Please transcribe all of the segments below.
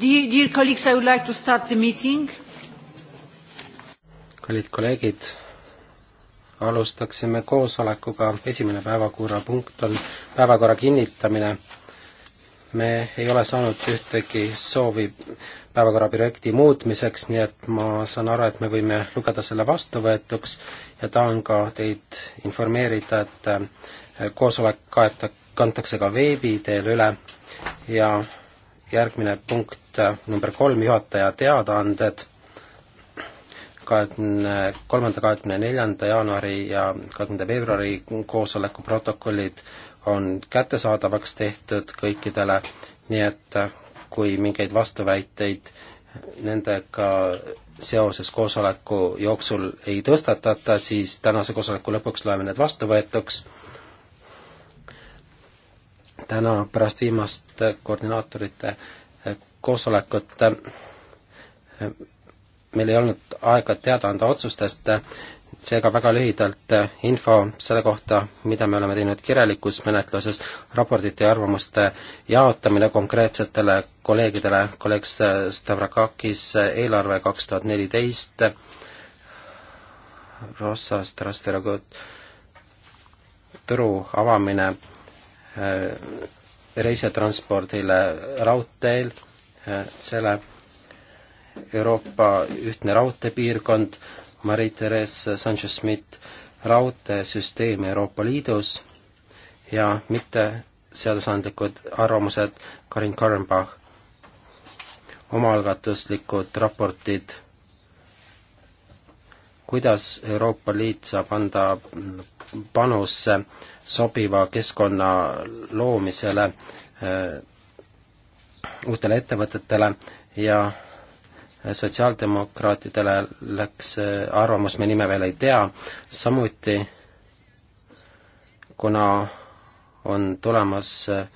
Dear, dear colleagues, I would like to start the meeting. kallid kolleegid, alustaksime koosolekuga, esimene päevakorrapunkt on päevakorra kinnitamine. me ei ole saanud ühtegi soovi päevakorra projekti muutmiseks, nii et ma saan aru, et me võime lugeda selle vastuvõetuks ja tahan ka teid informeerida, et koosolek kaeta-, kantakse ka veebi teel üle ja järgmine punkt number kolm juhataja teadaanded kahekümne kolmanda, kahekümne neljanda jaanuari ja kahekümnenda veebruari koosoleku protokollid on kättesaadavaks tehtud kõikidele, nii et kui mingeid vastuväiteid nendega seoses koosoleku jooksul ei tõstatata, siis tänase koosoleku lõpuks loeme need vastuvõetuks. täna pärast viimast koordinaatorite koosolekut äh, meil ei olnud aega teada anda otsustest, seega väga lühidalt äh, info selle kohta, mida me oleme teinud kirjalikus menetluses, raportite ja arvamuste jaotamine konkreetsetele kolleegidele, kolleeg Stavrakakis, äh, eelarve kaks tuhat neliteist, Rossas, Trasteragut, Tõru avamine reisitranspordile raudteel Äh, selle Euroopa ühtne raudteepiirkond, Marie-Therese Sanchez-Smith raudteesüsteem Euroopa Liidus ja mitte seadusandlikud arvamused Karin Karmbach, omaalgatuslikud raportid, kuidas Euroopa Liit saab anda panusse sobiva keskkonna loomisele äh, uutele ettevõtetele ja sotsiaaldemokraatidele läks äh, arvamus, me nime veel ei tea, samuti kuna on tulemas äh,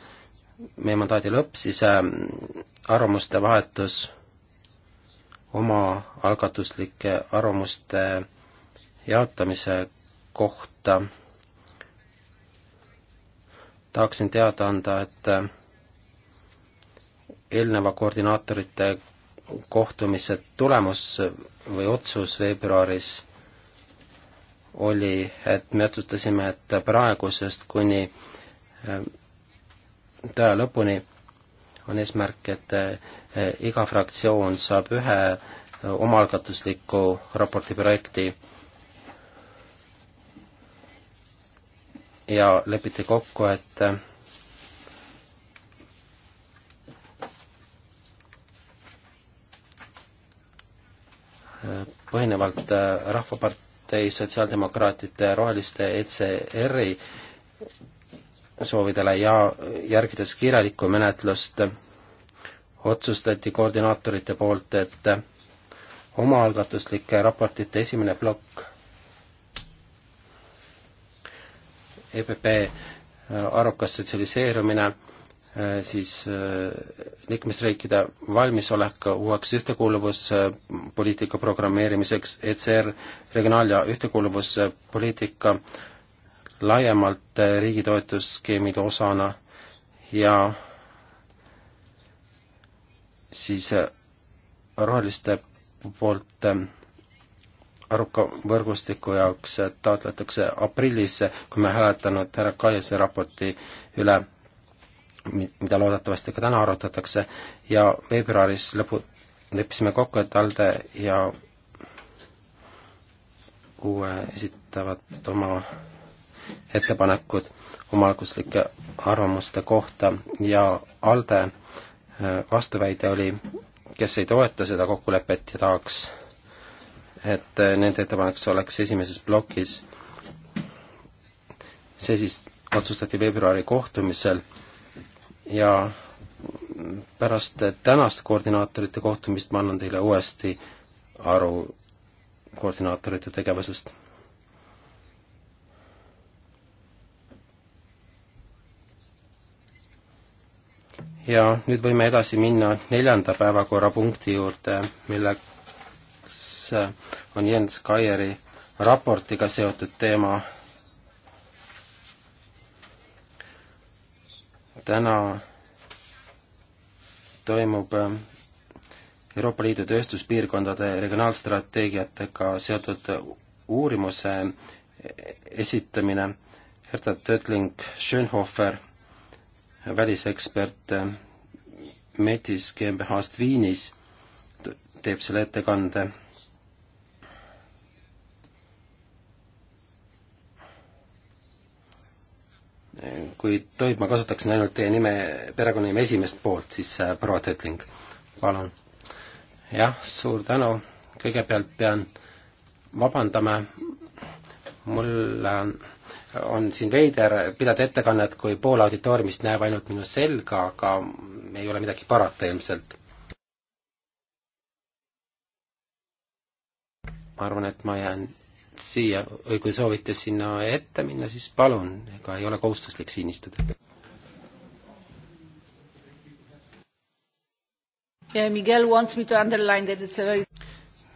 meie mandaadi lõpp, siis äh, arvamuste vahetus omaalgatuslike arvamuste jaotamise kohta tahaksin teada anda, et eelneva koordinaatorite kohtumise tulemus või otsus veebruaris oli, et me otsustasime, et praegusest kuni äh, töö lõpuni on eesmärk, et äh, iga fraktsioon saab ühe äh, omaalgatusliku raporti projekti ja lepiti kokku, et põhinevalt äh, Rahvapartei Sotsiaaldemokraatide Roheliste ECR-i soovidele ja järgides kirjalikku menetlust, otsustati koordinaatorite poolt, et omaalgatuslike raportite esimene plokk EPP arukas sotsialiseerumine Äh, siis äh, liikmesriikide valmisolek uueks ühtekuuluvuspoliitika programmeerimiseks, ECR regionaal- ja ühtekuuluvuspoliitika laiemalt äh, riigi toetusskeemide osana ja siis roheliste poolt aruka võrgustiku jaoks taotletakse aprillis, kui me hääletanud härra Kaiase raporti üle mida loodetavasti ka täna arutatakse, ja veebruaris lõpu, leppisime kokku, et ALDE ja uue esitavad oma ettepanekud omaalguslike arvamuste kohta ja ALDE äh, vastuväide oli, kes ei toeta seda kokkulepet ja tahaks, et äh, nende ettepanekus oleks esimeses plokis, see siis otsustati veebruari kohtumisel ja pärast tänast koordinaatorite kohtumist ma annan teile uuesti aru koordinaatorite tegevusest. ja nüüd võime edasi minna neljanda päevakorrapunkti juurde, milleks on Jens Kaieri raportiga seotud teema täna toimub äh, Euroopa Liidu tööstuspiirkondade regionaalstrateegiatega seotud uurimuse esitamine. Herta Tötling-Schönhofer, välisekspert äh, Metis GmbH-st Viinis, teeb selle ettekande kui tohib, ma kasutaksin ainult teie nime, perekonnanime esimest poolt, siis äh, proua Tötling, palun. jah, suur tänu, kõigepealt pean vabandama, mul on siin veider pidada ettekannet, kui pool auditooriumist näeb ainult minu selga, aga ei ole midagi parata ilmselt. ma arvan, et ma jään siia või kui soovite sinna ette minna, siis palun, ega ei ole kohustuslik siin istuda. Miguel wants me to underline that it's a very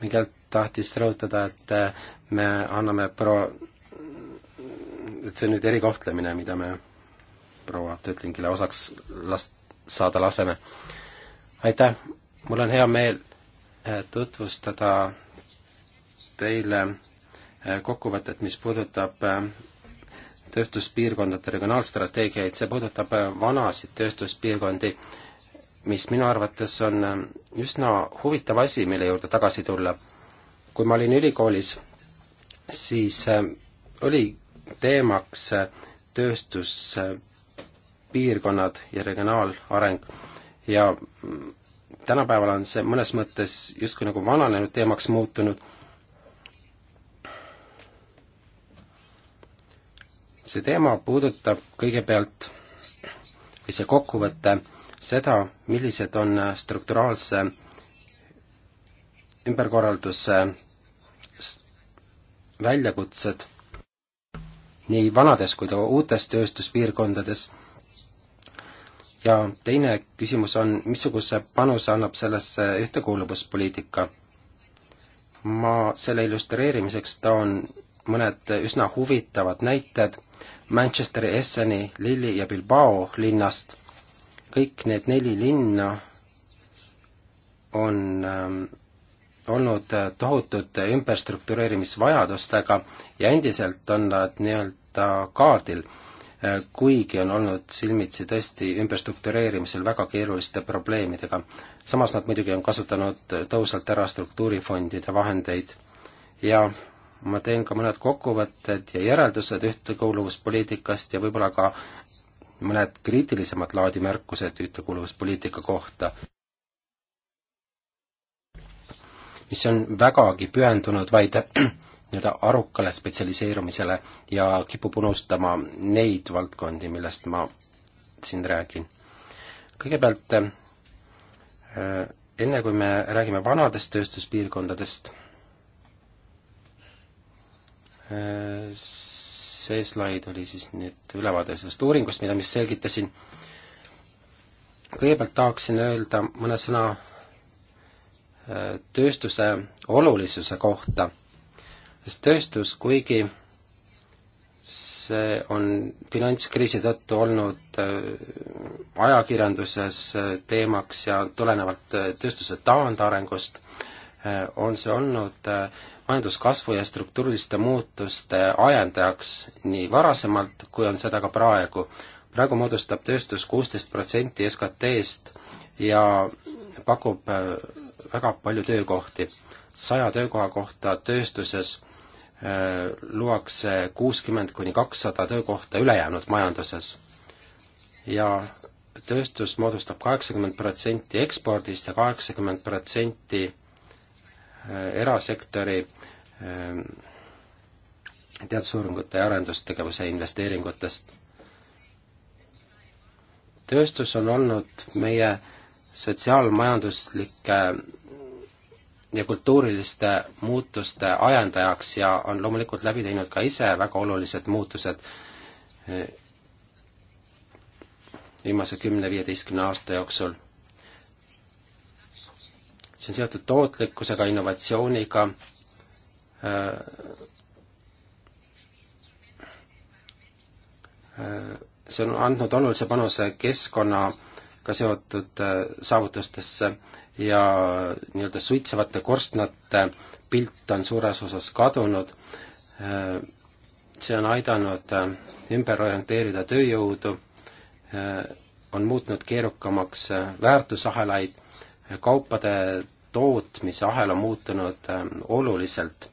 Miguel tahtis rõhutada, et äh, me anname pro-, et see on nüüd erikohtlemine, mida me proua Tötlingile osaks last-, saada laseme. aitäh, mul on hea meel äh, tutvustada teile Äh, kokkuvõtet, mis puudutab äh, tööstuspiirkondade regionaalstrateegiaid, see puudutab äh, vanasid tööstuspiirkondi, mis minu arvates on üsna huvitav asi, mille juurde tagasi tulla. kui ma olin ülikoolis, siis oli teemaks tööstuspiirkonnad ja regionaalareng ja mm, tänapäeval on see mõnes mõttes justkui nagu vananenud teemaks muutunud see teema puudutab kõigepealt või see kokkuvõte seda, millised on strukturaalse ümberkorralduse väljakutsed nii vanades kui ka uutes tööstuspiirkondades ja teine küsimus on, missuguse panuse annab sellesse ühtekuuluvuspoliitika? ma selle illustreerimiseks toon mõned üsna huvitavad näited Manchesteri, Esseni, Lilli ja Bilbao linnast. kõik need neli linna on ähm, olnud äh, tohutute ümberstruktureerimisvajadustega ja endiselt on nad nii-öelda kaardil, äh, kuigi on olnud silmitsi tõesti ümberstruktureerimisel väga keeruliste probleemidega. samas nad muidugi on kasutanud tõhusalt ära struktuurifondide vahendeid ja ma teen ka mõned kokkuvõtted ja järeldused ühtekuuluvuspoliitikast ja võib-olla ka mõned kriitilisemat laadi märkused ühtekuuluvuspoliitika kohta, mis on vägagi pühendunud vaid nii-öelda arukale spetsialiseerumisele ja kipub unustama neid valdkondi, millest ma siin räägin. kõigepealt äh, enne, kui me räägime vanadest tööstuspiirkondadest, see slaid oli siis nüüd ülevaade sellest uuringust, mida ma just selgitasin. kõigepealt tahaksin öelda mõne sõna äh, tööstuse olulisuse kohta, sest tööstus, kuigi see on finantskriisi tõttu olnud äh, ajakirjanduses äh, teemaks ja tulenevalt tööstuse taandarengust, Äh, on see olnud äh, majanduskasvu ja struktuuriliste muutuste ajendajaks nii varasemalt, kui on seda ka praegu. praegu moodustab tööstus kuusteist protsenti SKT-st ja pakub äh, väga palju töökohti. saja töökoha kohta tööstuses luuakse kuuskümmend kuni kakssada töökohta ülejäänud majanduses. ja tööstus moodustab kaheksakümmend protsenti ekspordist ja kaheksakümmend protsenti Äh, erasektori äh, teadusuuringute ja arendustegevuse investeeringutest. tööstus on olnud meie sotsiaalmajanduslike ja kultuuriliste muutuste ajendajaks ja on loomulikult läbi teinud ka ise väga olulised muutused äh, viimase kümne-viieteistkümne aasta jooksul see on seotud tootlikkusega, innovatsiooniga, äh, see on andnud olulise panuse keskkonnaga seotud äh, saavutustesse ja nii-öelda suitsevate korstnate pilt on suures osas kadunud, äh, see on aidanud ümber orienteerida tööjõudu, on muutnud keerukamaks väärtusahelaid kaupade tootmisahel on muutunud ähm, oluliselt.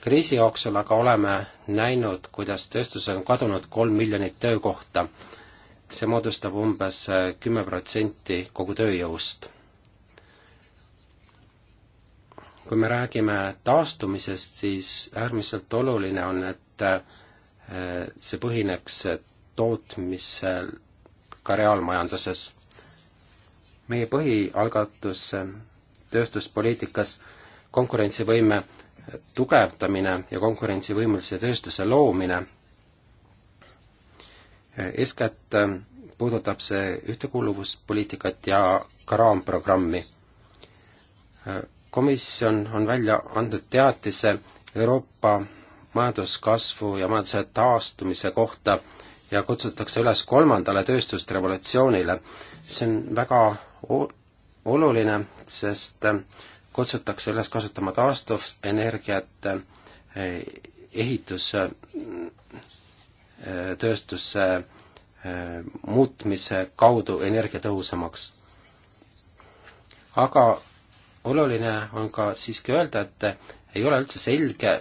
kriisi jooksul aga oleme näinud, kuidas tööstusel on kadunud kolm miljonit töökohta. see moodustab umbes äh, kümme protsenti kogu tööjõust kui me räägime taastumisest, siis äärmiselt oluline on, et äh, see põhineks tootmisel ka reaalmajanduses meie põhialgatus tööstuspoliitikas konkurentsivõime tugevdamine ja konkurentsivõimelise tööstuse loomine. eeskätt puudutab see ühtekuuluvuspoliitikat ja ka raamprogrammi. komisjon on välja andnud teatise Euroopa majanduskasvu ja majanduse taastumise kohta ja kutsutakse üles kolmandale tööstusrevolutsioonile. see on väga oluline, sest kutsutakse üles kasutama taastuvenergiat eh, ehitustööstuse eh, eh, muutmise kaudu energiatõhusamaks. aga oluline on ka siiski öelda, et ei ole üldse selge,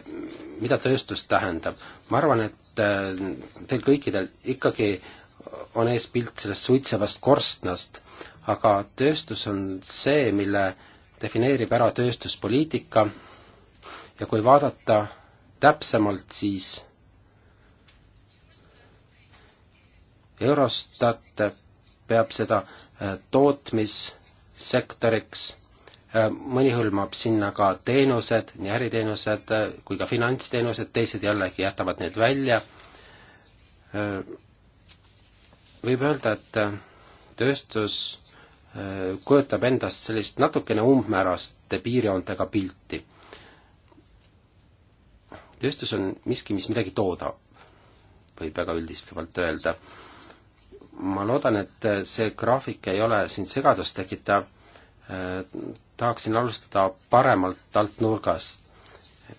mida tööstus tähendab. ma arvan, et teil kõikidel ikkagi on ees pilt sellest suitsevast korstnast, aga tööstus on see, mille defineerib ära tööstuspoliitika ja kui vaadata täpsemalt, siis Eurostat peab seda äh, tootmissektoriks, äh, mõni hõlmab sinna ka teenused, nii äriteenused äh, kui ka finantsteenused, teised jällegi jätavad need välja. võib öelda, et tööstus kujutab endast sellist natukene umbmääraste piirjoontega pilti. tööstus on miski, mis midagi toodab, võib väga üldistavalt öelda. ma loodan, et see graafik ei ole siin segadust tekitav, tahaksin alustada paremalt alt nurgast.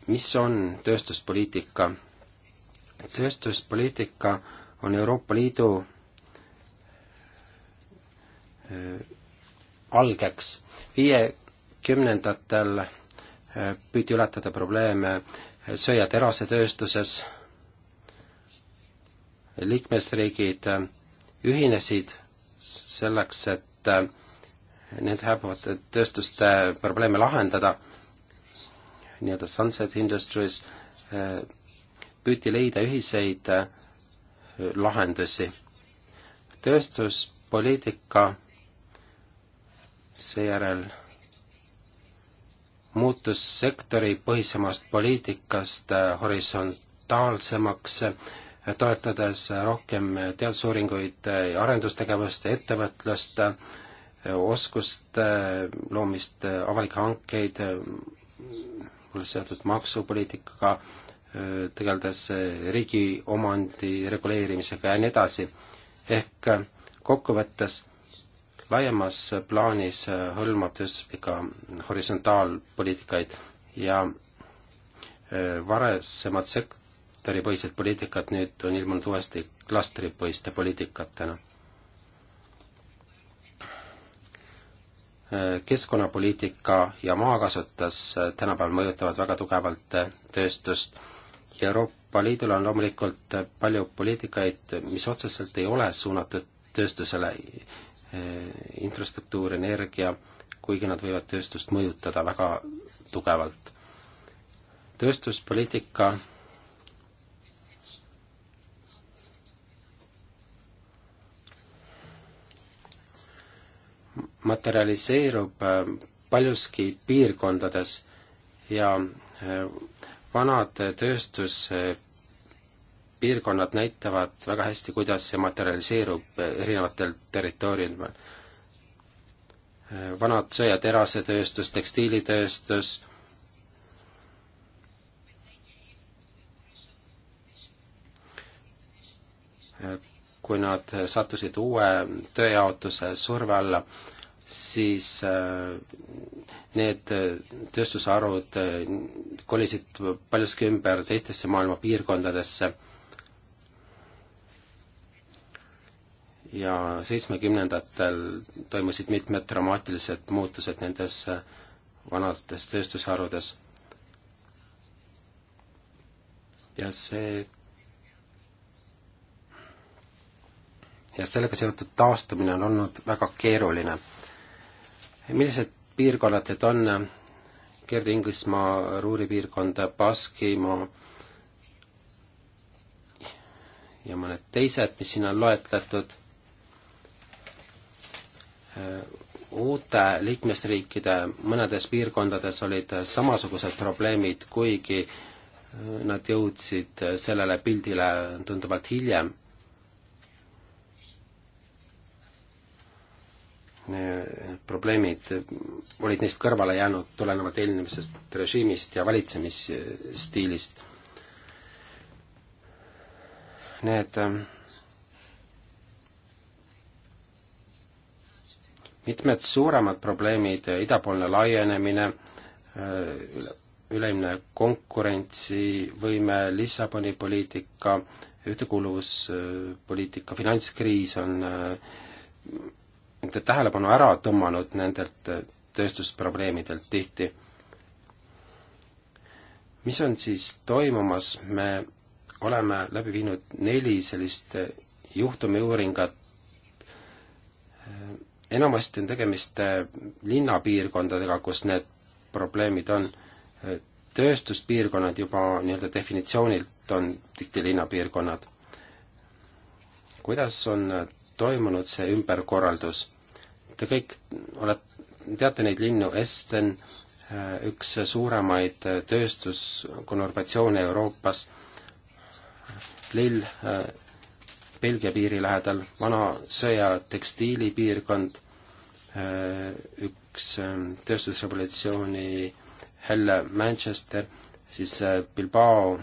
mis on tööstuspoliitika? tööstuspoliitika on Euroopa Liidu algeks. viiekümnendatel eh, püüti ületada probleeme eh, sööja-terase tööstuses, liikmesriigid eh, ühinesid selleks, et need hääbuvate tööstuste probleeme lahendada, nii-öelda sunset industries, püüti leida ühiseid lahendusi. tööstuspoliitika seejärel muutus sektoripõhisemast poliitikast äh, horisontaalsemaks, äh, toetades rohkem teadusuuringuid äh, ja arendustegevust, ettevõtlust, oskuste loomist, avalikke hankeid, mulle seotud maksupoliitikaga, tegeldes riigi omandi reguleerimisega ja nii edasi. ehk kokkuvõttes laiemas plaanis äh, hõlmab tööstus ka horisontaalpoliitikaid ja äh, varasemad sektoripõhised poliitikad nüüd on ilmunud uuesti klastripõhiste poliitikatena. Äh, keskkonnapoliitika ja maakasutus tänapäeval mõjutavad väga tugevalt tööstust. Euroopa Liidul on loomulikult palju poliitikaid, mis otseselt ei ole suunatud tööstusele Eh, infrastruktuur, energia, kuigi nad võivad tööstust mõjutada väga tugevalt. tööstuspoliitika materialiseerub eh, paljuski piirkondades ja eh, vanad tööstus piirkonnad näitavad väga hästi, kuidas see materialiseerub eh, erinevatel territooriumidel. Eh, vanad sõja terasetööstus, tekstiilitööstus, eh, kui nad sattusid uue tööjaotuse surve alla, siis need tööstusharud kolisid paljuski ümber teistesse maailma piirkondadesse ja seitsmekümnendatel toimusid mitmed dramaatilised muutused nendes äh, vanades tööstusharudes. ja see ja sellega seotud taastumine on olnud väga keeruline. millised piirkonnad need on? Kirde-Inglismaa, Ruuri piirkond, Baskimaa ja mõned teised, mis siin on loetletud uute liikmesriikide mõnedes piirkondades olid samasugused probleemid, kuigi äh, nad jõudsid äh, sellele pildile tunduvalt hiljem. probleemid olid neist kõrvale jäänud tulenevalt eelnevast režiimist ja valitsemisstiilist. Need ähm, mitmed suuremad probleemid, idapoolne laienemine, üleilmne konkurentsivõime, Lissaboni poliitika, ühtekuuluvuspoliitika, finantskriis on nende tähelepanu ära tõmmanud nendelt tööstusprobleemidelt tihti. mis on siis toimumas, me oleme läbi viinud neli sellist juhtumiuuringat enamasti on tegemist äh, linnapiirkondadega, kus need probleemid on, tööstuspiirkonnad juba nii-öelda definitsioonilt on tihti linnapiirkonnad. kuidas on äh, toimunud see ümberkorraldus? Te kõik olete, teate neid linnu, Esten, äh, üks suuremaid tööstuskonurbatsioone Euroopas, Lill, Belgia piiri lähedal, vana sõjatekstiilipiirkond Äh, üks ähm, tööstusrevolutsiooni Helle Manchester, siis äh, Bilbao,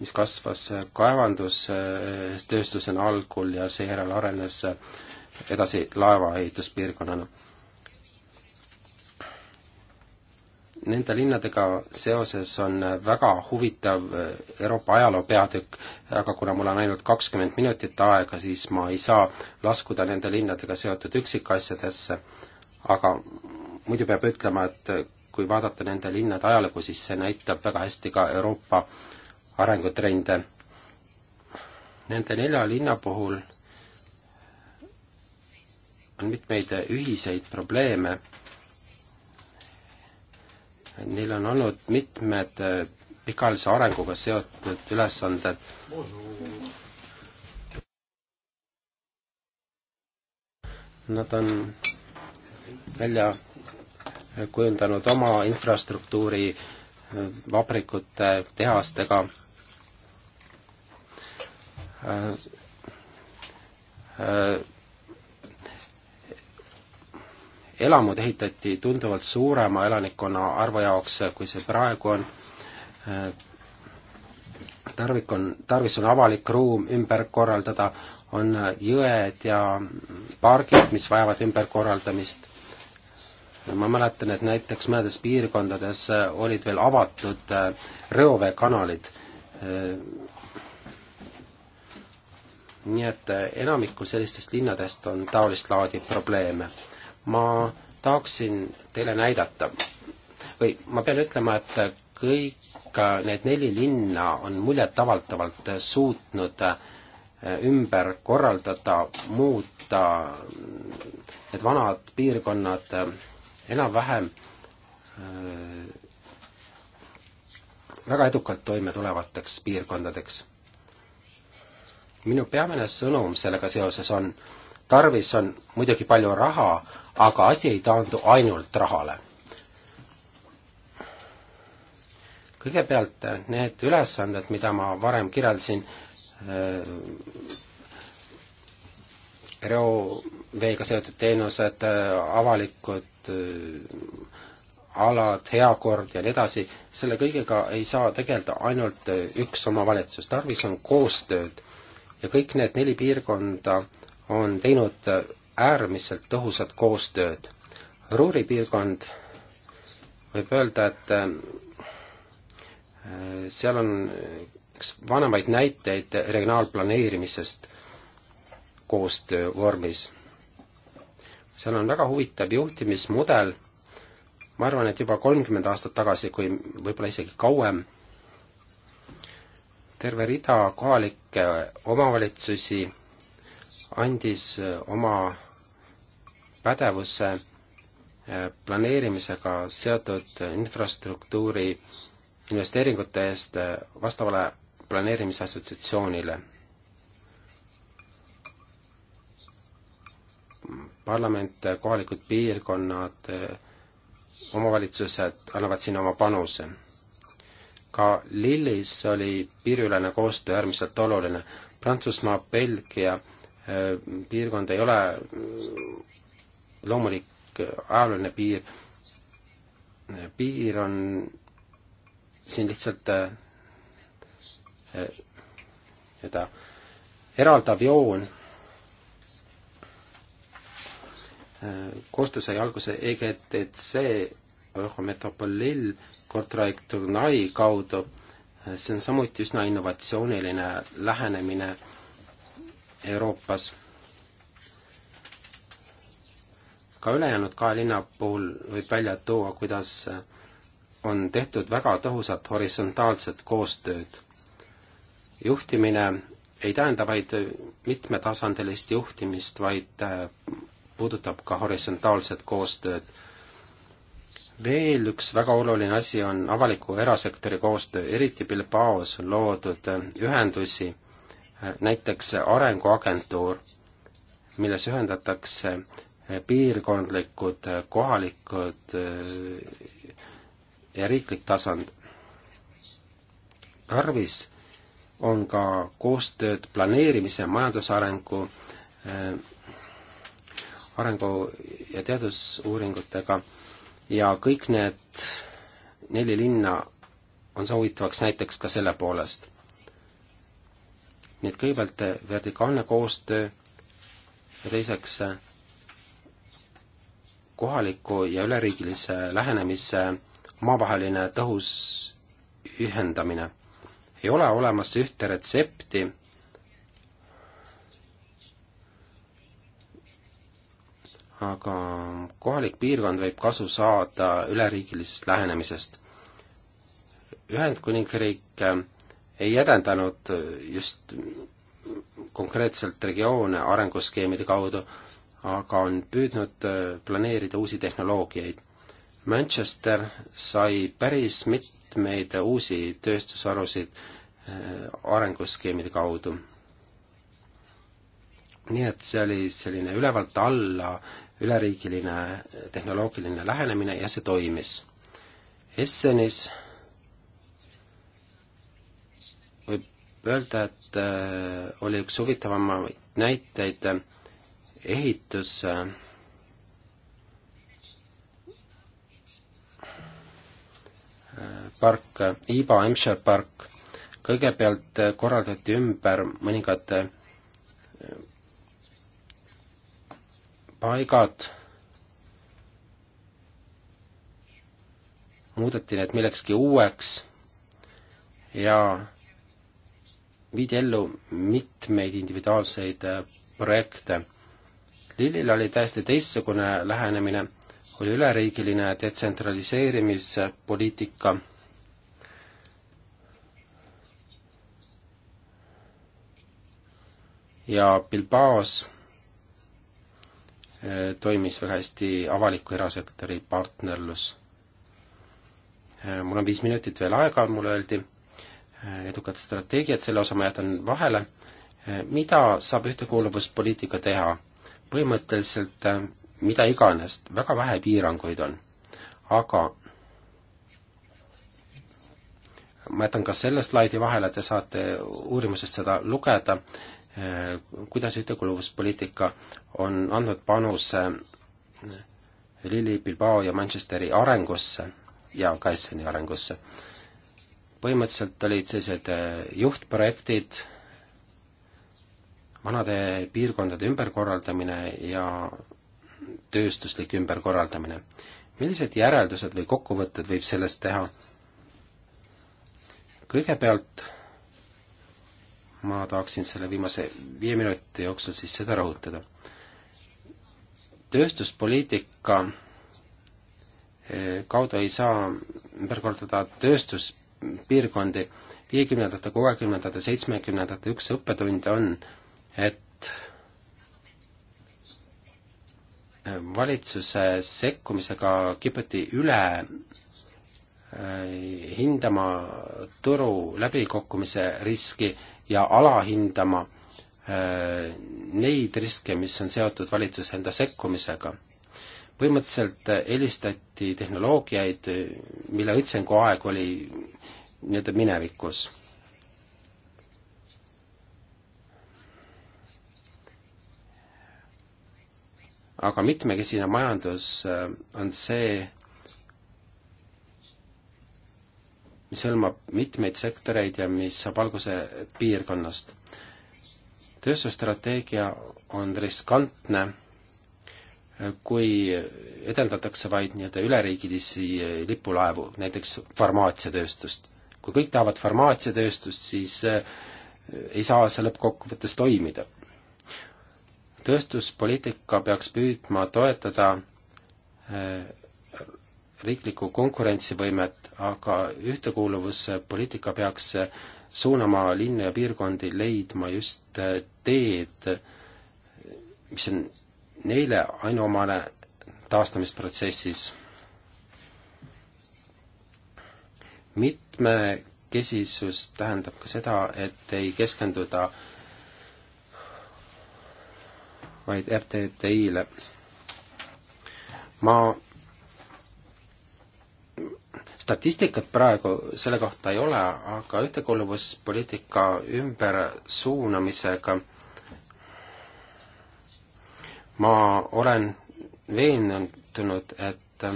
mis kasvas äh, kaevandustööstusena algul ja seejärel arenes edasi laevaehituspiirkonnana nende linnadega seoses on väga huvitav äh, Euroopa ajaloo peatükk, aga kuna mul on ainult kakskümmend minutit aega, siis ma ei saa laskuda nende linnadega seotud üksikasjadesse, aga muidu peab ütlema, et äh, kui vaadata nende linnade ajalugu, siis see näitab väga hästi ka Euroopa arengutrende. Nende nelja linna puhul on mitmeid ühiseid probleeme Neil on olnud mitmed äh, pikaajalise arenguga seotud ülesanded. Nad on välja äh, kujundanud oma infrastruktuuri äh, vabrikute, tehastega elamud ehitati tunduvalt suurema elanikkonna arvu jaoks, kui see praegu on, tarvik on, tarvis on avalik ruum ümber korraldada, on jõed ja pargid, mis vajavad ümberkorraldamist. ma mäletan, et näiteks mõnedes piirkondades olid veel avatud äh, reoveekanalid. Äh, nii et äh, enamikul sellistest linnadest on taolist laadi probleeme ma tahaksin teile näidata või ma pean ütlema, et kõik need neli linna on muljetavaldavalt suutnud äh, ümber korraldada, muuta need vanad piirkonnad äh, enam-vähem äh, väga edukalt toime tulevateks piirkondadeks. minu peamine sõnum sellega seoses on, tarvis on muidugi palju raha, aga asi ei taandu ainult rahale. kõigepealt eh, need ülesanded, mida ma varem kirjeldasin, eh, reoveega seotud teenused, eh, avalikud alad, heakord ja nii edasi, selle kõigega ei saa tegeleda ainult üks omavalitsus, tarvis on koostööd ja kõik need neli piirkonda on teinud äärmiselt tõhusat koostööd. Ruuri piirkond võib öelda, et äh, seal on üks vanemaid näiteid regionaalplaneerimisest koostöö vormis. seal on väga huvitav juhtimismudel, ma arvan, et juba kolmkümmend aastat tagasi, kui võib-olla isegi kauem, terve rida kohalikke omavalitsusi andis äh, oma pädevusse äh, planeerimisega seotud infrastruktuuri investeeringute eest äh, vastavale planeerimisassotsiatsioonile. parlament, äh, kohalikud piirkonnad, omavalitsused annavad siin oma panuse. ka Lillis oli piiriülene koostöö äärmiselt oluline. Prantsusmaa, Belgia piirkond ei ole loomulik äh, ajalooline piir, piir on siin lihtsalt nii-öelda äh, äh, eraldav joon. koostöö sai alguse EGTC Metropolil Kortrajektornai kaudu. see on samuti üsna innovatsiooniline lähenemine Euroopas ka ülejäänud kahe linna puhul võib välja tuua, kuidas on tehtud väga tõhusat horisontaalset koostööd. juhtimine ei tähenda vaid mitmetasandilist juhtimist, vaid äh, puudutab ka horisontaalset koostööd. veel üks väga oluline asi on avaliku erasektori koostöö, eriti Bilbaos on loodud äh, ühendusi, äh, näiteks Arenguagentuur, milles ühendatakse piirkondlikud, kohalikud ja riiklik tasand. tarvis on ka koostööd planeerimise, majandusarengu, äh, arengu- ja teadusuuringutega ja kõik need neli linna on soovitavaks näiteks ka selle poolest. nii et kõigepealt vertikaalne koostöö ja teiseks äh, kohaliku ja üleriigilise lähenemise omavaheline tõhus ühendamine. ei ole olemas ühte retsepti, aga kohalik piirkond võib kasu saada üleriigilisest lähenemisest. Ühendkuningriik ei edendanud just konkreetselt regioone arenguskeemide kaudu, aga on püüdnud äh, planeerida uusi tehnoloogiaid. Manchester sai päris mitmeid uusi tööstusharusid äh, arenguskeemide kaudu. nii et see oli selline ülevalt alla üleriigiline äh, tehnoloogiline lähenemine ja see toimis. Essenis võib öelda, et oli üks huvitavamaid näiteid ehitus park, Iba Emscher park, kõigepealt korraldati ümber mõningad eh, paigad, muudeti need millekski uueks ja viidi ellu mitmeid individuaalseid eh, projekte Lillil oli täiesti teistsugune lähenemine, oli üleriigiline detsentraliseerimispoliitika, ja Bilbaos eh, toimis väga hästi avaliku erasektori partnerlus. Eh, mul on viis minutit veel aega, mulle öeldi, eh, edukad strateegiad, selle osa ma jätan vahele, mida saab ühtekuuluvuspoliitika teha? põhimõtteliselt äh, mida iganes, väga vähe piiranguid on. aga ma jätan ka selle slaidi vahele, te saate uurimusest seda lugeda, äh, kuidas ühtekuuluvuspoliitika on andnud panuse äh, Lili Bilbao ja Manchesteri arengusse ja Kasseni arengusse. põhimõtteliselt olid sellised juhtprojektid, vanade piirkondade ümberkorraldamine ja tööstuslik ümberkorraldamine. millised järeldused või kokkuvõtted võib sellest teha? kõigepealt ma tahaksin selle viimase viie minuti jooksul siis seda rõhutada. tööstuspoliitika eh, kaudu ei saa ümber korraldada tööstuspiirkondi, viiekümnendate, kuuekümnendate, seitsmekümnendate üks õppetund on et valitsuse sekkumisega kiputi üle äh, hindama turu läbikukkumise riski ja alahindama äh, neid riske, mis on seotud valitsuse enda sekkumisega põhimõtteliselt helistati tehnoloogiaid, mille õitsenguaeg oli nii-öelda minevikus. aga mitmekesine majandus äh, on see, mis hõlmab mitmeid sektoreid ja mis saab alguse piirkonnast. tööstusstrateegia on riskantne, äh, kui edendatakse vaid nii-öelda üleriigilisi äh, lipulaevu, näiteks farmaatsiatööstust. kui kõik tahavad farmaatsiatööstust, siis ei saa see lõppkokkuvõttes toimida tööstuspoliitika peaks püüdma toetada äh, riiklikku konkurentsivõimet, aga ühtekuuluvuspoliitika peaks suunama linnu ja piirkondi leidma just äh, teed, mis on neile ainuomane taastamisprotsessis. mitmekesisus tähendab ka seda, et ei keskenduda äh, vaid RTTI-le. ma statistikat praegu selle kohta ei ole, aga ühtekuuluvuspoliitika ümbersuunamisega ma olen veendunud, et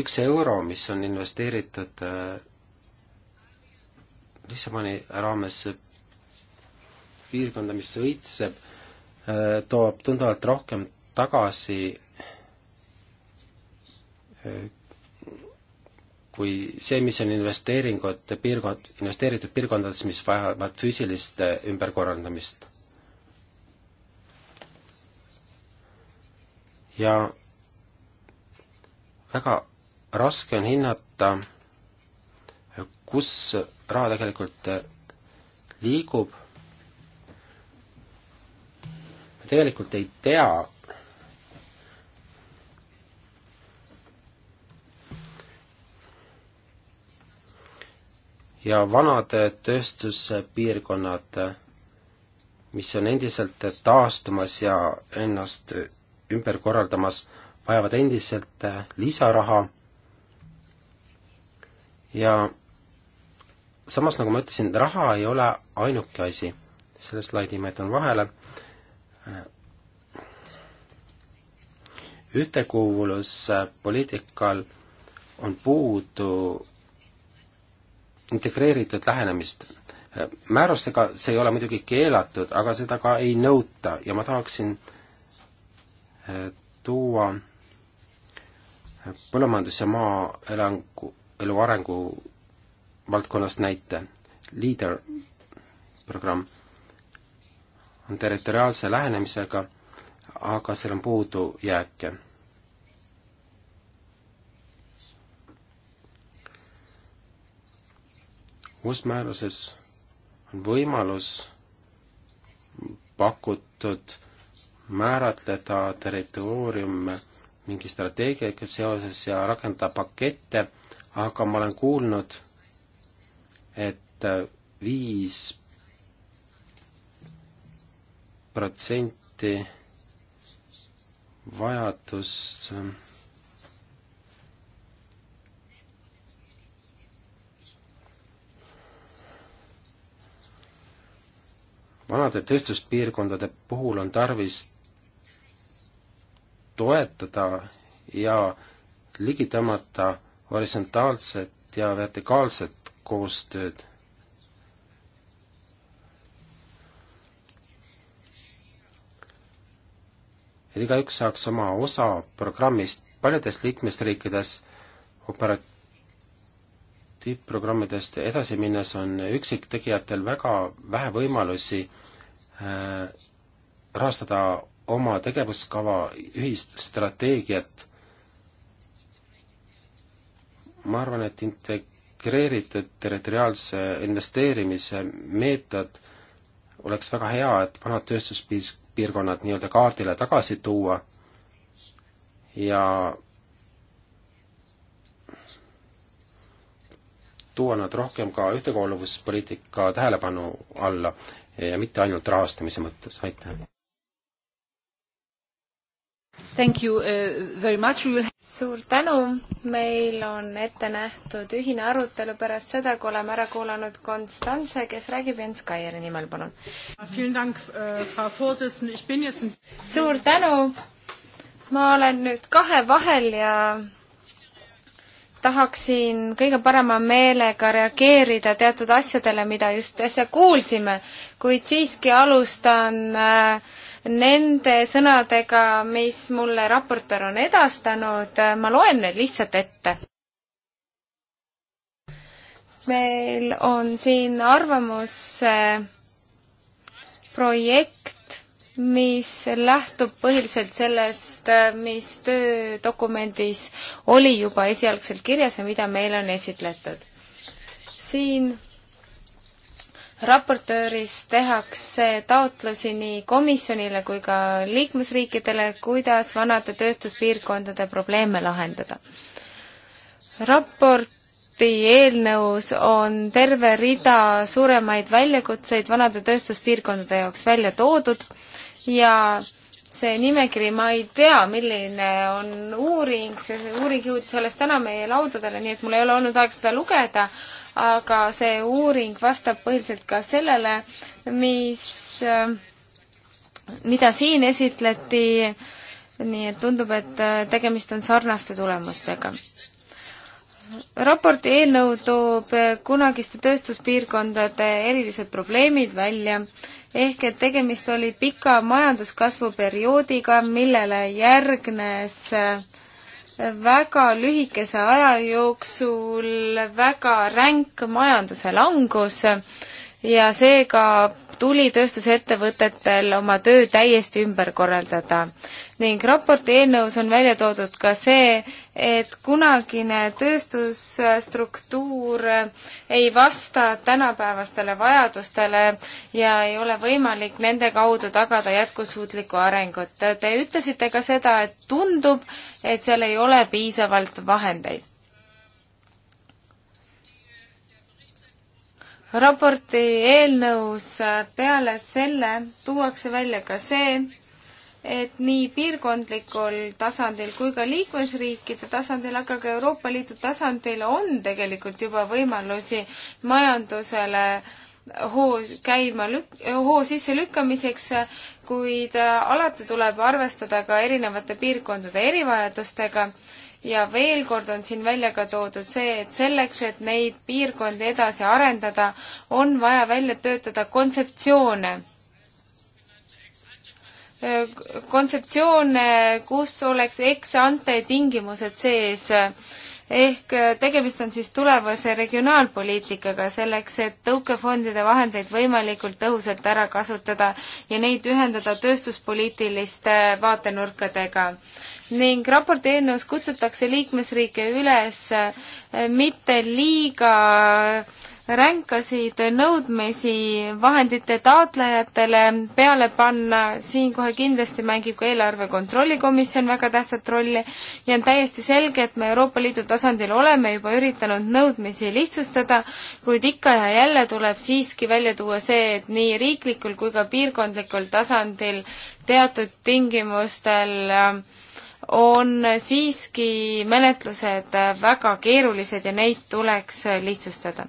üks euro, mis on investeeritud äh, Lissaboni raames piirkonda, mis õitseb, äh, toob tunduvalt rohkem tagasi äh, kui see, mis on investeeringud piirkond, investeeritud piirkondades, mis vajavad füüsilist äh, ümberkorraldamist. ja väga raske on hinnata, kus raha tegelikult liigub, tegelikult ei tea, ja vanad tööstuspiirkonnad, mis on endiselt taastumas ja ennast ümber korraldamas, vajavad endiselt lisaraha ja samas, nagu ma ütlesin, raha ei ole ainuke asi. selle slaidi ma jätan vahele ühtekuuluvuspoliitikal on puudu integreeritud lähenemist. määrustega see ei ole muidugi keelatud, aga seda ka ei nõuta ja ma tahaksin eh, tuua põllumajandus- ja maaelangu, elu arengu valdkonnast näite. Leader programm territoriaalse lähenemisega, aga seal on puudujääke. uus määruses on võimalus pakutud määratleda territoorium mingi strateegiaga seoses ja rakendada pakette, aga ma olen kuulnud, et viis protsenti vajadust vanade tööstuspiirkondade puhul on tarvis toetada ja ligi tõmmata horisontaalset ja vertikaalset koostööd et igaüks saaks oma osa programmist. paljudes liikmesriikides operatiivprogrammidest edasi minnes on üksiktegijatel väga vähe võimalusi äh, rahastada oma tegevuskava ühist strateegiat. ma arvan, et integreeritud territoriaalse investeerimise meetod oleks väga hea, et vanad tööstuspiis piirkonnad nii-öelda kaardile tagasi tuua ja tuua nad rohkem ka ühtekuuluvuspoliitika tähelepanu alla ja mitte ainult rahastamise mõttes, aitäh! Thank you uh, very much. suur tänu, meil on ette nähtud ühine arutelu pärast seda, kui oleme ära kuulanud Konstantse, kes räägib Jens Kaieri nimel, palun. Äh, suur tänu, ma olen nüüd kahe vahel ja tahaksin kõige parema meelega reageerida teatud asjadele, mida just äsja kuulsime, kuid siiski alustan äh, nende sõnadega, mis mulle raportöör on edastanud, ma loen need lihtsalt ette. meil on siin arvamus projekt, mis lähtub põhiliselt sellest, mis töödokumendis oli juba esialgselt kirjas ja mida meile on esitletud. siin raportööris tehakse taotlusi nii komisjonile kui ka liikmesriikidele, kuidas vanade tööstuspiirkondade probleeme lahendada. raporti eelnõus on terve rida suuremaid väljakutseid vanade tööstuspiirkondade jaoks välja toodud ja see nimekiri, ma ei tea, milline on uuring, see uuring jõudis alles täna meie laudadele, nii et mul ei ole olnud aeg seda lugeda, aga see uuring vastab põhiliselt ka sellele, mis, mida siin esitleti, nii et tundub, et äh, tegemist on sarnaste tulemustega raporti eelnõu toob kunagiste tööstuspiirkondade erilised probleemid välja, ehk et tegemist oli pika majanduskasvu perioodiga, millele järgnes äh, väga lühikese aja jooksul väga ränk majanduse langus ja seega tuli tööstusettevõtetel oma töö täiesti ümber korraldada. ning raporti eelnõus on välja toodud ka see, et kunagine tööstusstruktuur ei vasta tänapäevastele vajadustele ja ei ole võimalik nende kaudu tagada jätkusuutlikku arengut. Te ütlesite ka seda, et tundub, et seal ei ole piisavalt vahendeid raporti eelnõus peale selle tuuakse välja ka see, et nii piirkondlikul tasandil kui ka liikmesriikide tasandil, aga ka Euroopa Liidu tasandil on tegelikult juba võimalusi majandusele hoo käima lük-, hoo sisselükkamiseks, kuid alati tuleb arvestada ka erinevate piirkondade erivajadustega ja veel kord on siin välja ka toodud see, et selleks, et neid piirkondi edasi arendada, on vaja välja töötada kontseptsioone. kontseptsioone, kus oleks ex-ante tingimused sees ehk tegemist on siis tulevase regionaalpoliitikaga selleks, et tõukefondide vahendeid võimalikult tõhusalt ära kasutada ja neid ühendada tööstuspoliitiliste vaatenurkadega ning raporti eelnõus kutsutakse liikmesriike üles eh, mitte liiga ränkasid nõudmisi vahendite taotlejatele peale panna, siinkohal kindlasti mängib ka eelarve kontrolli komisjon väga tähtsat rolli ja on täiesti selge, et me Euroopa Liidu tasandil oleme juba üritanud nõudmisi lihtsustada, kuid ikka ja jälle tuleb siiski välja tuua see, et nii riiklikul kui ka piirkondlikul tasandil teatud tingimustel äh, on siiski menetlused väga keerulised ja neid tuleks lihtsustada.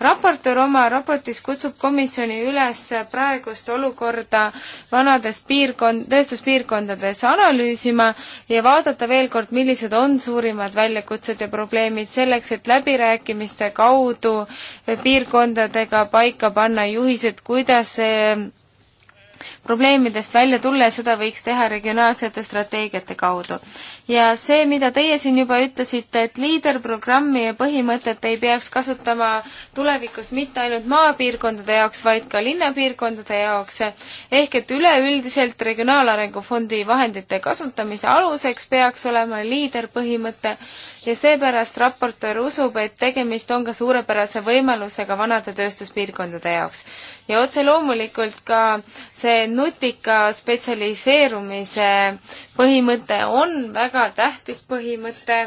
raportöör oma raportis kutsub komisjoni üles praegust olukorda vanades piirkond, tööstuspiirkondades analüüsima ja vaadata veel kord, millised on suurimad väljakutsed ja probleemid selleks, et läbirääkimiste kaudu piirkondadega paika panna juhised, kuidas probleemidest välja tulla ja seda võiks teha regionaalsete strateegiate kaudu. ja see, mida teie siin juba ütlesite, et liiderprogrammi ja põhimõtet ei peaks kasutama tulevikus mitte ainult maapiirkondade jaoks, vaid ka linnapiirkondade jaoks, ehk et üleüldiselt Regionaalarengu Fondi vahendite kasutamise aluseks peaks olema liiderpõhimõte ja seepärast raportöör usub, et tegemist on ka suurepärase võimalusega vanade tööstuspiirkondade jaoks. ja otse loomulikult ka see nutika spetsialiseerumise põhimõte on väga tähtis põhimõte,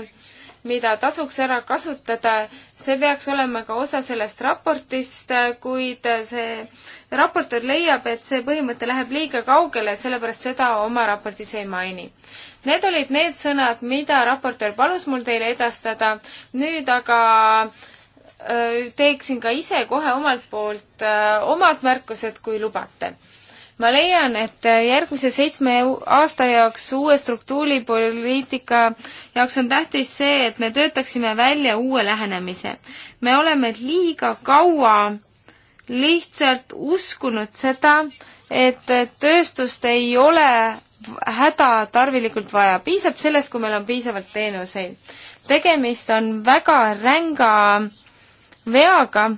mida tasuks ära kasutada. see peaks olema ka osa sellest raportist, kuid see raportöör leiab, et see põhimõte läheb liiga kaugele, sellepärast seda oma raportis ei maini. Need olid need sõnad, mida raportöör palus mul teile edastada. nüüd aga äh, teeksin ka ise kohe omalt poolt äh, omad märkused, kui lubate ma leian, et järgmise seitsme aasta jaoks uue struktuuripoliitika jaoks on tähtis see, et me töötaksime välja uue lähenemise. me oleme liiga kaua lihtsalt uskunud seda, et tööstust ei ole häda tarvilikult vaja, piisab sellest, kui meil on piisavalt teenuseid. tegemist on väga ränga veaga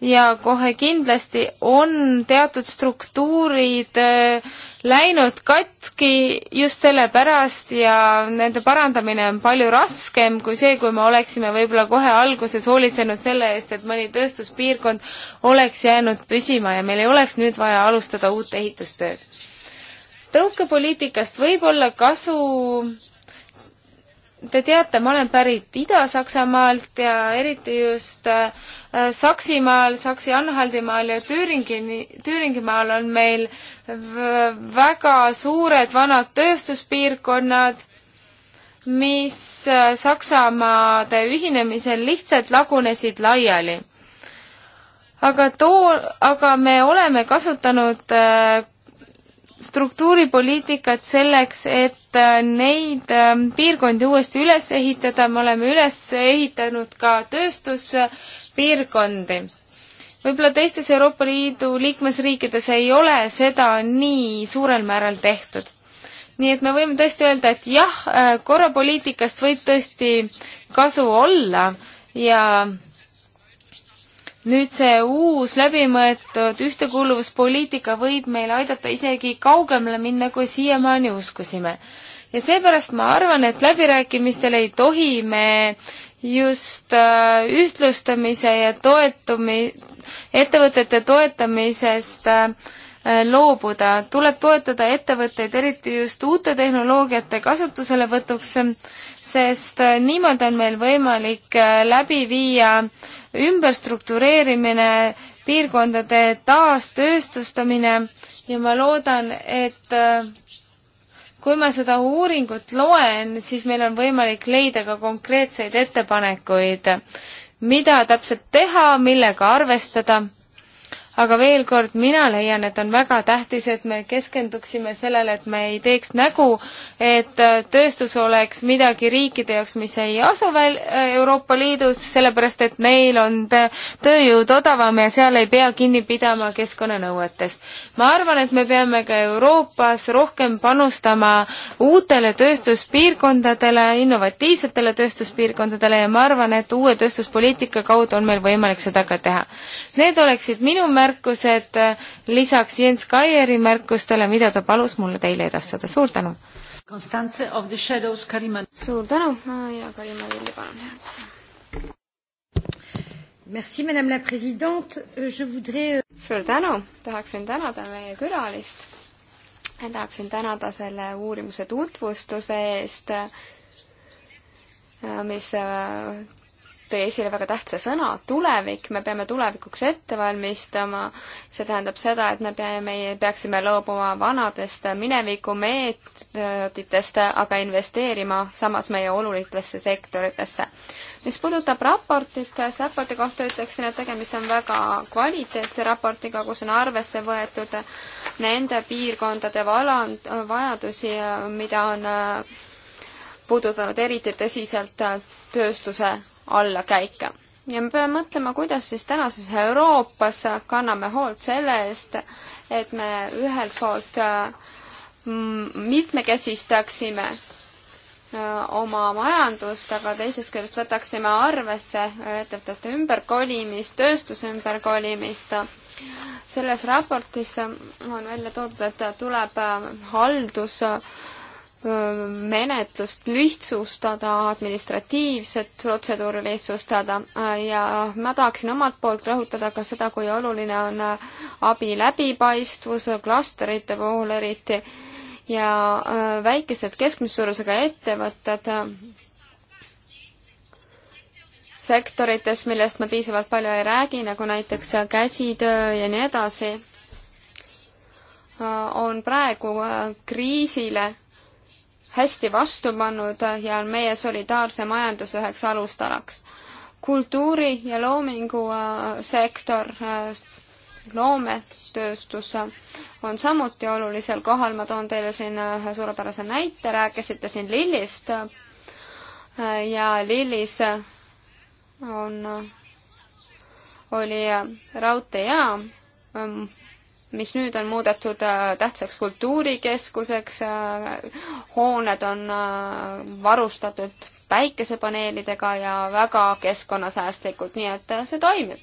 ja kohe kindlasti on teatud struktuurid äh, läinud katki just sellepärast ja nende parandamine on palju raskem kui see, kui me oleksime võib-olla kohe alguses hoolitsenud selle eest, et mõni tööstuspiirkond oleks jäänud püsima ja meil ei oleks nüüd vaja alustada uut ehitustööd. tõukepoliitikast võib olla kasu Te teate, ma olen pärit Ida-Saksamaalt ja eriti just äh, Saksimaal, Saksi-Anhaldimaal ja Tüüringini, Tüüringimaal on meil väga suured vanad tööstuspiirkonnad, mis äh, Saksamaade ühinemisel lihtsalt lagunesid laiali aga too, aga me oleme kasutanud äh, struktuuripoliitikat selleks, et äh, neid ähm, piirkondi uuesti üles ehitada, me oleme üles ehitanud ka tööstuspiirkondi. võib-olla teistes Euroopa Liidu liikmesriikides ei ole seda nii suurel määral tehtud. nii et me võime tõesti öelda, et jah, äh, korrapoliitikast võib tõesti kasu olla ja nüüd see uus läbimõetud ühtekuuluvuspoliitika võib meil aidata isegi kaugemale minna, kui siiamaani uskusime. ja seepärast ma arvan, et läbirääkimistel ei tohi me just äh, ühtlustamise ja toetumi-, ettevõtete toetamisest äh, loobuda, tuleb toetada ettevõtteid, eriti just uute tehnoloogiate kasutuselevõtuks sest äh, niimoodi on meil võimalik äh, läbi viia ümberstruktureerimine, piirkondade taastööstustamine ja ma loodan, et äh, kui ma seda uuringut loen, siis meil on võimalik leida ka konkreetseid ettepanekuid, mida täpselt teha, millega arvestada aga veel kord, mina leian, et on väga tähtis, et me keskenduksime sellele, et me ei teeks nägu, et äh, tööstus oleks midagi riikide jaoks, mis ei asu väl-, äh, Euroopa Liidus, sellepärast et neil on äh, tööjõud odavam ja seal ei pea kinni pidama keskkonnanõuetest. ma arvan, et me peame ka Euroopas rohkem panustama uutele tööstuspiirkondadele, innovatiivsetele tööstuspiirkondadele ja ma arvan, et uue tööstuspoliitika kaudu on meil võimalik seda ka teha. Need oleksid minu märkused lisaks Jens Kaieri märkustele, mida ta palus mulle teile edastada. suur tänu! Konstantse of the Shadows, Karimann. suur tänu ja Karimann Lilli, palun järgmise. Merci, madame la présidente, euh, je voudrais. Euh, suur tänu, tahaksin tänada meie külalist. tahaksin tänada selle uurimuse tutvustuse eest, mis äh, tõi esile väga tähtsa sõna, tulevik, me peame tulevikuks ette valmistama, see tähendab seda, et me peame, peaksime loobuma vanadest minevikumeetoditest, aga investeerima samas meie olulistesse sektoritesse. mis puudutab raportit, siis raporti kohta ütleksin, et tegemist on väga kvaliteetse raportiga, kus on arvesse võetud nende piirkondade valand, vajadusi, mida on äh, puudutanud eriti tõsiselt äh, tööstuse allakäike. ja me peame mõtlema, kuidas siis tänases Euroopas kanname hoolt selle eest, et me ühelt poolt äh, mitmekesistaksime äh, oma majandust, aga teisest küljest võtaksime arvesse äh, ettevõtete ümberkolimist, tööstuse ümberkolimist. selles raportis on välja toodud, et tuleb haldus menetlust lihtsustada, administratiivset protseduuri lihtsustada äh, ja ma tahaksin omalt poolt rõhutada ka seda, kui oluline on äh, abi läbipaistvus klasterite puhul eriti ja äh, väikesed keskmise suurusega ettevõtted sektorites, millest me piisavalt palju ei räägi, nagu näiteks käsitöö ja nii edasi, on praegu kriisile hästi vastu pannud ja on meie solidaarse majanduse üheks alustalaks. kultuuri- ja loomingusektor, äh, äh, loometööstus äh, on samuti olulisel kohal, ma toon teile siin ühe suurepärase näite, rääkisite siin lillist ja lillis on, oli raudteejaam, ähm, mis nüüd on muudetud äh, tähtsaks kultuurikeskuseks, äh, hooned on äh, varustatud päikesepaneelidega ja väga keskkonnasäästlikult, nii et see toimib.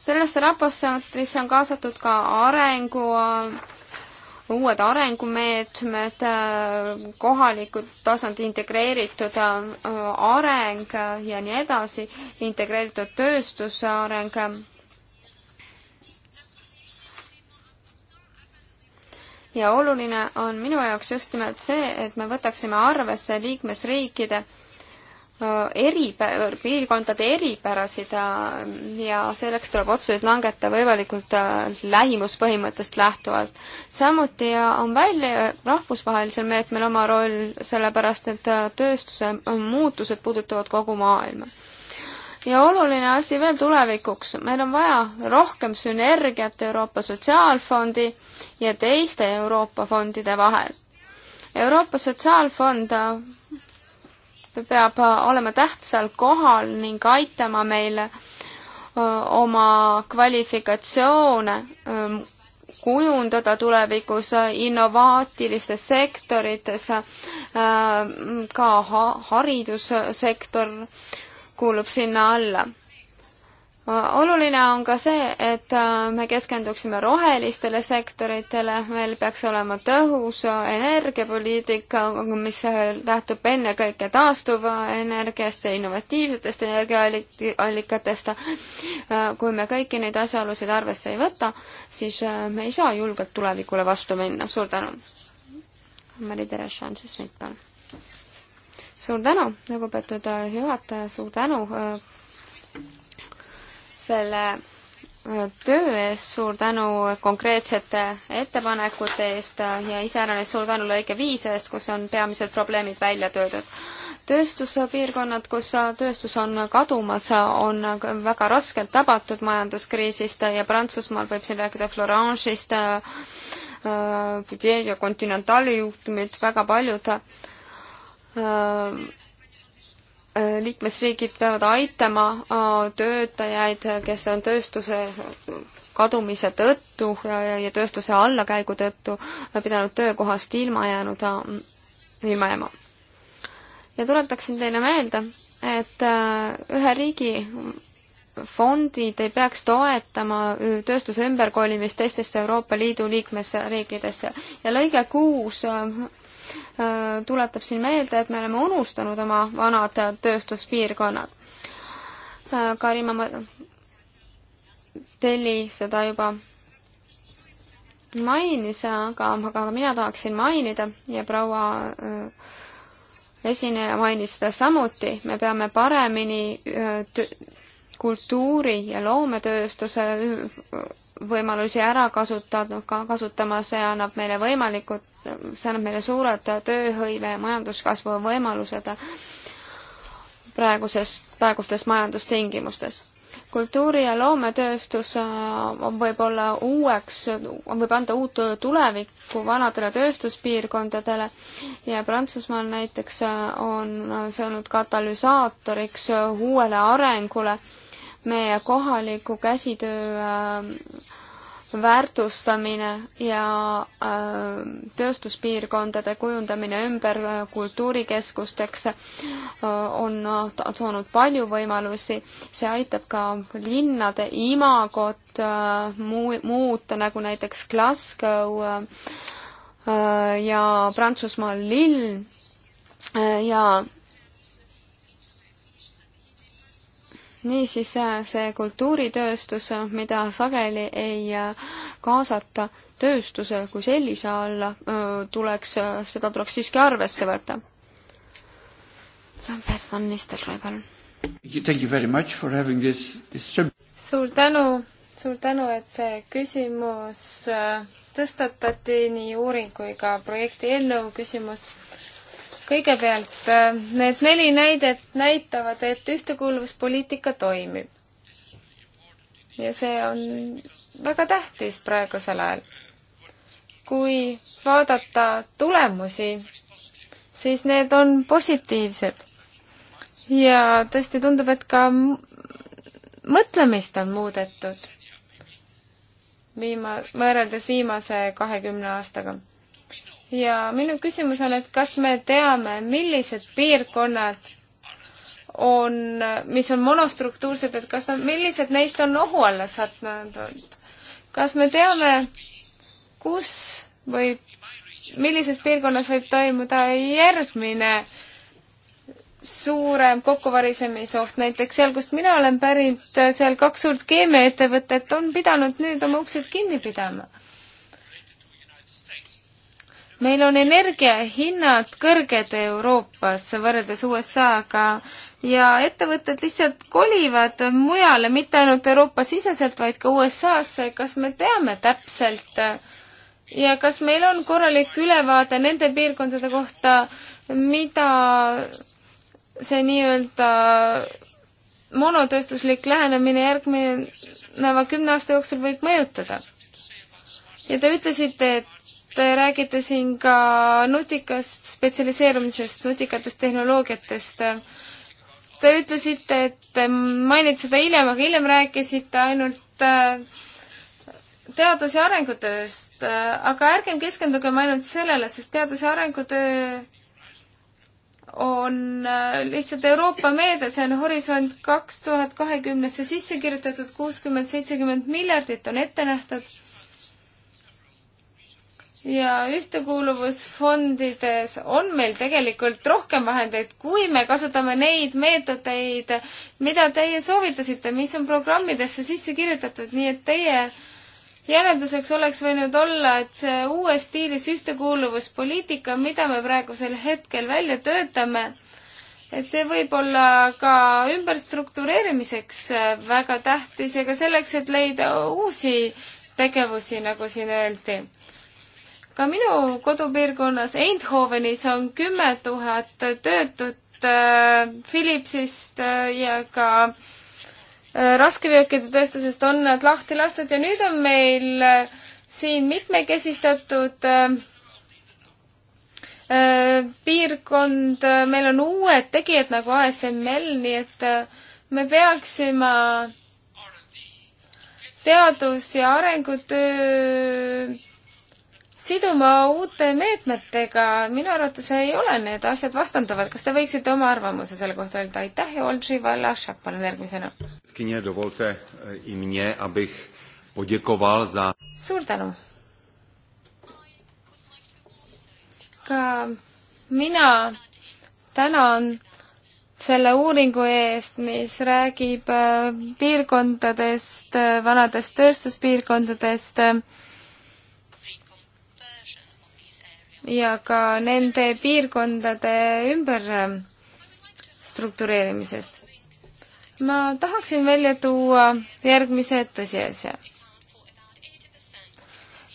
sellesse raportisse on kaasatud ka arengu, uued arengumeetmed, kohaliku tasandi integreeritud areng ja nii edasi, integreeritud tööstuse areng ja oluline on minu jaoks just nimelt see, et me võtaksime arvesse liikmesriikide eri, piirkondade eripärasid äh, ja selleks tuleb otsuseid langeta võimalikult äh, lähimuspõhimõttest lähtuvalt. samuti äh, on välja rahvusvahelisel meetmel oma roll, sellepärast et tööstuse muutused puudutavad kogu maailma ja oluline asi veel tulevikuks, meil on vaja rohkem sünergiat Euroopa Sotsiaalfondi ja teiste Euroopa fondide vahel. Euroopa Sotsiaalfond peab olema tähtsal kohal ning aitama meil oma kvalifikatsioone kujundada tulevikus innovaatilistes sektorites, ka haridussektor kuulub sinna alla. oluline on ka see, et äh, me keskenduksime rohelistele sektoritele, meil peaks olema tõhus energiapoliitika, mis lähtub ennekõike taastuva energiast ja innovatiivsetest energiaallikatest. Äh, kui me kõiki neid asjaolusid arvesse ei võta, siis äh, me ei saa julgelt tulevikule vastu minna. suur tänu! Marie-Therese Chance-Smith, palun! suur tänu, lugupeetud äh, juhataja, suur tänu äh, selle äh, töö eest, suur tänu konkreetsete ettepanekute eest ja iseäranis suur tänu lõike viis eest, kus on peamised probleemid välja töödud. tööstuspiirkonnad, kus tööstus on kadumas, on väga raskelt tabatud majanduskriisist ja Prantsusmaal võib siin rääkida Florange'ist, Budget ja Continentali juhtumid, väga paljud Äh, äh, liikmesriigid peavad aitama äh, töötajaid, kes on tööstuse kadumise tõttu ja, ja, ja tööstuse allakäigu tõttu pidanud töökohast ilma jäänud, ilma jääma. ja tuletaksin teile meelde, et ühe riigi fondid ei peaks toetama tööstuse ümberkolimist teistesse Euroopa Liidu liikmesriikidesse ja lõige kuus Äh, tuletab siin meelde, et me oleme unustanud oma vanad tööstuspiirkonnad. Äh, Karima Telli seda juba mainis, aga, aga mina tahaksin mainida ja proua äh, esineja mainis seda samuti, me peame paremini kultuuri- ja loometööstuse võimalusi ära kasutada, kasutama, see annab meile võimalikud see annab meile suured tööhõive ja majanduskasvu võimalused praeguses, praegustes majandustingimustes. kultuuri- ja loometööstus äh, on võib-olla uueks, võib anda uut tulevikku vanadele tööstuspiirkondadele ja Prantsusmaal näiteks äh, on see olnud katalüsaatoriks äh, uuele arengule meie kohaliku käsitöö äh, väärtustamine ja äh, tööstuspiirkondade kujundamine ümber äh, kultuurikeskusteks äh, on äh, toonud palju võimalusi. see aitab ka linnade imagot äh, muu-, muuta, nagu näiteks Glasgow äh, ja Prantsusmaal Lille ja niisiis äh, see kultuuritööstus, äh, mida sageli ei äh, kaasata tööstuse kui sellise alla, tuleks, seda tuleks siiski arvesse võtta. Lambert van Nistelrooy, palun. Thank you very much for having this, this sub-. suur tänu, suur tänu, et see küsimus tõstatati, nii uuring kui ka projekti eelnõu küsimus kõigepealt äh, need neli näidet näitavad, et ühtekuuluvuspoliitika toimib. ja see on väga tähtis praegusel ajal. kui vaadata tulemusi, siis need on positiivsed. ja tõesti tundub, et ka mõtlemist on muudetud viima-, võrreldes viimase kahekümne aastaga ja minu küsimus on, et kas me teame, millised piirkonnad on, mis on monostruktuursed, et kas nad, millised neist on ohu alla sattunud? kas me teame, kus võib, millises piirkonnas võib toimuda järgmine suurem kokkuvarisemisoht, näiteks seal, kust mina olen pärit, seal kaks suurt keemiaettevõtet on pidanud nüüd oma uksed kinni pidama meil on energiahinnad kõrged Euroopas võrreldes USA-ga ja ettevõtted lihtsalt kolivad mujale, mitte ainult Euroopa-siseselt, vaid ka USA-sse. kas me teame täpselt ja kas meil on korralik ülevaade nende piirkondade kohta, mida see nii-öelda monotööstuslik lähenemine järgneva kümne aasta jooksul võib mõjutada? ja te ütlesite, et Te räägite siin ka nutikast spetsialiseerumisest, nutikatest tehnoloogiatest. Te ütlesite, et mainite seda hiljem, aga hiljem rääkisite ainult äh, teadus- ja arengutööst, aga ärgem keskendugem ainult sellele, sest teadus- ja arengutöö on äh, lihtsalt Euroopa meede, see on Horisont kaks tuhat kahekümnesse sisse kirjutatud, kuuskümmend, seitsekümmend miljardit on ette nähtud ja ühtekuuluvusfondides on meil tegelikult rohkem vahendeid, kui me kasutame neid meetodeid, mida teie soovitasite, mis on programmidesse sisse kirjutatud, nii et teie järelduseks oleks võinud olla, et see uues stiilis ühtekuuluvuspoliitika, mida me praegusel hetkel välja töötame, et see võib olla ka ümberstruktureerimiseks väga tähtis ja ka selleks, et leida uusi tegevusi, nagu siin öeldi ka minu kodupiirkonnas Eindhovenis on kümme tuhat töötut äh, Philipsist äh, ja ka äh, raskeveokite tööstusest on nad lahti lastud ja nüüd on meil äh, siin mitmekesistatud äh, äh, piirkond äh,, meil on uued tegijad nagu ASML, nii et äh, me peaksime teadus- ja arengutöö siduma uute meetmetega, minu arvates ei ole need asjad vastanduvad. kas te võiksite oma arvamuse selle kohta öelda? aitäh ja Olži Valašak, palun järgmisena. Eh, suur tänu. ka mina tänan selle uuringu eest, mis räägib eh, piirkondadest, eh, vanadest tööstuspiirkondadest ja ka nende piirkondade ümber ähm, struktureerimisest. ma tahaksin välja tuua järgmise tõsiasja.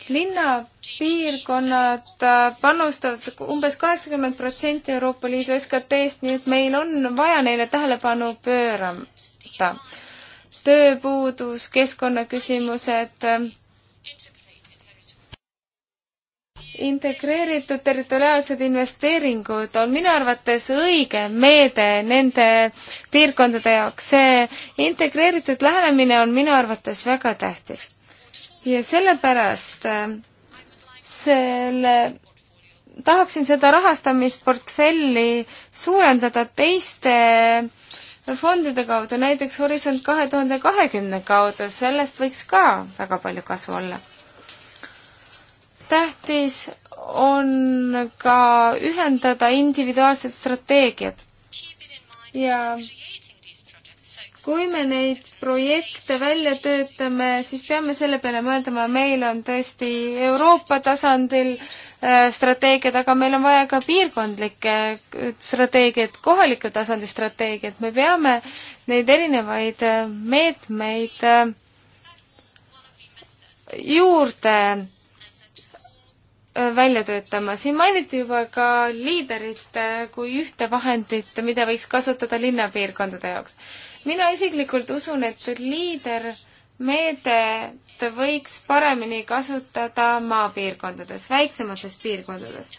linnapiirkonnad äh, panustavad umbes kaheksakümmend protsenti Euroopa Liidu SKT-st, nii et meil on vaja neile tähelepanu pöörata. tööpuudus, keskkonnaküsimused integreeritud territoriaalsed investeeringud on minu arvates õige meede nende piirkondade jaoks. see integreeritud lähenemine on minu arvates väga tähtis. ja sellepärast äh, selle, tahaksin seda rahastamisportfelli suurendada teiste fondide kaudu, näiteks Horisont kahe tuhande kahekümne kaudu, sellest võiks ka väga palju kasu olla tähtis on ka ühendada individuaalsed strateegiad ja kui me neid projekte välja töötame, siis peame selle peale mõeldama, meil on tõesti Euroopa tasandil äh, strateegiad, aga meil on vaja ka piirkondlikke äh, strateegiaid, kohaliku tasandi strateegiaid, me peame neid erinevaid äh, meetmeid juurde Äh, välja töötama. siin mainiti juba ka liiderit äh, kui ühte vahendit, mida võiks kasutada linnapiirkondade jaoks. mina isiklikult usun, et liidermeedet võiks paremini kasutada maapiirkondades, väiksemates piirkondades.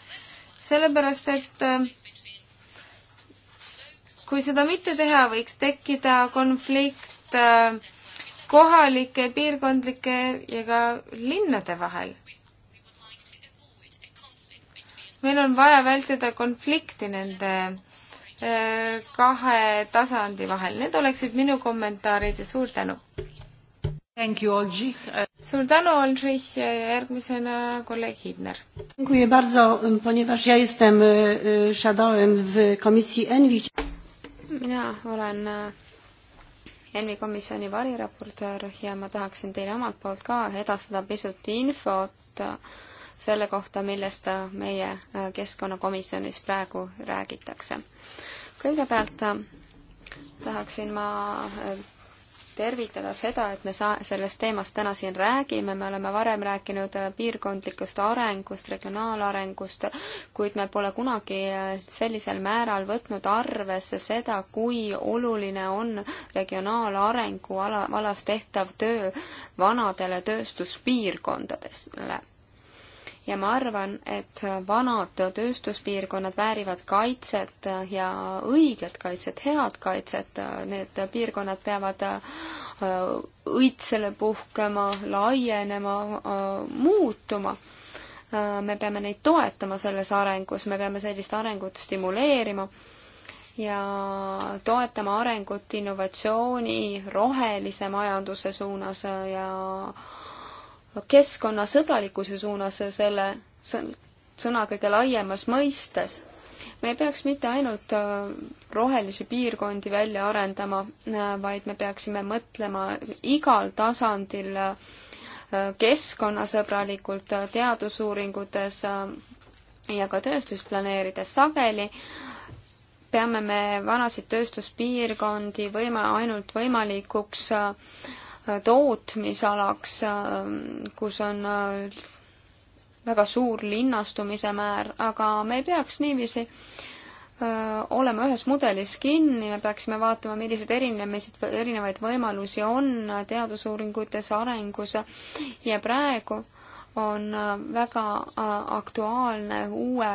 sellepärast, et äh, kui seda mitte teha, võiks tekkida konflikt kohalike, piirkondlike ja ka linnade vahel meil on vaja vältida konflikti nende äh, kahe tasandi vahel. Need oleksid minu kommentaarid ja suur tänu. suur tänu, Oldrich, järgmisena kolleeg Hibner. E, e, mina olen e, ENVI komisjoni variraportöör ja ma tahaksin teile omalt poolt ka edastada pisut infot äh, selle kohta, millest meie äh, keskkonnakomisjonis praegu räägitakse. kõigepealt äh, tahaksin ma äh, tervitada seda, et me saa-, sellest teemast täna siin räägime, me oleme varem rääkinud piirkondlikust arengust, regionaalarengust, kuid me pole kunagi sellisel määral võtnud arvesse seda, kui oluline on regionaalarengu ala, alas tehtav töö vanadele tööstuspiirkondadele ja ma arvan, et vanad tööstuspiirkonnad väärivad kaitset ja õiget kaitset, head kaitset, need piirkonnad peavad äh, õitsele puhkema, laienema, äh, muutuma äh, me peame neid toetama selles arengus, me peame sellist arengut stimuleerima ja toetama arengut innovatsiooni, rohelise majanduse suunas ja keskkonnasõbralikkuse suunas selle sõna kõige laiemas mõistes. me ei peaks mitte ainult äh, rohelisi piirkondi välja arendama, äh, vaid me peaksime mõtlema igal tasandil äh, keskkonnasõbralikult teadusuuringutes ja ka tööstusplaneerides sageli peame me vanasid tööstuspiirkondi võima ainult võimalikuks äh, tootmisalaks, kus on väga suur linnastumise määr, aga me ei peaks niiviisi olema ühes mudelis kinni, me peaksime vaatama, millised erinemised, erinevaid võimalusi on teadusuuringutes, arengus ja praegu on äh, väga äh, aktuaalne uue,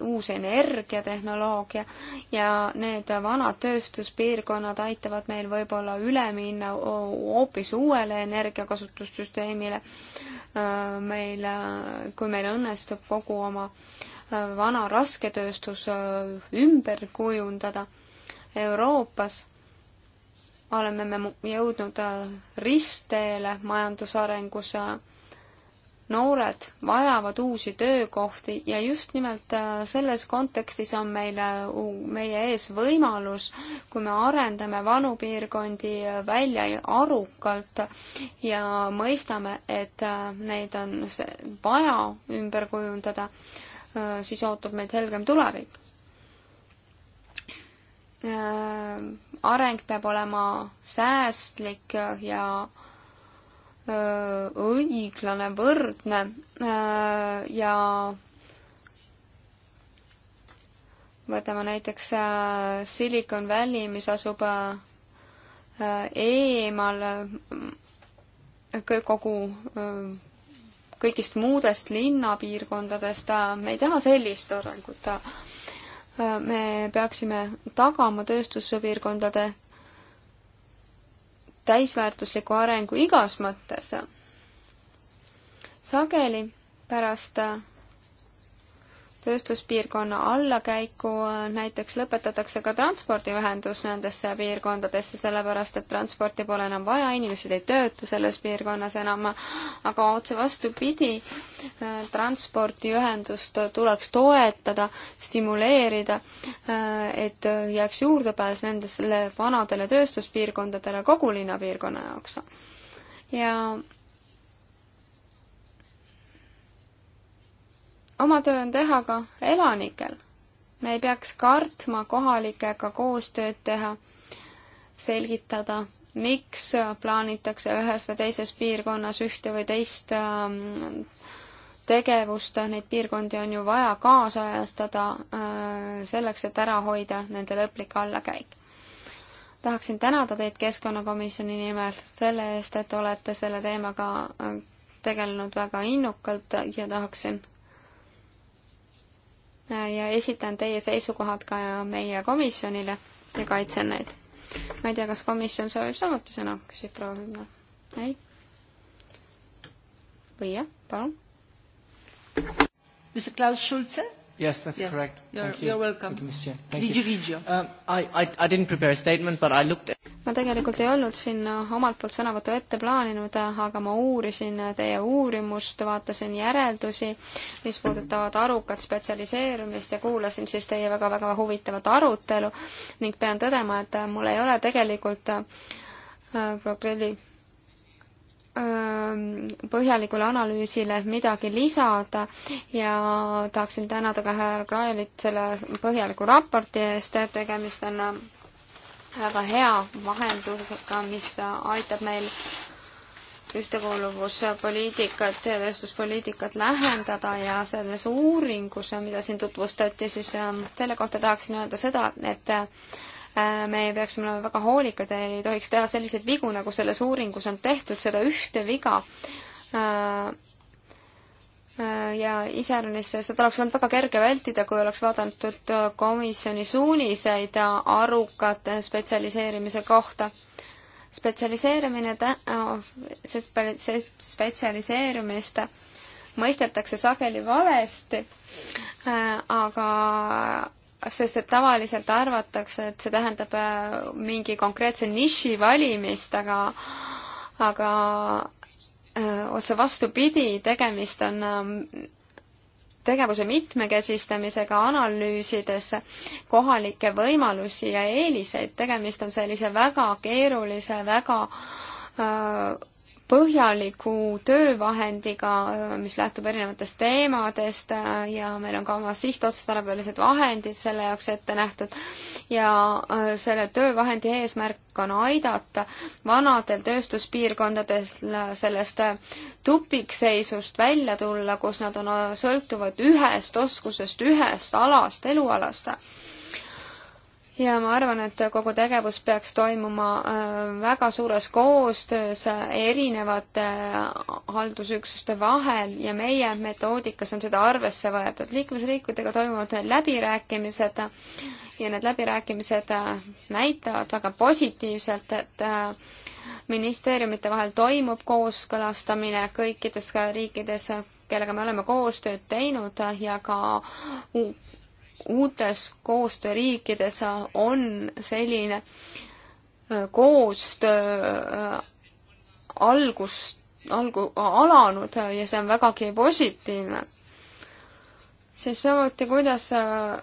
uus energiatehnoloogia ja need vanad tööstuspiirkonnad aitavad meil võib-olla üle minna hoopis uuele energiakasutussüsteemile. Äh, meil, kui meil õnnestub kogu oma vana rasketööstus ümber kujundada Euroopas oleme me jõudnud ristteele majandusarengus noored vajavad uusi töökohti ja just nimelt äh, selles kontekstis on meil, meie ees võimalus, kui me arendame vanu piirkondi äh, välja arukalt ja mõistame, et äh, neid on vaja ümber kujundada, siis ootab meid helgem tulevik. areng peab olema säästlik ja, ja Äh, õiglane, võrdne äh, ja võtame näiteks äh, Silicon Valley, mis asub eemal kogu, kõigist muudest linnapiirkondadest, me ei taha sellist arengut. me peaksime tagama tööstuspiirkondade täisväärtusliku arengu igas mõttes. sageli pärast tööstuspiirkonna allakäiku, näiteks lõpetatakse ka transpordiühendus nendesse piirkondadesse, sellepärast et transporti pole enam vaja, inimesed ei tööta selles piirkonnas enam, aga otse vastupidi, transpordiühendust tuleks toetada, stimuleerida, et jääks juurdepääs nendele vanadele tööstuspiirkondadele kogu linnapiirkonna jaoks. ja oma töö on teha ka elanikel. me ei peaks kartma kohalikega koostööd teha, selgitada, miks plaanitakse ühes või teises piirkonnas ühte või teist ähm, tegevust, neid piirkondi on ju vaja kaasajastada äh, selleks, et ära hoida nende lõplik allakäik. tahaksin tänada teid Keskkonnakomisjoni nimel selle eest, et olete selle teemaga äh, tegelenud väga innukalt ja tahaksin ja esitan teie seisukohad ka meie komisjonile ja kaitsen neid. ma ei tea, kas komisjon soovib samuti sõna, küsib proua Hümna. ei? või jah, palun. Mr Klaus Schulze? Yes, that's yes. correct. You're, Thank you. you're welcome. Thank you, Ms. Chair. Thank Did you read you? Um, I, I, I didn't prepare a statement, but I looked at ma tegelikult ei olnud siin uh, omalt poolt sõnavõttu ette plaaninud, uh, aga ma uurisin uh, teie uurimust, vaatasin järeldusi, mis puudutavad arukat spetsialiseerumist ja kuulasin siis teie väga-väga huvitavat arutelu ning pean tõdema, et mul ei ole tegelikult äh, Progrelli Ähm, põhjalikule analüüsile midagi lisada ja tahaksin tänada ka härra Graelit selle põhjaliku raporti eest, tegemist on ähm, väga hea vahendusega, mis aitab meil ühtekuuluvuspoliitikat, tööstuspoliitikat lähendada ja selles uuringus, mida siin tutvustati, siis ähm, selle kohta tahaksin öelda seda, et Äh, me peaksime olema väga hoolikad ja ei tohiks teha selliseid vigu, nagu selles uuringus on tehtud, seda ühte viga äh, äh, ja iseäranis seda oleks olnud väga kerge vältida, kui oleks vaadatud komisjoni suuniseid arukate spetsialiseerimise kohta. spetsialiseerimine, see spetsialiseerumist mõistetakse sageli valesti, aga sest et tavaliselt arvatakse, et see tähendab äh, mingi konkreetse niši valimist, aga, aga äh, otse vastupidi, tegemist on äh, tegevuse mitmekesistamisega, analüüsides kohalikke võimalusi ja eeliseid, tegemist on sellise väga keerulise, väga öö, põhjaliku töövahendiga, mis lähtub erinevatest teemadest äh, ja meil on ka oma sihtotstarbelised vahendid selle jaoks ette nähtud ja äh, selle töövahendi eesmärk on aidata vanadel tööstuspiirkondadel sellest äh, tupikseisust välja tulla, kus nad on, sõltuvad ühest oskusest, ühest alast, elualast ja ma arvan, et kogu tegevus peaks toimuma äh, väga suures koostöös äh, erinevate äh, haldusüksuste vahel ja meie metoodikas on seda arvesse võetud. liikmesriikidega toimuvad läbirääkimised ja need läbirääkimised näitavad väga positiivselt, et ministeeriumite vahel toimub kooskõlastamine kõikides riikides, kellega me oleme koostööd teinud ja ka uutes koostööriikides on selline äh, koostöö äh, algust, algu-, alanud ja see on vägagi positiivne. siis samuti, kuidas äh,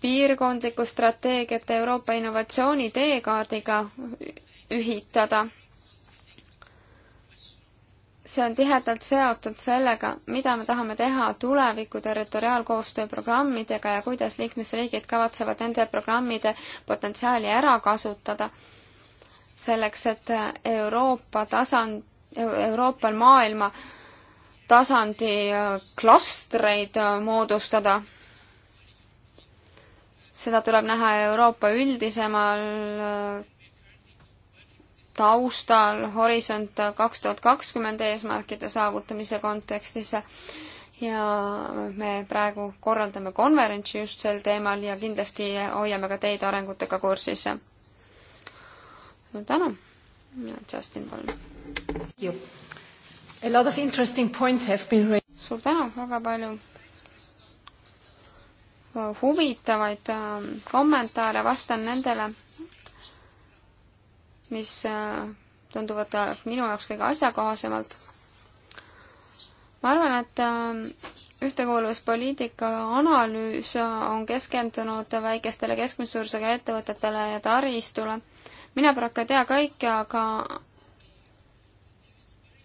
piirkondlikku strateegiat Euroopa innovatsiooni teekaardiga ühitada see on tihedalt seotud sellega, mida me tahame teha tuleviku territoriaalkoostöö programmidega ja kuidas liikmesriigid kavatsevad nende programmide potentsiaali ära kasutada, selleks et Euroopa tasand, Euroopal maailma tasandi äh, klastreid äh, moodustada. seda tuleb näha Euroopa üldisemal äh, taustal Horisont kaks tuhat kakskümmend eesmärkide saavutamise kontekstis ja me praegu korraldame konverentsi just sel teemal ja kindlasti hoiame ka teid arengutega kursis. suur tänu, Justin, palun. suur tänu, väga palju huvitavaid ähm, kommentaare, vastan nendele mis äh, tunduvad äh, minu jaoks kõige asjakohasemalt. ma arvan, et äh, ühtekuuluvuspoliitika analüüs on keskendunud väikestele keskmise suurusega ettevõtetele ja taristule. mina praegu ei tea kõike, aga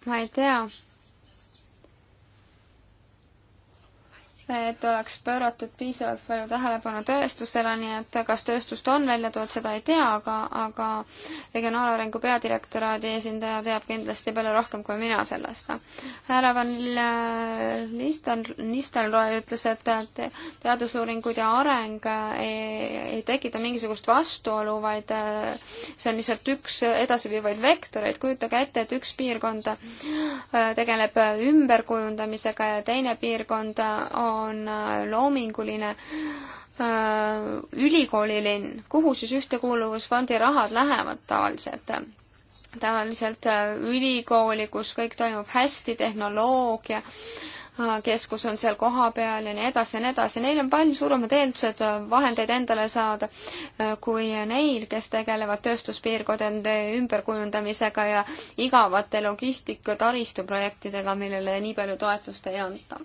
ma ei tea et oleks pööratud piisavalt palju tähelepanu tööstusele, nii et kas tööstust on välja toodud, seda ei tea, aga, aga Regionaalarengu peadirektoraadi esindaja teab kindlasti palju rohkem kui mina sellest. härra Van Nistel-, Nistelrooy ütles, et te, teadusuuringud ja areng ei, ei tekita mingisugust vastuolu, vaid äh, see on lihtsalt üks edasiviivaid vektoreid, kujutage ette, et üks piirkond äh, tegeleb ümberkujundamisega ja teine piirkond on äh, on äh, loominguline äh, ülikoolilinn, kuhu siis ühtekuuluvusfondi rahad lähevad tavaliselt? tavaliselt äh, ülikooli, kus kõik toimub hästi, tehnoloogia, keskus on seal kohapeal ja nii edasi ja nii edasi, neil on palju suuremad eeldused vahendeid endale saada kui neil, kes tegelevad tööstuspiirkondade ümberkujundamisega ja igavate logistika taristuprojektidega, millele nii palju toetust ei anta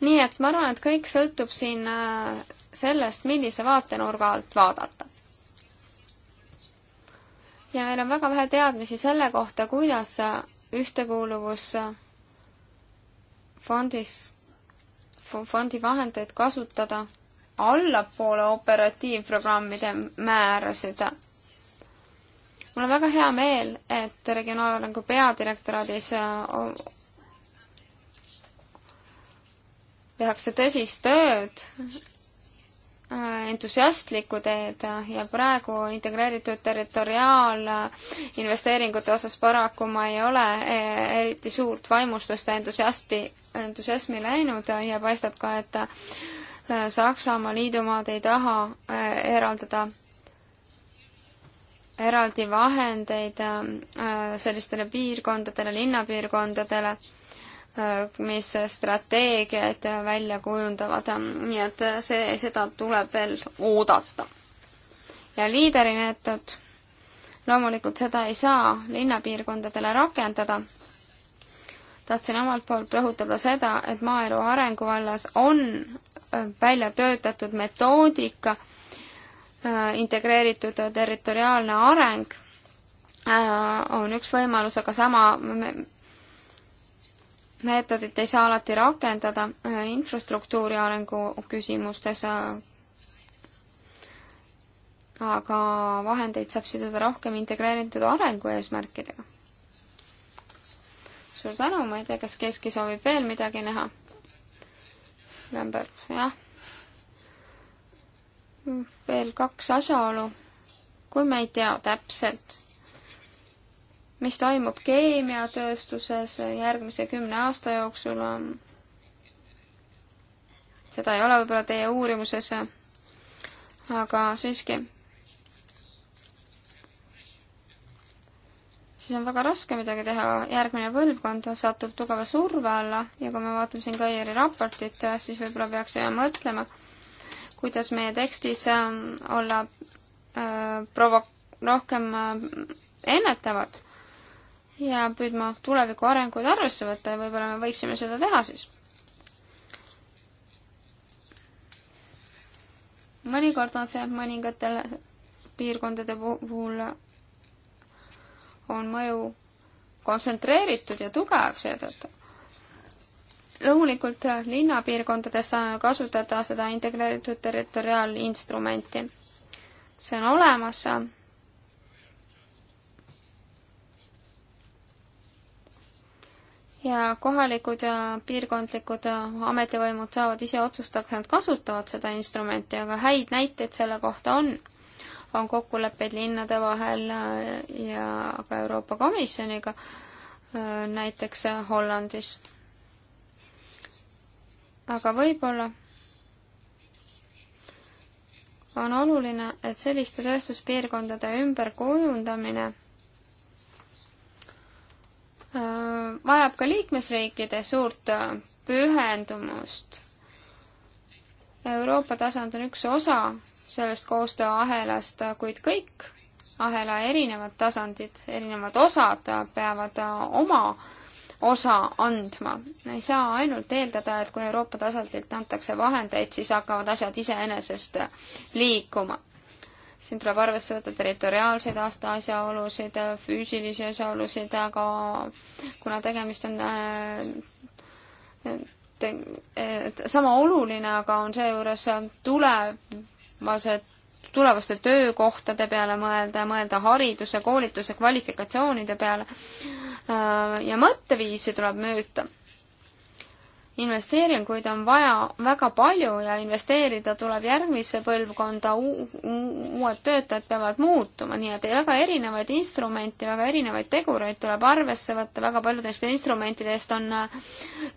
nii et ma arvan, et kõik sõltub siin äh, sellest, millise vaatenurga alt vaadata. ja meil on väga vähe teadmisi selle kohta, kuidas äh, ühtekuuluvusfondis, fondi vahendeid kasutada allapoole operatiivprogrammide määrasid. mul on väga hea meel, et Regionaalarengu peadirektoraadis äh, tehakse tõsist tööd, äh, entusiastlikku teed ja praegu integreeritud territoriaalinvesteeringute äh, osas paraku ma ei ole äh, eriti suurt vaimustust ja entusiasti, entusiasmi läinud ja paistab ka, et Saksamaa liidumaad ei taha eraldada eraldi vahendeid sellistele piirkondadele, linnapiirkondadele Äh, mis strateegiaid välja kujundavad, nii et see, seda tuleb veel oodata. ja liideri meetod, loomulikult seda ei saa linnapiirkondadele rakendada. tahtsin omalt poolt rõhutada seda, et maaelu arengu vallas on äh, välja töötatud metoodika, äh, integreeritud territoriaalne areng on üks võimalus, aga sama meetodit ei saa alati rakendada äh, infrastruktuuri arengu küsimustes, äh, aga vahendeid saab siduda rohkem integreeritud arengu eesmärkidega. suur tänu, ma ei tea, kas keski soovib veel midagi näha? Lämber, jah. veel kaks asjaolu. kui me ei tea täpselt mis toimub keemiatööstuses järgmise kümne aasta jooksul. seda ei ole võib-olla teie uurimuses, aga siiski. siis on väga raske midagi teha, järgmine põlvkond satub tugeva surve alla ja kui me vaatame siin Kaieri raportit, siis võib-olla peaksime mõtlema, kuidas meie tekstis ähm, olla äh, provo-, rohkem äh, ennetavad ja püüdma tuleviku arenguid arvesse võtta ja võib-olla me võiksime seda teha siis. mõnikord on see mõningatel piirkondade puhul on mõju kontsentreeritud ja tugev seetõttu. loomulikult linnapiirkondades saame kasutada seda integreeritud territoriaalinstrumenti. see on olemas ja kohalikud ja piirkondlikud ametivõimud saavad ise otsustada, kas nad kasutavad seda instrumenti, aga häid näiteid selle kohta on. on kokkuleppeid linnade vahel äh, ja ka Euroopa Komisjoniga, äh, näiteks äh, Hollandis. aga võib-olla on oluline, et selliste tööstuspiirkondade ümberkujundamine vajab ka liikmesriikide suurt pühendumust. Euroopa tasand on üks osa sellest koostööahelast, kuid kõik ahela erinevad tasandid, erinevad osad peavad oma osa andma. ei saa ainult eeldada, et kui Euroopa tasandilt antakse vahendeid, siis hakkavad asjad iseenesest liikuma siin tuleb arvesse võtta territoriaalseid aasta asjaolusid, füüsilisi asjaolusid, aga kuna tegemist on äh, te, sama oluline, aga on seejuures tulevased, tulevaste töökohtade peale mõelda, mõelda hariduse, koolituse, kvalifikatsioonide peale äh, ja mõtteviisi tuleb mõõta investeeringuid on vaja väga palju ja investeerida tuleb järgmisse põlvkonda, uued töötajad peavad muutuma, nii et väga erinevaid instrumente, väga erinevaid tegureid tuleb arvesse võtta, väga paljudest instrumentidest on äh,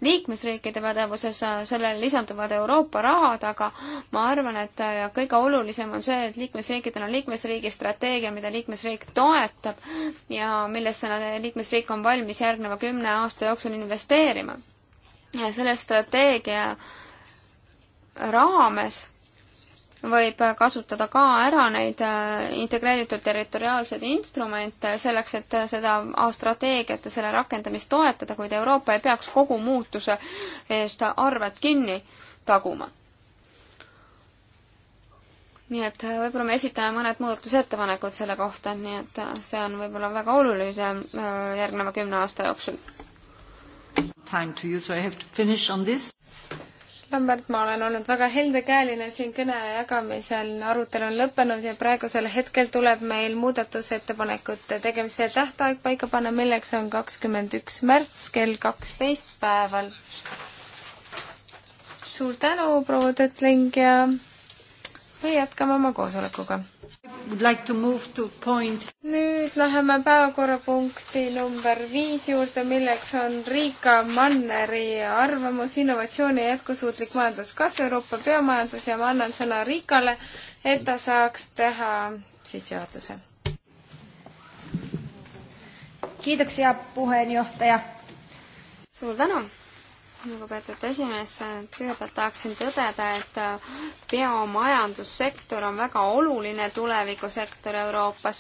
liikmesriikide pädevuses, äh, sellele lisanduvad Euroopa rahad, aga ma arvan, et äh, kõige olulisem on see, et liikmesriikidel on liikmesriigi strateegia, mida liikmesriik toetab ja millesse liikmesriik on valmis järgneva kümne aasta jooksul investeerima selle strateegia raames võib kasutada ka ära neid äh, integreeritud territoriaalseid instrumente selleks, et seda A-strateegiat ja selle rakendamist toetada, kuid Euroopa ei peaks kogu muutuse eest arvet kinni taguma. nii et äh, võib-olla me esitame mõned muudatusettepanekud selle kohta, nii et äh, see on võib-olla väga oluline järgneva kümne aasta jooksul. Time to you, so I have to finish on this. Lambert, ma olen olnud väga heldekäeline siin kõne jagamisel, arutelu on lõppenud ja praegusel hetkel tuleb meil muudatusettepanekute tegemise tähtaeg paika panna, milleks on kakskümmend üks märts kell kaksteist päeval. suur tänu, proua Tõtling ja me jätkame oma koosolekuga Like to to nüüd läheme päevakorrapunkti number viis juurde, milleks on Riika Manneri arvamus innovatsiooni ja jätkusuutlik majanduskasv Euroopa biomajandus ja ma annan sõna Riikale, et ta saaks teha sissejuhatuse. kiitoksia, puheenjohtaja. suur tänu lugupeetud esimees, kõigepealt tahaksin tõdeda, et äh, biomajandussektor on väga oluline tulevikusektor Euroopas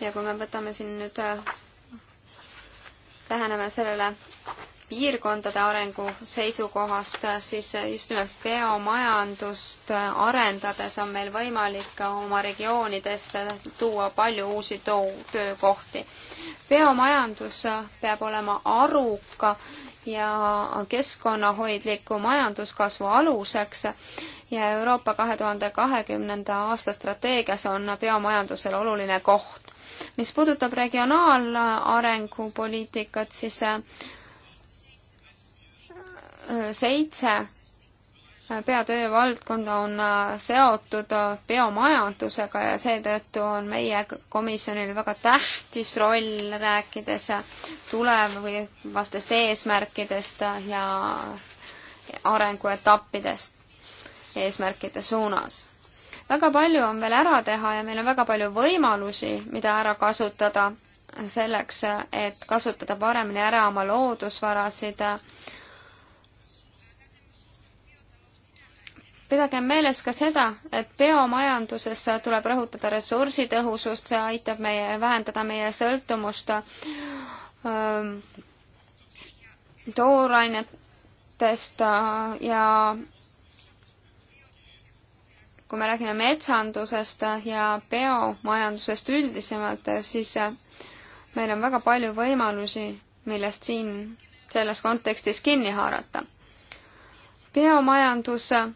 ja kui me võtame siin nüüd, äh, läheneme sellele piirkondade arengu seisukohast, siis just nimelt biomajandust äh, arendades on meil võimalik oma regioonidesse tuua palju uusi töökohti. biomajandus peab olema aruka ja keskkonnahoidliku majanduskasvu aluseks ja Euroopa kahe tuhande kahekümnenda aasta strateegias on biomajandusel oluline koht. mis puudutab regionaalarengu poliitikat, siis äh, seitse peatöövaldkond on äh, seotud äh, biomajandusega ja seetõttu on meie komisjonil väga tähtis roll, rääkides äh, tulevastest eesmärkidest ja arenguetappidest eesmärkide suunas. väga palju on veel ära teha ja meil on väga palju võimalusi, mida ära kasutada selleks, et kasutada paremini ära oma loodusvarasid pidagem meeles ka seda, et biomajanduses tuleb rõhutada ressursitõhusust, see aitab meie, vähendada meie sõltumust ähm, toorainetest äh, ja kui me räägime metsandusest ja biomajandusest üldisemalt, siis äh, meil on väga palju võimalusi, millest siin selles kontekstis kinni haarata. biomajandus äh,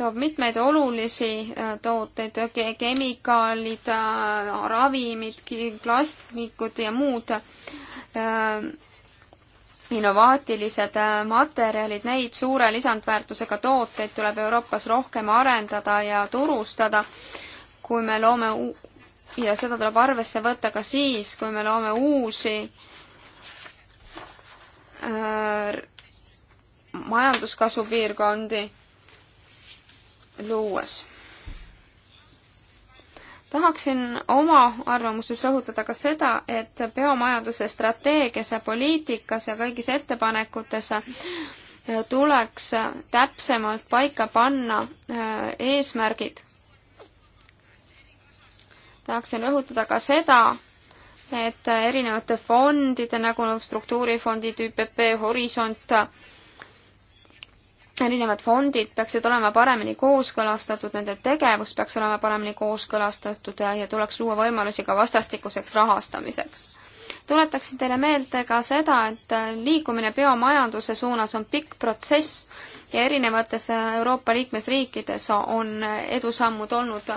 toob mitmeid olulisi äh, tooteid, kemikaalid, äh, ravimid, plastikud ja muud äh, innovaatilised materjalid, neid suure lisandväärtusega tooteid tuleb Euroopas rohkem arendada ja turustada, kui me loome ja seda tuleb arvesse võtta ka siis, kui me loome uusi majanduskasvu piirkondi luues. tahaksin oma arvamuses rõhutada ka seda, et biomajanduse strateegias ja poliitikas ja kõigis ettepanekutes tuleks täpsemalt paika panna äh, eesmärgid. tahaksin rõhutada ka seda, et erinevate fondide nagu struktuurifondid, ÜPP, Horisont erinevad fondid peaksid olema paremini kooskõlastatud, nende tegevus peaks olema paremini kooskõlastatud ja, ja tuleks luua võimalusi ka vastastikuseks rahastamiseks. tuletaksin teile meelde ka seda, et liikumine biomajanduse suunas on pikk protsess ja erinevates Euroopa liikmesriikides on edusammud olnud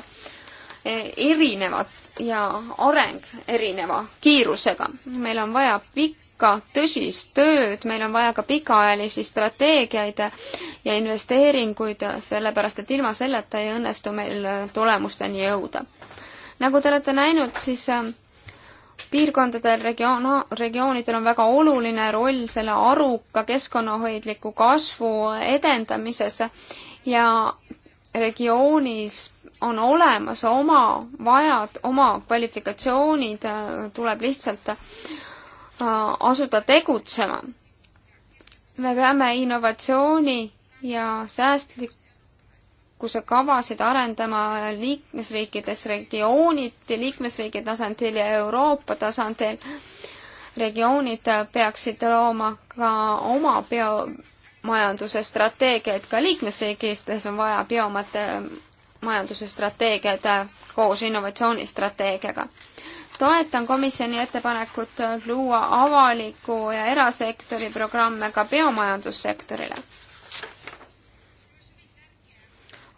erinevad ja areng erineva kiirusega. meil on vaja pikk ka tõsist tööd, meil on vaja ka pikaajalisi strateegiaid ja investeeringuid, sellepärast et ilma selleta ei õnnestu meil tulemusteni jõuda. nagu te olete näinud, siis ähm, piirkondadel, regioon, regioonidel on väga oluline roll selle aruka keskkonnahoidliku kasvu edendamises ja regioonis on olemas oma vajad, oma kvalifikatsioonid, äh, tuleb lihtsalt Äh, asuda tegutsema. me peame innovatsiooni ja säästlikkuse kavasid arendama liikmesriikides regiooniti, liikmesriigi tasandil ja Euroopa tasandil. regioonid peaksid looma ka oma biomajanduse strateegiaid, ka liikmesriikides on vaja biomajanduse strateegiad koos innovatsioonistrateegiaga toetan komisjoni ettepanekut luua avaliku ja erasektori programme ka biomajandussektorile.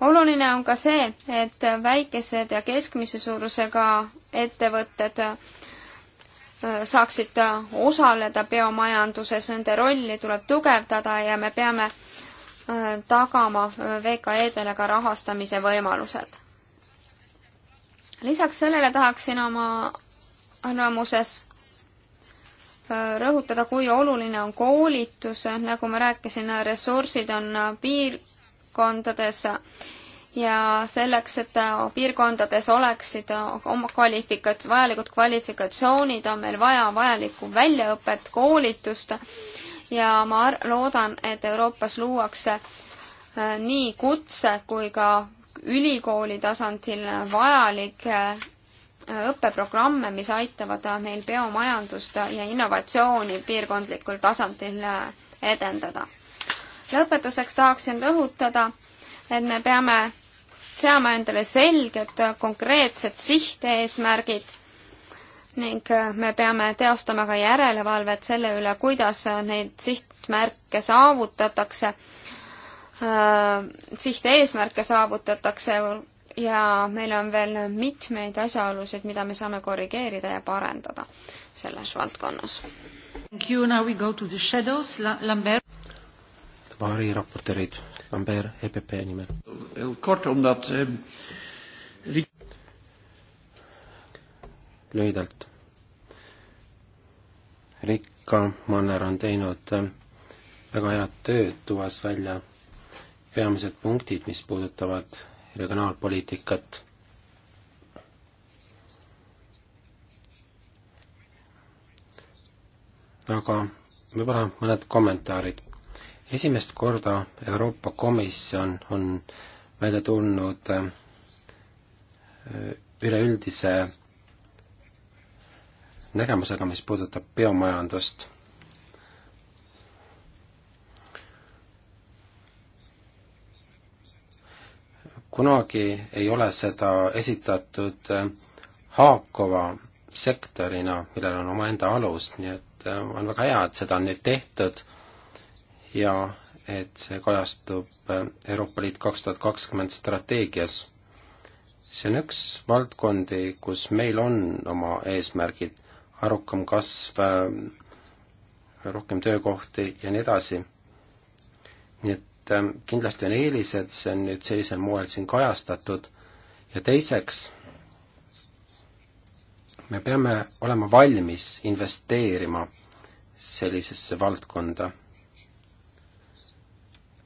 oluline on ka see, et väikesed ja keskmise suurusega ettevõtted äh, saaksid osaleda biomajanduses, nende rolli tuleb tugevdada ja me peame äh, tagama äh, VKE-dele ka rahastamise võimalused lisaks sellele tahaksin oma arvamuses äh, rõhutada, kui oluline on koolitus, nagu ma rääkisin, ressursid on piirkondades ja selleks, et piirkondades oleksid oma kvalifikats-, vajalikud kvalifikatsioonid, on meil vaja vajalikku väljaõpet, koolitust ja ma loodan, et Euroopas luuakse äh, nii kutse kui ka ülikooli tasandil vajalik äh, õppeprogramme, mis aitavad meil biomajandust ja innovatsiooni piirkondlikul tasandil äh, edendada. lõpetuseks tahaksin rõhutada, et me peame seama endale selged konkreetsed sihteesmärgid ning äh, me peame teostama ka järelevalvet selle üle, kuidas neid sihtmärke saavutatakse, äh, sihteesmärke saavutatakse ja meil on veel mitmeid asjaolusid, mida me saame korrigeerida ja parendada selles valdkonnas. Tavari raportöörid, Lambert EPP nimel. Eh, lühidalt. Rikka Manner on teinud eh, väga head tööd, tuues välja peamised punktid, mis puudutavad regionaalpoliitikat. aga võib-olla mõned kommentaarid. esimest korda Euroopa Komisjon on välja tulnud äh, üleüldise nägemusega, mis puudutab biomajandust kunagi ei ole seda esitatud äh, haakova sektorina, millel on omaenda alus, nii et äh, on väga hea, et seda on nüüd tehtud ja et see kajastub äh, Euroopa Liit kaks tuhat kakskümmend strateegias. see on üks valdkondi, kus meil on oma eesmärgid, arukam kasv, rohkem töökohti ja nii edasi. nii et et ähm, kindlasti on eelised, see on nüüd sellisel moel siin kajastatud, ja teiseks, me peame olema valmis investeerima sellisesse valdkonda.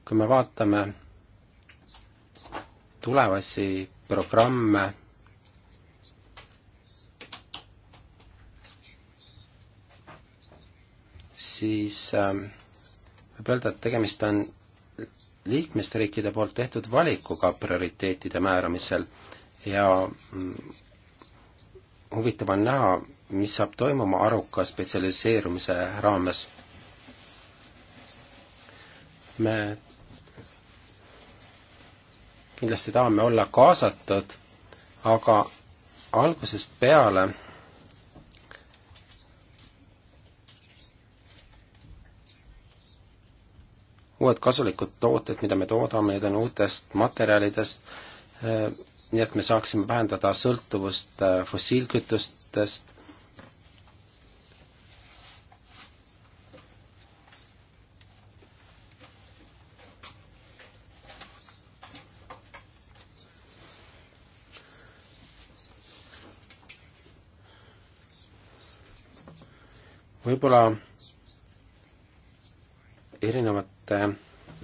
kui me vaatame tulevasi programme, siis ähm, võib öelda, et tegemist on liikmesriikide poolt tehtud valikuga prioriteetide määramisel ja mm, huvitav on näha, mis saab toimuma aruka spetsialiseerumise raames. me kindlasti tahame olla kaasatud, aga algusest peale uued kasulikud tooted, mida me toodame, need on uutest materjalidest, äh, nii et me saaksime vähendada sõltuvust äh, fossiilkütustest, võib-olla erinevad erinevate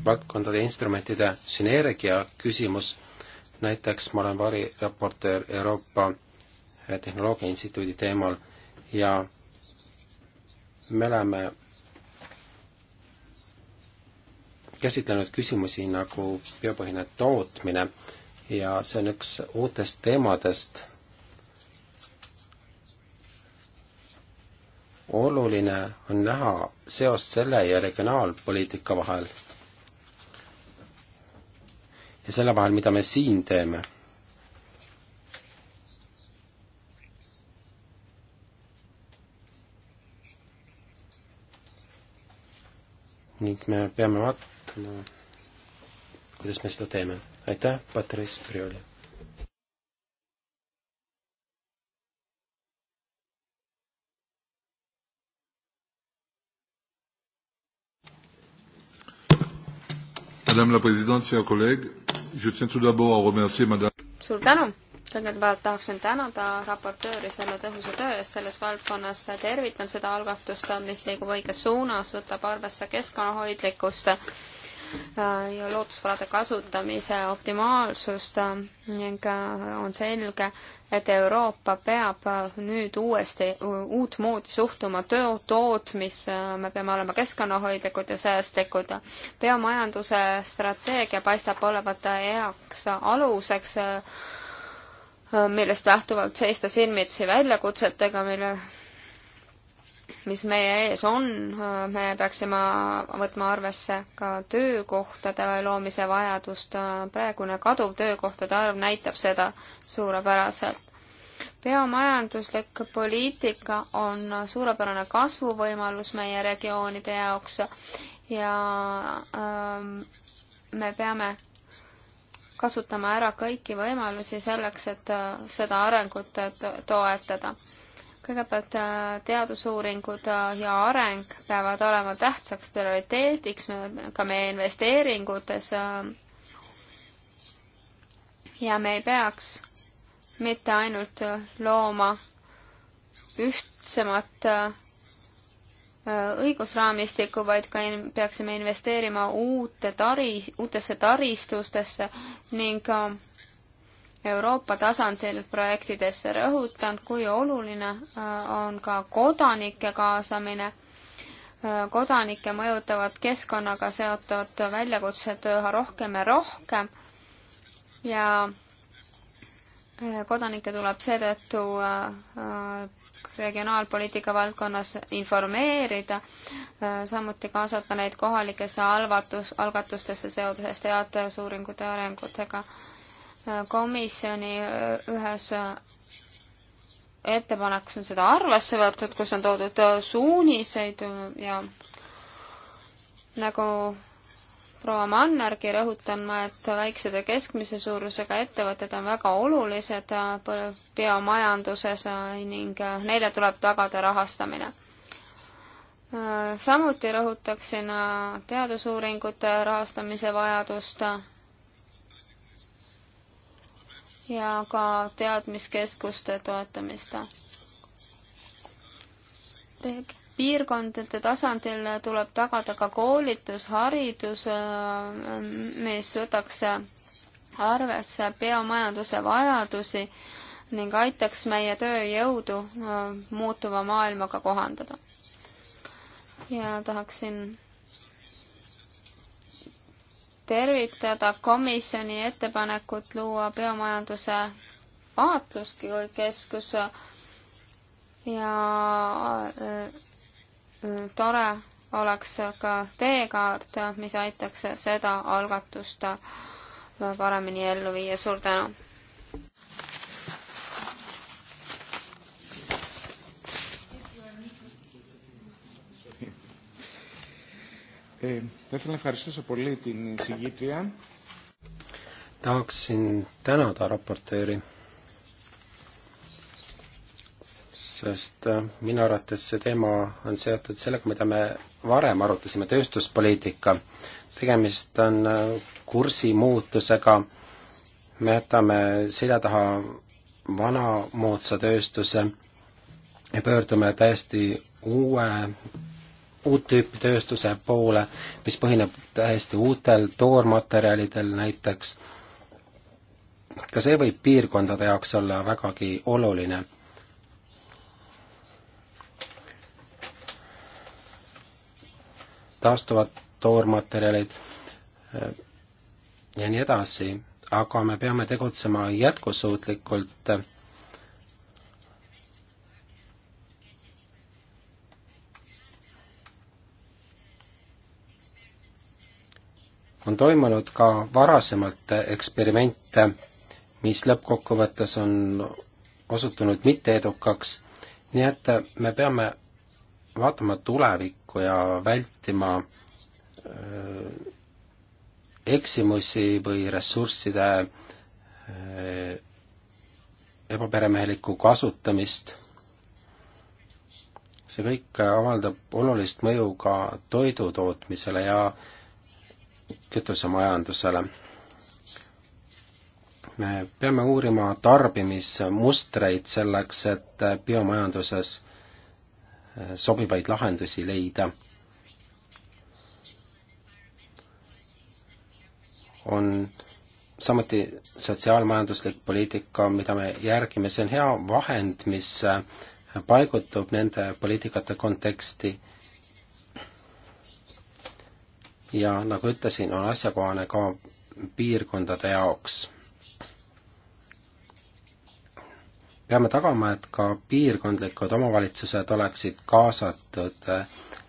valdkondade instrumentide sünergia küsimus, näiteks ma olen variraportöör Euroopa Tehnoloogia Instituudi teemal ja me oleme käsitlenud küsimusi nagu biopõhine tootmine ja see on üks uutest teemadest, oluline on näha seost selle ja regionaalpoliitika vahel. ja selle vahel, mida me siin teeme. ning me peame vaatama, kuidas me seda teeme. aitäh, Patrice Prioli! Madame la Présidente, chers collègues, je tiens tout d'abord à remercier Madame suur tänu! kõigepealt tahaksin tänada raportööri selle tõhusa töö eest selles valdkonnas, tervitan seda algatust, mis liigub õiges suunas, võtab arvesse keskkonnahoidlikkust Äh, ja loodusvarade kasutamise optimaalsust äh, ning äh, on selge, et Euroopa peab nüüd uuesti, uutmoodi suhtuma töö, tootmisse, me peame olema keskkonnahoidlikud ja säästlikud. biomajanduse strateegia paistab olevat heaks aluseks millest lähtuvalt seista silmitsi väljakutsetega, mille mis meie ees on, me peaksime võtma arvesse ka töökohtade loomise vajadust. praegune kaduv töökohtade arv näitab seda suurepäraselt. biomajanduslik poliitika on suurepärane kasvuvõimalus meie regioonide jaoks ja ähm, me peame kasutama ära kõiki võimalusi selleks, et äh, seda arengut äh, toetada kõigepealt äh, teadusuuringud äh, ja areng peavad olema tähtsaks prioriteediks ka meie investeeringutes. Äh, ja me ei peaks mitte ainult looma ühtsemat õigusraamistikku, vaid ka in peaksime investeerima uute tari, uutesse taristustesse ning Euroopa tasandil projektidesse. rõhutan, kui oluline äh, on ka kodanike kaasamine. Äh, kodanikke mõjutavad keskkonnaga seotud väljakutsed üha rohkem ja rohkem ja äh, kodanikke tuleb seetõttu regionaalpoliitika valdkonnas informeerida, samuti kaasata neid kohalikesse alvatus, algatustesse seoses teadusuuringute arengutega komisjoni äh, ühes äh, ettepanekus on seda arvesse võetud, kus on toodud äh, suuniseid ja nagu proua Mannergi rõhutan ma, et väiksed ja keskmise suurusega ettevõtted on väga olulised biomajanduses ning neile tuleb tagada rahastamine. samuti rõhutaksin teadusuuringute rahastamise vajadust ja ka teadmiskeskuste toetamist. piirkondade tasandil tuleb tagada ka koolitus, haridus, mis võtaks arvesse biomajanduse vajadusi ning aitaks meie tööjõudu äh, muutuva maailmaga kohandada. ja tahaksin tervitada komisjoni ettepanekut luua biomajanduse vaatluskeskus ja äh, äh, tore oleks ka teekaart, mis aitaks seda algatust paremini ellu viia. suur tänu! Ε, θα ήθελα να ευχαριστήσω πολύ την συγγήτρια. Tahaksin tänada raportööri, sest äh, minu arvates see teema on seotud sellega, mida me varem arutasime, tööstuspoliitika. tegemist on äh, kursimuutusega, me jätame selja taha vanamoodsa tööstuse ja pöördume täiesti uue uut tüüpi tööstuse poole, mis põhineb täiesti uutel toormaterjalidel näiteks. ka see võib piirkondade jaoks olla vägagi oluline. taastuvad toormaterjalid äh, ja nii edasi, aga me peame tegutsema jätkusuutlikult on toimunud ka varasemalt eksperimente, mis lõppkokkuvõttes on osutunud mitteedukaks, nii et me peame vaatama tulevikku ja vältima öö, äh, eksimusi või ressursside öö, äh, ebaperemehelikku kasutamist. see kõik avaldab olulist mõju ka toidutootmisele ja öö, kütusemajandusele. me peame uurima tarbimismustreid selleks, et biomajanduses eh, sobivaid lahendusi leida. on samuti sotsiaalmajanduslik poliitika, mida me järgime, see on hea vahend, mis eh, paigutub nende poliitikate konteksti ja nagu ütlesin, on asjakohane ka piirkondade jaoks. peame tagama, et ka piirkondlikud omavalitsused oleksid kaasatud eh,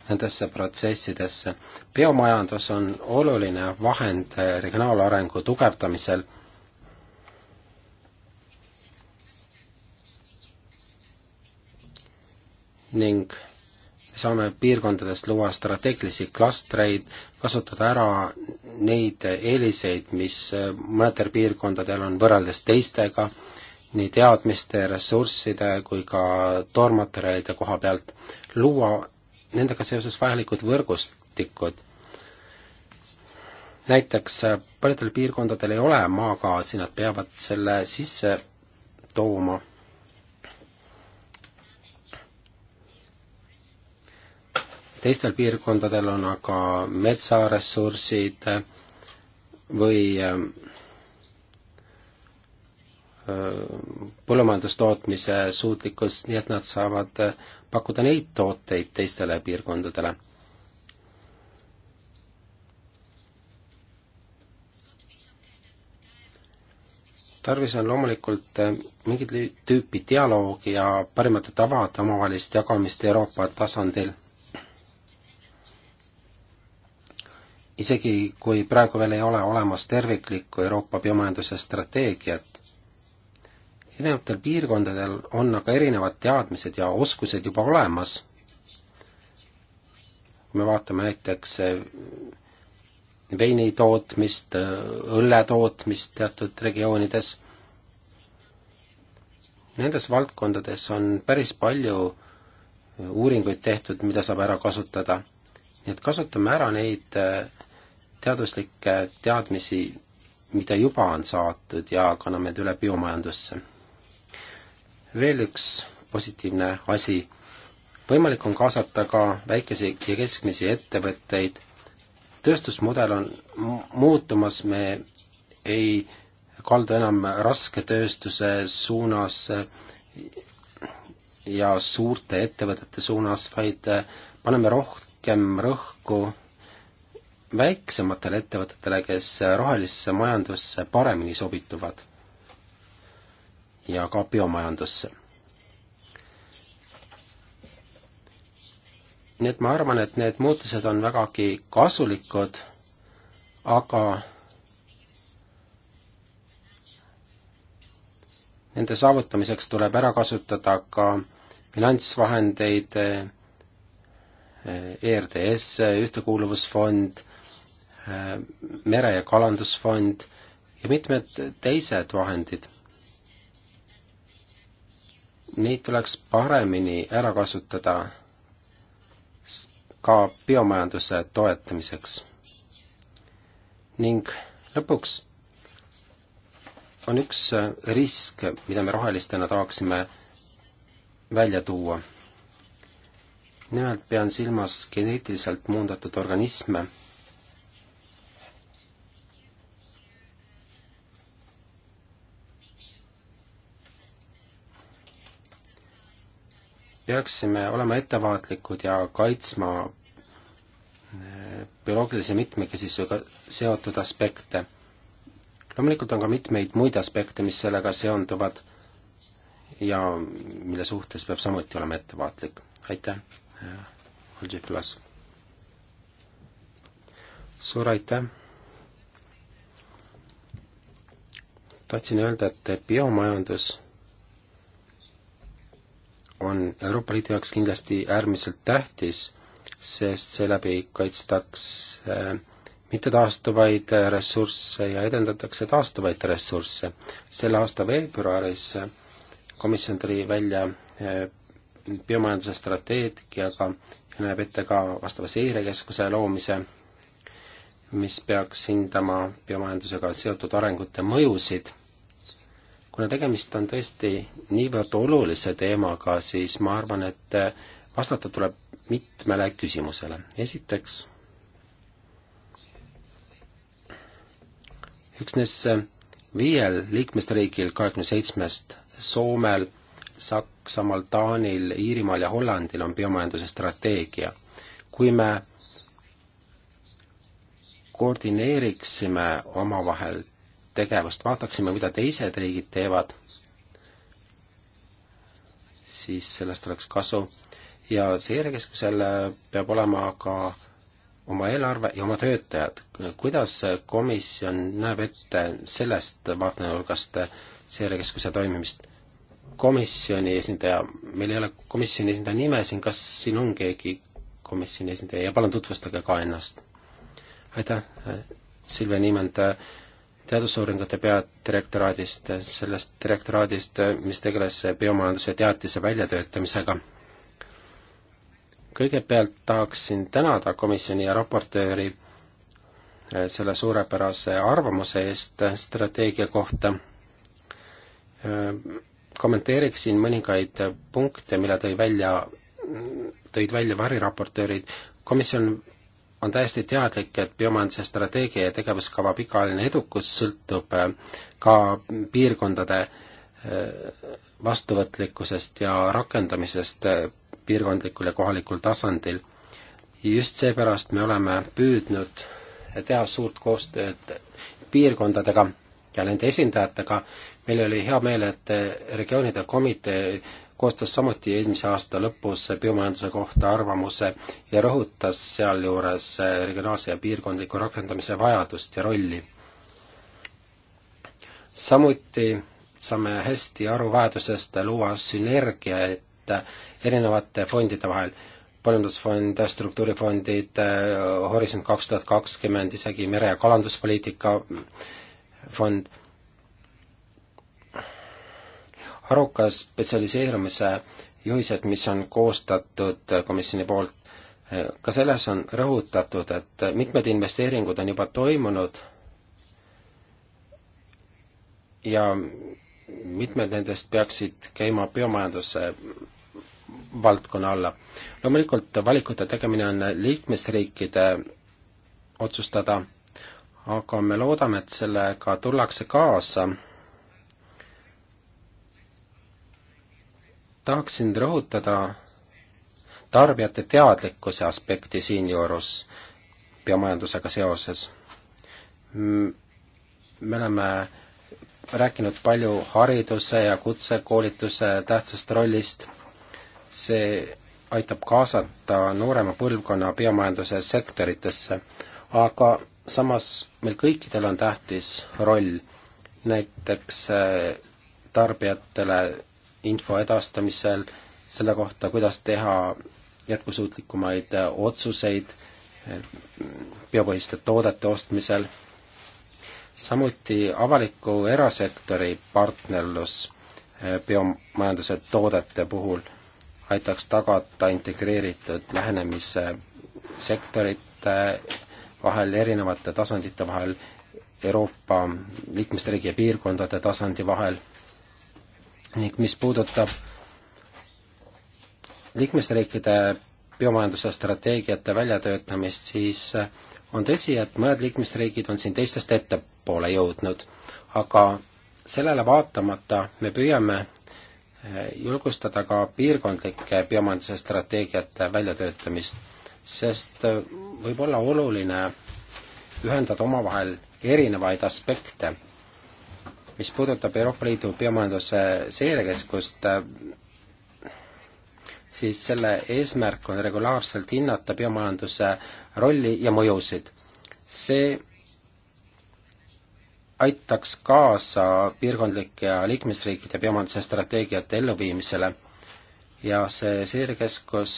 nendesse protsessidesse. biomajandus on oluline vahend eh, regionaalarengu tugevdamisel ning saame piirkondadest luua strateegilisi klastreid, kasutada ära neid eeliseid, mis äh, mõnedel piirkondadel on võrreldes teistega, nii teadmiste, ressursside kui ka toormaterjalide koha pealt, luua nendega seoses vajalikud võrgustikud. näiteks äh, paljudel piirkondadel ei ole maagaasi, nad peavad selle sisse tooma teistel piirkondadel on aga metsaressursid või ähm, äh, põllumajandustootmise suutlikkus, nii et nad saavad äh, pakkuda neid tooteid teistele piirkondadele. tarvis on loomulikult äh, mingit tüüpi dialoogi ja parimate tavade omavahelist jagamist Euroopa tasandil isegi kui praegu veel ei ole olemas terviklikku Euroopa biomajanduse strateegiat, erinevatel piirkondadel on aga erinevad teadmised ja oskused juba olemas. kui me vaatame näiteks eh, veini tootmist, eh, õlle tootmist teatud regioonides, nendes valdkondades on päris palju eh, uuringuid tehtud, mida saab ära kasutada. nii et kasutame ära neid teaduslikke teadmisi, mida juba on saadud ja kanname need üle biomajandusse. veel üks positiivne asi, võimalik on kaasata ka väikesi ja keskmisi ettevõtteid, tööstusmudel on muutumas, me ei kaldu enam rasketööstuse suunas ja suurte ettevõtete suunas, vaid eh, paneme rohkem rõhku väiksematele ettevõtetele, kes rohelisse majandusse paremini sobituvad ja ka biomajandusse. nii et ma arvan, et need muutused on vägagi kasulikud, aga nende saavutamiseks tuleb ära kasutada ka finantsvahendeid, ERDS, Ühtekuuluvusfond, Äh, mere- ja kalandusfond ja mitmed teised vahendid. Neid tuleks paremini ära kasutada ka biomajanduse toetamiseks. ning lõpuks on üks äh, risk, mida me rohelistena tahaksime välja tuua. nimelt pean silmas geneetiliselt muundatud organisme peaksime olema ettevaatlikud ja kaitsma eh, bioloogilise mitmekesisusega seotud aspekte. loomulikult on ka mitmeid muid aspekte, mis sellega seonduvad ja mille suhtes peab samuti olema ettevaatlik. aitäh, eh, Olgi Klas! suur aitäh! tahtsin öelda, et biomajandus on Euroopa Liidu jaoks kindlasti äärmiselt tähtis, sest seeläbi kaitstakse äh, mittetaastuvaid äh, ressursse ja edendatakse taastuvaid ressursse. selle aasta veebruaris äh, komisjon tuli välja biomajanduse strateegiaga ja näeb ette ka vastava seirekeskuse loomise, mis peaks hindama biomajandusega seotud arengute mõjusid kuna tegemist on tõesti niivõrd olulise teemaga, siis ma arvan, et vastata tuleb mitmele küsimusele. esiteks, üksnes viiel liikmesriigil kahekümne seitsmest Soomel, Saksamaal, Taanil, Iirimaal ja Hollandil on biomajanduse strateegia. kui me koordineeriksime omavahel tegevust, vaataksime, mida teised riigid teevad, siis sellest oleks kasu. ja seirekeskusel peab olema ka oma eelarve ja oma töötajad. kuidas komisjon näeb ette sellest vaatenurgast seirekeskuse toimimist? komisjoni esindaja, meil ei ole komisjoni esindaja nime siin, kas siin on keegi komisjoni esindaja ja palun tutvustage ka ennast. aitäh, Silvia Niimand äh, teadusuuringute peadirektoraadist, sellest direktoraadist, mis tegeles biomajanduse teatise väljatöötamisega. kõigepealt tahaksin tänada komisjoni ja raportööri eh, selle suurepärase arvamuse eest strateegia kohta. Eh, kommenteeriksin mõningaid punkte, mille tõi välja, tõid välja variraportöörid. komisjon on täiesti teadlik, et biomajanduse strateegia ja tegevuskava pikaajaline edukus sõltub äh, ka piirkondade äh, vastuvõtlikkusest ja rakendamisest äh, piirkondlikul ja kohalikul tasandil. just seepärast me oleme püüdnud teha suurt koostööd piirkondadega ja nende esindajatega, meil oli hea meel, et regioonide komitee koostas samuti eelmise aasta lõpus biomajanduse kohta arvamuse ja rõhutas sealjuures regionaalse ja piirkondliku rakendamise vajadust ja rolli. samuti saame hästi aru vajadusest luua sünergiat erinevate fondide vahel, põllundusfond, struktuurifondid, Horisont kaks tuhat kakskümmend, isegi mere- ja kalanduspoliitika fond haruka spetsialiseerumise juhised, mis on koostatud komisjoni poolt, ka selles on rõhutatud, et mitmed investeeringud on juba toimunud ja mitmed nendest peaksid käima biomajanduse valdkonna alla. loomulikult valikute tegemine on liikmesriikide otsustada, aga me loodame, et sellega tullakse kaasa tahaksin rõhutada tarbijate teadlikkuse aspekti siinjuures biomajandusega seoses. me oleme rääkinud palju hariduse ja kutsekoolituse tähtsast rollist, see aitab kaasata noorema põlvkonna biomajanduse sektoritesse, aga samas meil kõikidel on tähtis roll, näiteks eh, tarbijatele info edastamisel, selle kohta, kuidas teha jätkusuutlikumaid otsuseid biopõhiste toodete ostmisel, samuti avaliku erasektori partnerlus eh, biomajanduse toodete puhul aitaks tagada integreeritud lähenemise sektorite vahel, erinevate tasandite vahel, Euroopa liikmesriigi ja piirkondade tasandi vahel ning mis puudutab liikmesriikide biomajanduse strateegiate väljatöötamist, siis äh, on tõsi, et mõned liikmesriigid on siin teistest ettepoole jõudnud, aga sellele vaatamata me püüame äh, julgustada ka piirkondlike biomajanduse strateegiate väljatöötamist, sest äh, võib olla oluline ühendada omavahel erinevaid aspekte mis puudutab Euroopa Liidu biomajanduse seirekeskust, äh, siis selle eesmärk on regulaarselt hinnata biomajanduse rolli ja mõjusid. see aitaks kaasa piirkondlike ja liikmesriikide biomajanduse strateegiate elluviimisele ja see seirekeskus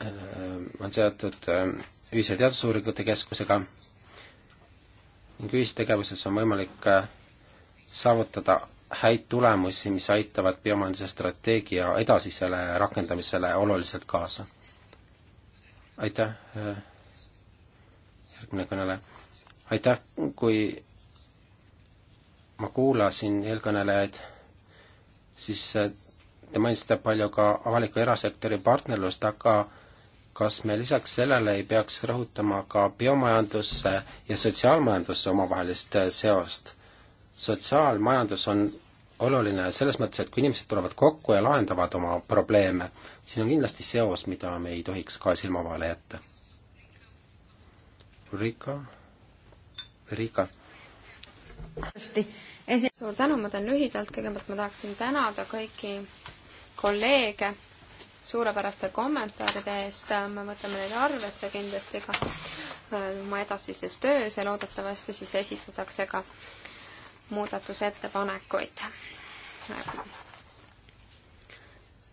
äh, on seotud äh, ühise teadusuuringute keskusega ning ühistegevuses on võimalik äh, saavutada häid tulemusi, mis aitavad biomajanduse strateegia edasisele rakendamisele oluliselt kaasa. aitäh, äh, järgmine kõneleja. aitäh, kui ma kuulasin eelkõnelejaid, siis äh, te mainisite palju ka avaliku erasektori partnerlust, aga kas me lisaks sellele ei peaks rõhutama ka biomajandusse ja sotsiaalmajandusse omavahelist äh, seost? sotsiaalmajandus on oluline selles mõttes, et kui inimesed tulevad kokku ja lahendavad oma probleeme, siin on kindlasti seos, mida me ei tohiks ka silma vahele jätta. Ulrika? Ulrika? suur tänu, ma teen lühidalt, kõigepealt ma tahaksin tänada kõiki kolleege suurepäraste kommentaaride eest, me võtame neid arvesse kindlasti ka äh, oma edasises töös ja loodetavasti siis esitatakse ka muudatusettepanekuid.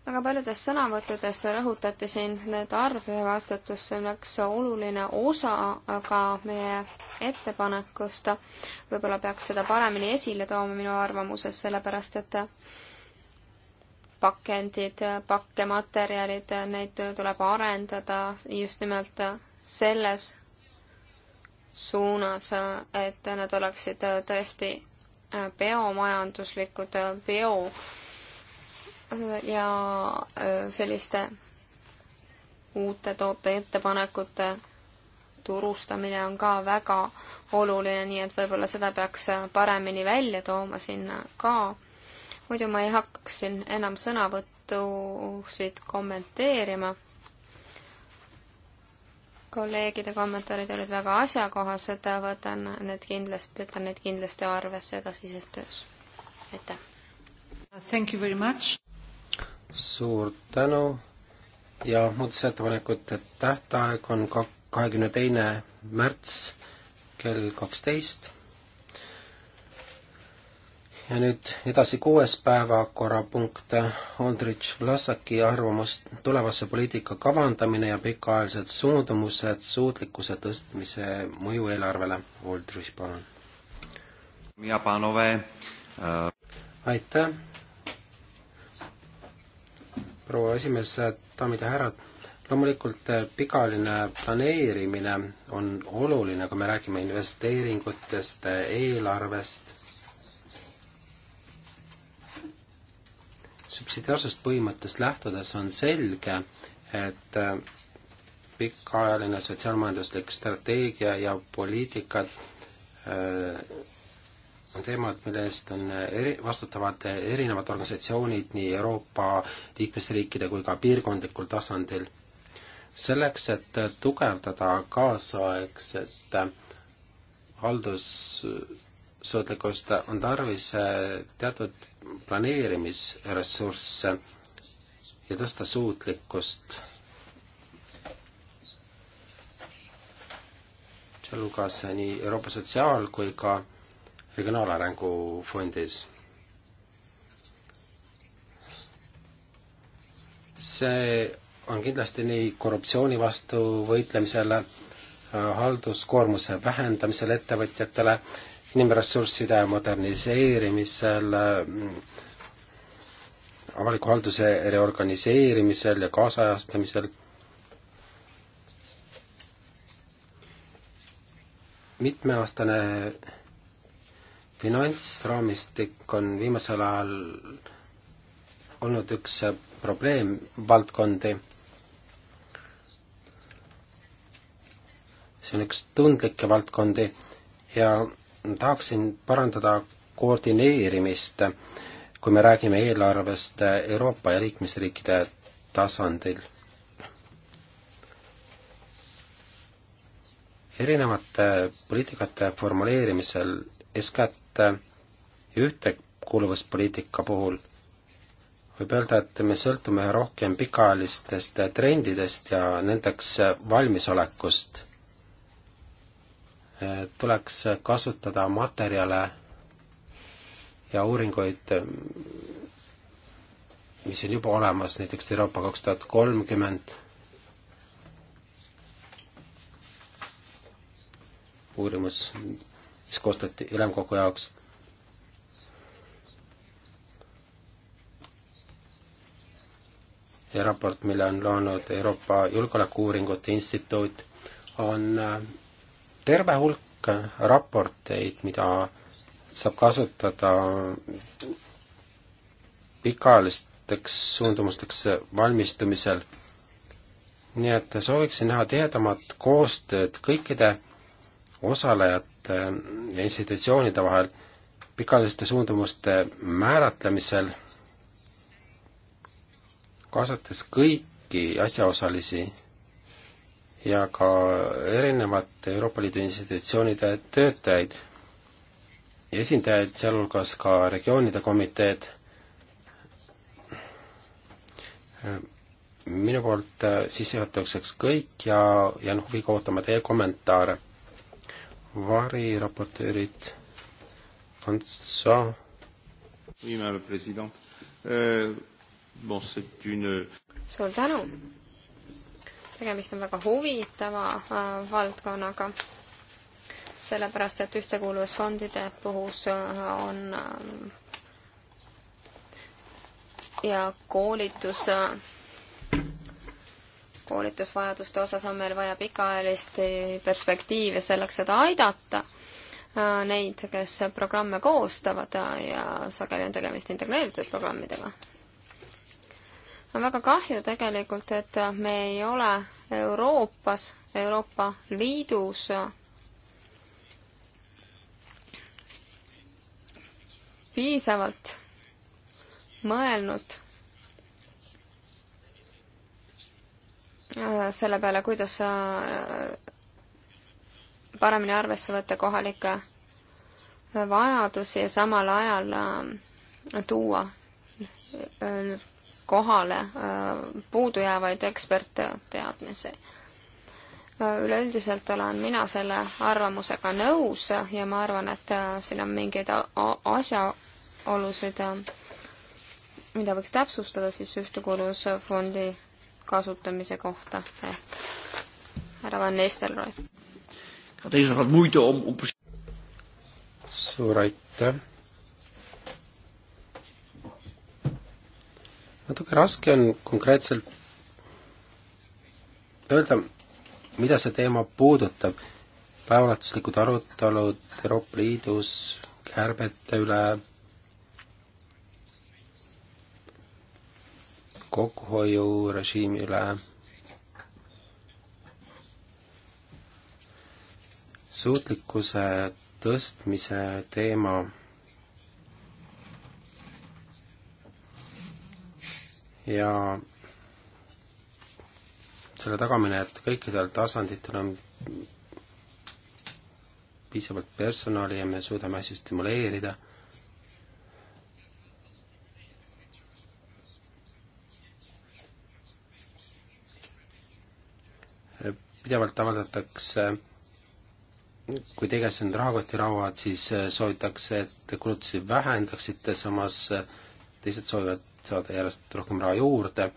väga paljudes sõnavõttudes rõhutati siin nüüd arvevastutust, see on üks oluline osa ka meie ettepanekust. võib-olla peaks seda paremini esile tooma minu arvamuses, sellepärast et pakendid, pakkematerjalid, neid tuleb arendada just nimelt selles suunas, et nad oleksid tõesti biomajanduslikud, bio ja selliste uute tooteettepanekute turustamine on ka väga oluline, nii et võib-olla seda peaks paremini välja tooma sinna ka muidu ma ei hakkaks siin enam sõnavõttusid kommenteerima. kolleegide kommentaarid olid väga asjakohased, võtan need kindlasti, võtan need kindlasti arvesse edasises töös. aitäh! Thank you very much! suur tänu ja muudatusettepanekute tähtaeg on kahekümne teine märts kell kaksteist ja nüüd edasi kuues päevakorrapunkt, Aldrich Vlasaki arvamus tulevase poliitika kavandamine ja pikaajalised suundumused suutlikkuse tõstmise mõju eelarvele. Aldrich, palun. mina, Panove äh.... aitäh. proua esimees, daamid ja härrad, loomulikult äh, pikaajaline planeerimine on oluline, kui me räägime investeeringutest, äh, eelarvest subsidiaarsest põhimõttest lähtudes on selge, et äh, pikaajaline sotsiaalmajanduslik strateegia ja poliitikad äh, on teemad, mille eest on eri, vastutavad erinevad organisatsioonid nii Euroopa liikmesriikide kui ka piirkondlikul tasandil. selleks, et tugevdada kaasaegset äh, haldussuutlikkust, on tarvis teatud planeerimisressursse ja tõsta suutlikkust. sealhulgas nii Euroopa Sotsiaal- kui ka Regionaalarengu Fondis. see on kindlasti nii korruptsiooni vastu võitlemisele, halduskoormuse vähendamisele ettevõtjatele, inimressursside moderniseerimisel, mm, avaliku halduse reorganiseerimisel ja kaasajastamisel. mitmeaastane finantsraamistik on viimasel ajal olnud üks probleemvaldkondi. see on üks tundlikke valdkondi ja tahaksin parandada koordineerimist, kui me räägime eelarvest Euroopa ja liikmesriikide tasandil. erinevate poliitikate formuleerimisel, eeskätt ühtekuuluvuspoliitika puhul, võib öelda, et me sõltume rohkem pikaajalistest trendidest ja nendeks valmisolekust tuleks kasutada materjale ja uuringuid, mis on juba olemas, näiteks Euroopa kaks tuhat kolmkümmend uurimus, mis koostati ülemkogu jaoks. ja raport, mille on loonud Euroopa Julgeolekuuuringute Instituut, on äh, terve hulk raporteid, mida saab kasutada pikaajalisteks suundumusteks valmistumisel. nii et sooviksin näha tihedamat koostööd kõikide osalejate ja institutsioonide vahel pikaajaliste suundumuste määratlemisel, kaasates kõiki asjaosalisi ja ka erinevate Euroopa Liidu institutsioonide töötajaid ja esindajaid, sealhulgas ka regioonide komiteed. minu poolt äh, sissejuhatuseks kõik ja jään huviga ootama teie kommentaare. variraportöörid, Antsa. Euh, suur tänu tegemist on väga huvitava äh, valdkonnaga, sellepärast et ühtekuuluvusfondide puhul äh, on äh, ja koolitus koolitusvajaduste osas on meil vaja pikaajalist perspektiivi selleks, et aidata neid, kes programme koostavad ja sageli on tegemist integreeritud programmidega on väga kahju tegelikult, et me ei ole Euroopas, Euroopa Liidus piisavalt mõelnud selle peale, kuidas paremini arvesse võtta kohalikke vajadusi ja samal ajal äh, tuua äh, kohale äh, puudujäävaid ekspertteadmisi. Äh, üleüldiselt olen mina selle arvamusega nõus ja ma arvan, et äh, siin on mingeid asjaolusid, mida võiks täpsustada siis ühtekuuluvusfondi kasutamise kohta ehk härra Van Nistelrooy. suur aitäh natuke raske on konkreetselt öelda, mida see teema puudutab. päevaulatuslikud arutelud Euroopa Liidus, kärbete üle, kokkuhoiurežiimi üle, suutlikkuse tõstmise teema ja selle tagamine, et kõikidel tasanditel on piisavalt personali ja me suudame asju stimuleerida. pidevalt avaldatakse, kui tegemist on rahakotirauad, siis soovitakse, et kulutusi vähendaksite, samas teised soovivad saada järjest rohkem raha juurde.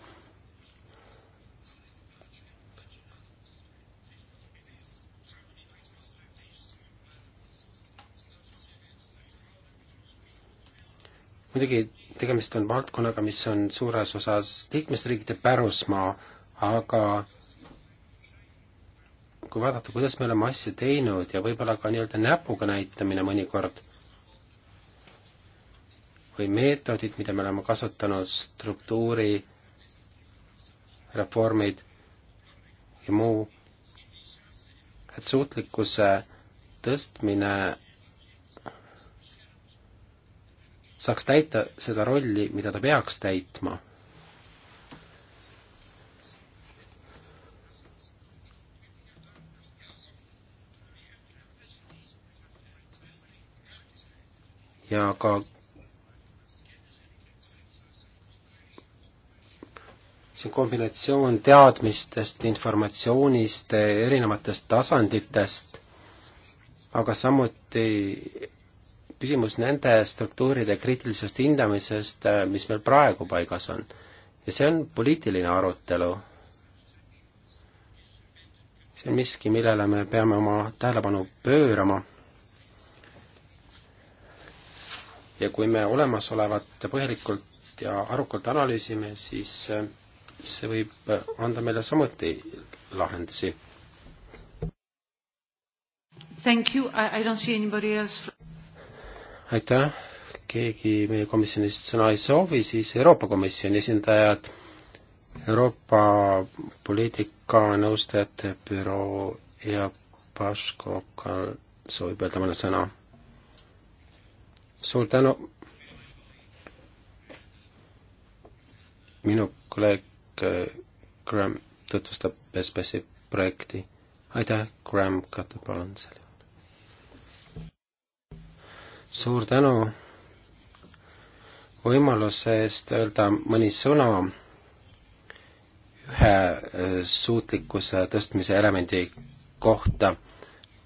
muidugi tegemist on valdkonnaga, mis on suures osas liikmesriikide pärusmaa, aga kui vaadata, kuidas me oleme asju teinud ja võib-olla ka nii-öelda näpuga näitamine mõnikord või meetodid, mida me oleme kasutanud, struktuuri, reformid ja muu, et suutlikkuse tõstmine saaks täita seda rolli, mida ta peaks täitma. ja ka see kombinatsioon teadmistest, informatsioonist, erinevatest tasanditest, aga samuti küsimus nende struktuuride kriitilisest hindamisest, mis meil praegu paigas on. ja see on poliitiline arutelu. see on miski, millele me peame oma tähelepanu pöörama. ja kui me olemasolevat põhjalikult ja arukalt analüüsime, siis see võib äh, anda meile samuti lahendusi. aitäh, keegi meie komisjonist sõna ei soovi, siis Euroopa Komisjoni esindajad, Euroopa poliitikanõustajate büroo ja Paško soovib öelda mõne sõna. suur tänu minu kolleeg Graham tutvustab SBSi projekti. aitäh, Graham Katte, palun selle juurde. suur tänu võimaluse eest öelda mõni sõna ühe äh, suutlikkuse tõstmise elemendi kohta.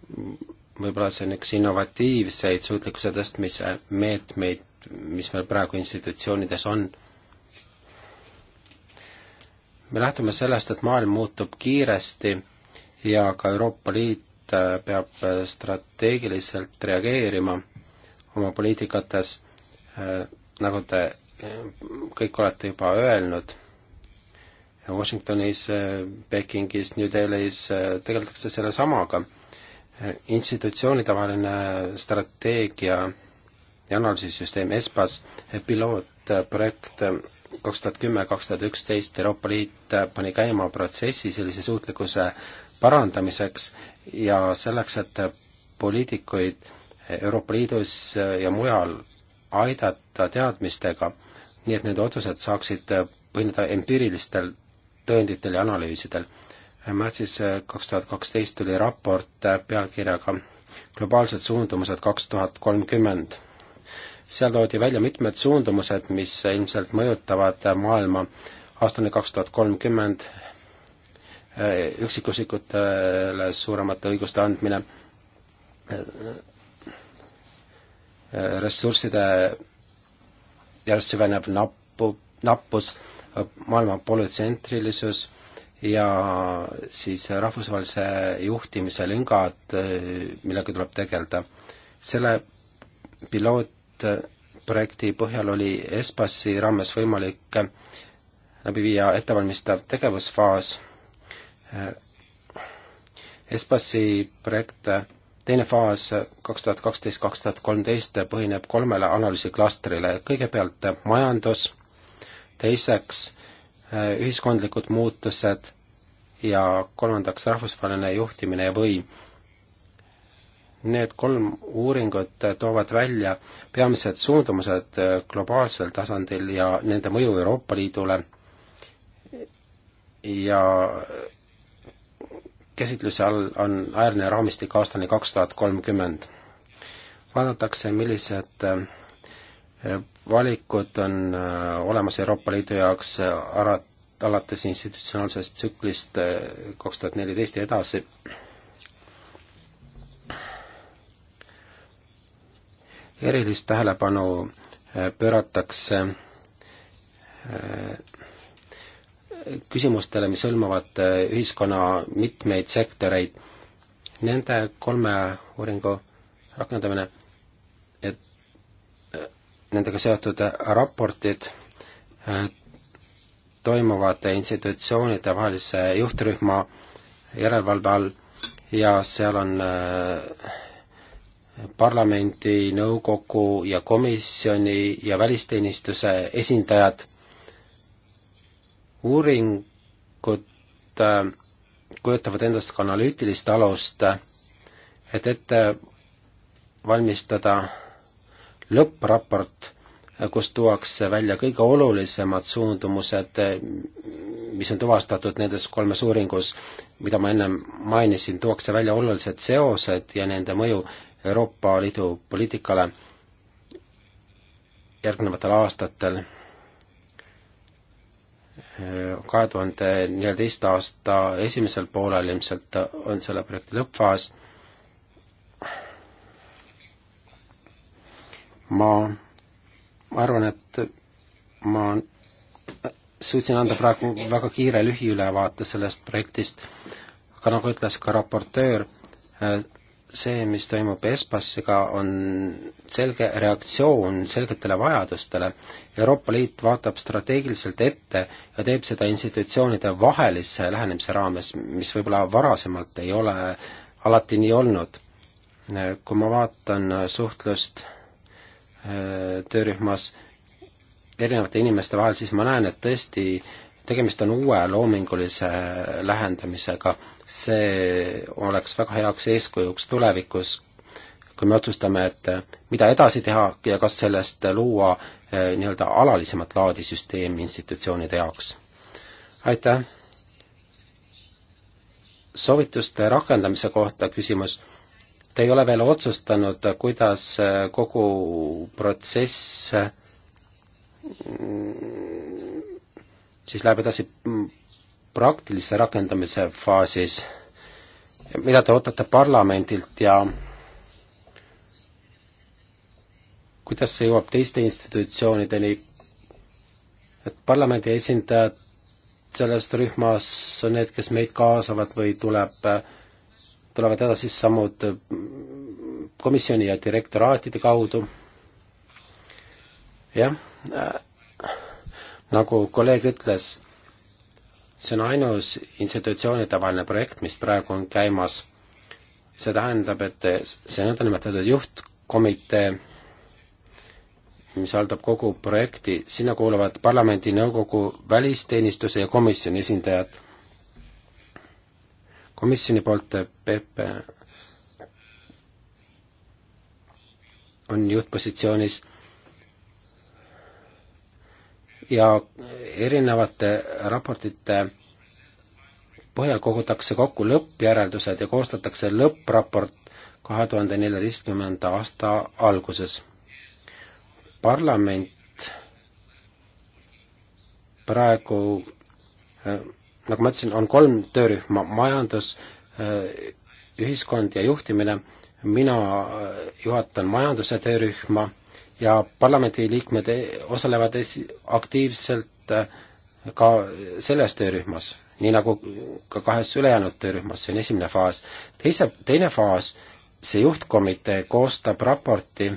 võib-olla see on üks innovatiivseid suutlikkuse tõstmise meetmeid, mis meil praegu institutsioonides on me lähtume sellest, et maailm muutub kiiresti ja ka Euroopa Liit äh, peab äh, strateegiliselt reageerima oma poliitikates, äh, nagu te kõik olete juba öelnud, Washingtonis, Pekingis, New Delhis tegeldakse sellesamaga. institutsioonidevaheline strateegia ja analüüsisüsteem ESPAS, pilootprojekt kaks tuhat kümme, kaks tuhat üksteist Euroopa Liit pani käima protsessi sellise suutlikkuse parandamiseks ja selleks, et poliitikuid Euroopa Liidus ja mujal aidata teadmistega, nii et need otsused saaksid põhineda empiirilistel tõenditel ja analüüsidel. märtsis kaks tuhat kaksteist tuli raport pealkirjaga Globaalsed suundumused kaks tuhat kolmkümmend seal toodi välja mitmed suundumused, mis ilmselt mõjutavad maailma aastani kaks tuhat kolmkümmend, eh, üksikusikutele suuremate õiguste andmine, eh, ressursside järjest süvenev nappu, nappus, maailma polütsentrilisus ja siis rahvusvahelise juhtimise lüngad, eh, millega tuleb tegeleda. selle piloot et äh, projekti põhjal oli ESPASi raames võimalik äh, läbi viia ettevalmistav tegevusfaas. Äh, ESPASi projekt teine faas kaks tuhat kaksteist, kaks tuhat kolmteist põhineb kolmele analüüsiklastrile, kõigepealt majandus, teiseks ühiskondlikud muutused ja kolmandaks rahvusvaheline juhtimine ja võim Need kolm uuringut toovad välja peamised suundumused globaalsel tasandil ja nende mõju Euroopa Liidule ja käsitluse all on ajaline raamistik aastani kaks tuhat kolmkümmend. vaadatakse, millised eh, valikud on eh, olemas Euroopa Liidu jaoks eh, ara-, alates institutsionaalsest tsüklist kaks tuhat neliteist ja edasi erilist tähelepanu äh, pööratakse äh, küsimustele, mis hõlmavad äh, ühiskonna mitmeid sektoreid. Nende kolme uuringu rakendamine, et nendega seotud raportid toimuvad institutsioonide vahelise juhtrühma järelevalve all ja seal on äh, parlamendi, nõukogu ja komisjoni ja välisteenistuse esindajad. uuringud äh, kujutavad endast ka analüütilist alust, et ette valmistada lõppraport, kus tuuakse välja kõige olulisemad suundumused, mis on tuvastatud nendes kolmes uuringus, mida ma ennem mainisin, tuuakse välja olulised seosed ja nende mõju Euroopa Liidu poliitikale järgnevatel aastatel. kahe tuhande neljateist aasta esimesel poolel ilmselt on selle projekti lõppfaas. ma, ma arvan, et ma suutsin anda praegu väga kiire lühiülevaate sellest projektist, aga nagu ütles ka raportöör, see, mis toimub Espassiga, on selge reaktsioon selgetele vajadustele. Euroopa Liit vaatab strateegiliselt ette ja teeb seda institutsioonide vahelise lähenemise raames, mis võib-olla varasemalt ei ole alati nii olnud. kui ma vaatan suhtlust äh, töörühmas erinevate inimeste vahel, siis ma näen, et tõesti tegemist on uue loomingulise lähendamisega see oleks väga heaks eeskujuks tulevikus, kui me otsustame, et eh, mida edasi teha ja kas sellest luua eh, nii-öelda alalisemat laadi süsteem institutsioonide jaoks. aitäh! soovituste rakendamise kohta küsimus. Te ei ole veel otsustanud, eh, kuidas kogu protsess mm, siis läheb edasi mm, praktilise rakendamise faasis, mida te ootate parlamendilt ja kuidas see jõuab teiste institutsioonideni, et parlamendi esindajad selles rühmas on need, kes meid kaasavad või tuleb, tulevad edasi sammud komisjoni ja direktoraatide kaudu, jah, äh, nagu kolleeg ütles see on ainus institutsioonidevaheline projekt, mis praegu on käimas. see tähendab, et see nõndanimetatud juhtkomitee, mis haldab kogu projekti, sinna kuuluvad parlamendi, nõukogu, välisteenistuse ja komisjoni esindajad. komisjoni poolt Peep on juhtpositsioonis ja erinevate raportite põhjal kogutakse kokku lõppjäreldused ja koostatakse lõppraport kahe tuhande neljateistkümnenda aasta alguses. parlament praegu nagu ma ütlesin, on kolm töörühma, majandus, ühiskond ja juhtimine, mina juhatan majanduse töörühma ja parlamendiliikmed e-, osalevad esi-, aktiivselt äh, ka selles töörühmas, nii nagu ka kahes ülejäänud töörühmas, see on esimene faas. teise, teine faas, see juhtkomitee koostab raporti,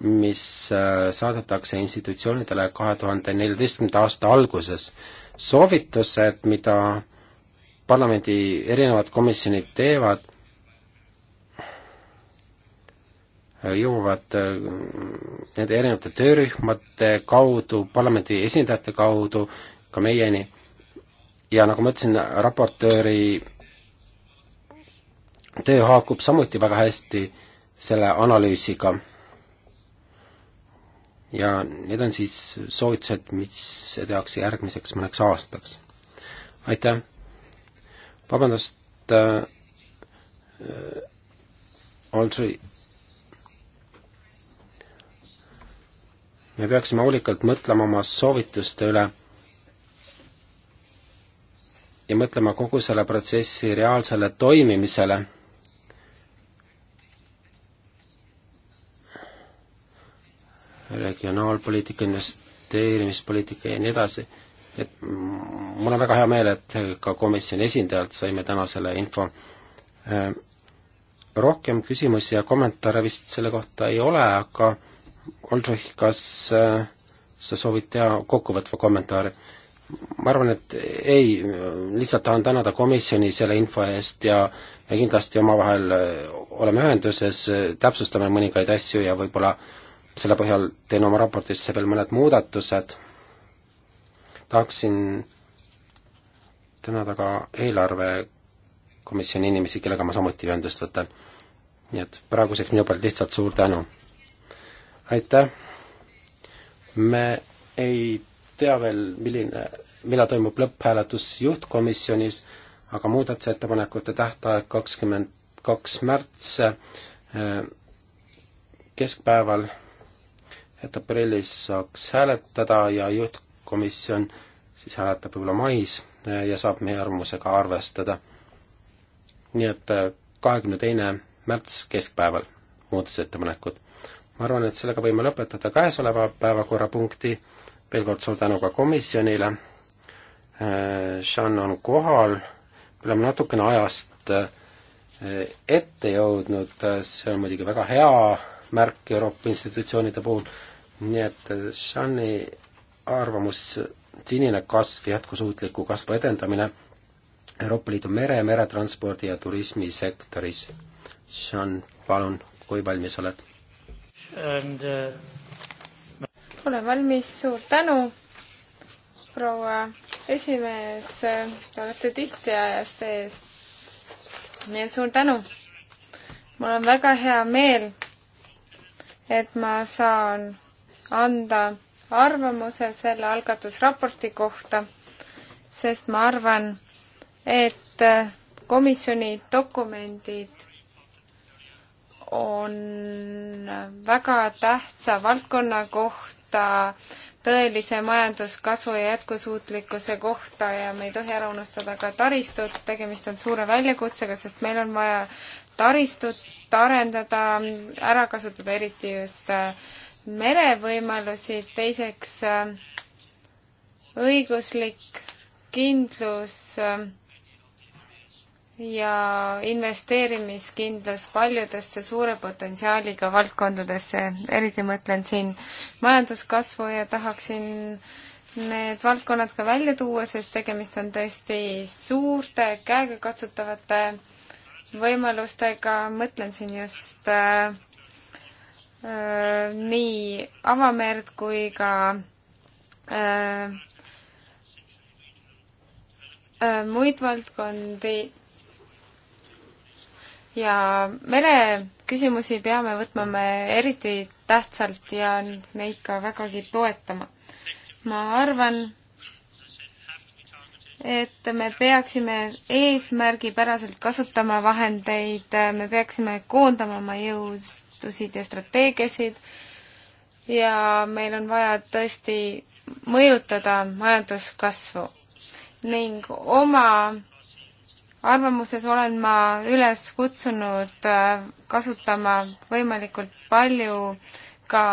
mis äh, saadetakse institutsioonidele kahe tuhande neljateistkümnenda aasta alguses. soovitused, mida parlamendi erinevad komisjonid teevad jõuavad äh, nende erinevate töörühmade kaudu, parlamendi esindajate kaudu ka meieni ja nagu ma ütlesin, raportööri töö haakub samuti väga hästi selle analüüsiga. ja need on siis soovitused, mis tehakse järgmiseks mõneks aastaks. aitäh! vabandust äh,, äh Audrey äh, me peaksime hoolikalt mõtlema oma soovituste üle ja mõtlema kogu selle protsessi reaalsele toimimisele. regionaalpoliitika, investeerimispoliitika ja nii edasi, et mul on väga hea meel, et ka komisjoni esindajalt saime täna selle info. Äh, rohkem küsimusi ja kommentaare vist selle kohta ei ole, aga Oldrich, kas äh, sa soovid teha kokkuvõtva kommentaari? ma arvan, et ei, lihtsalt tahan tänada komisjoni selle info eest ja me kindlasti omavahel äh, oleme ühenduses, äh, täpsustame mõningaid asju ja võib-olla selle põhjal teen oma raportisse veel mõned muudatused. tahaksin tänada ka eelarvekomisjoni inimesi, kellega ma samuti ühendust võtan. nii et praeguseks minu poolt lihtsalt suur tänu aitäh! me ei tea veel, milline, millal toimub lõpphääletus juhtkomisjonis, aga muudatusettepanekute tähtaeg kakskümmend kaks märts eh, keskpäeval, et aprillis saaks hääletada ja juhtkomisjon siis hääletab võib-olla mais eh, ja saab meie arvamusega arvestada. nii et eh, kahekümne teine märts keskpäeval muudatusettepanekud ma arvan, et sellega võime lõpetada käesoleva päevakorrapunkti, veel kord suur tänu ka komisjonile, äh, Sean on kohal, me oleme natukene ajast äh, ette jõudnud, äh, see on muidugi väga hea märk Euroopa institutsioonide puhul, nii et Seani arvamus, sinine kasv, jätkusuutliku kasvu edendamine Euroopa Liidu mere, meretranspordi ja turismisektoris. Sean, palun, kui valmis oled? and, uh... olen valmis, suur tänu, proua esimees, te olete tihti ajast ees. nii et suur tänu. mul on väga hea meel, et ma saan anda arvamuse selle algatusraporti kohta, sest ma arvan, et komisjoni dokumendid on väga tähtsa valdkonna kohta, tõelise majanduskasvu ja jätkusuutlikkuse kohta ja me ei tohi ära unustada ka taristut, tegemist on suure väljakutsega, sest meil on vaja taristut arendada, ära kasutada eriti just äh, merevõimalusi, teiseks äh, õiguslik kindlus äh, ja investeerimiskindlus paljudesse suure potentsiaaliga valdkondadesse, eriti mõtlen siin majanduskasvu ja tahaksin need valdkonnad ka välja tuua, sest tegemist on tõesti suurte käegakatsutavate võimalustega, mõtlen siin just äh, äh, nii avamerd kui ka äh, äh, muid valdkondi ja mereküsimusi peame võtma me eriti tähtsalt ja neid ka vägagi toetama. ma arvan, et me peaksime eesmärgipäraselt kasutama vahendeid, me peaksime koondama oma jõudusid ja strateegiasid ja meil on vaja tõesti mõjutada majanduskasvu ning oma arvamuses olen ma üles kutsunud äh, kasutama võimalikult palju ka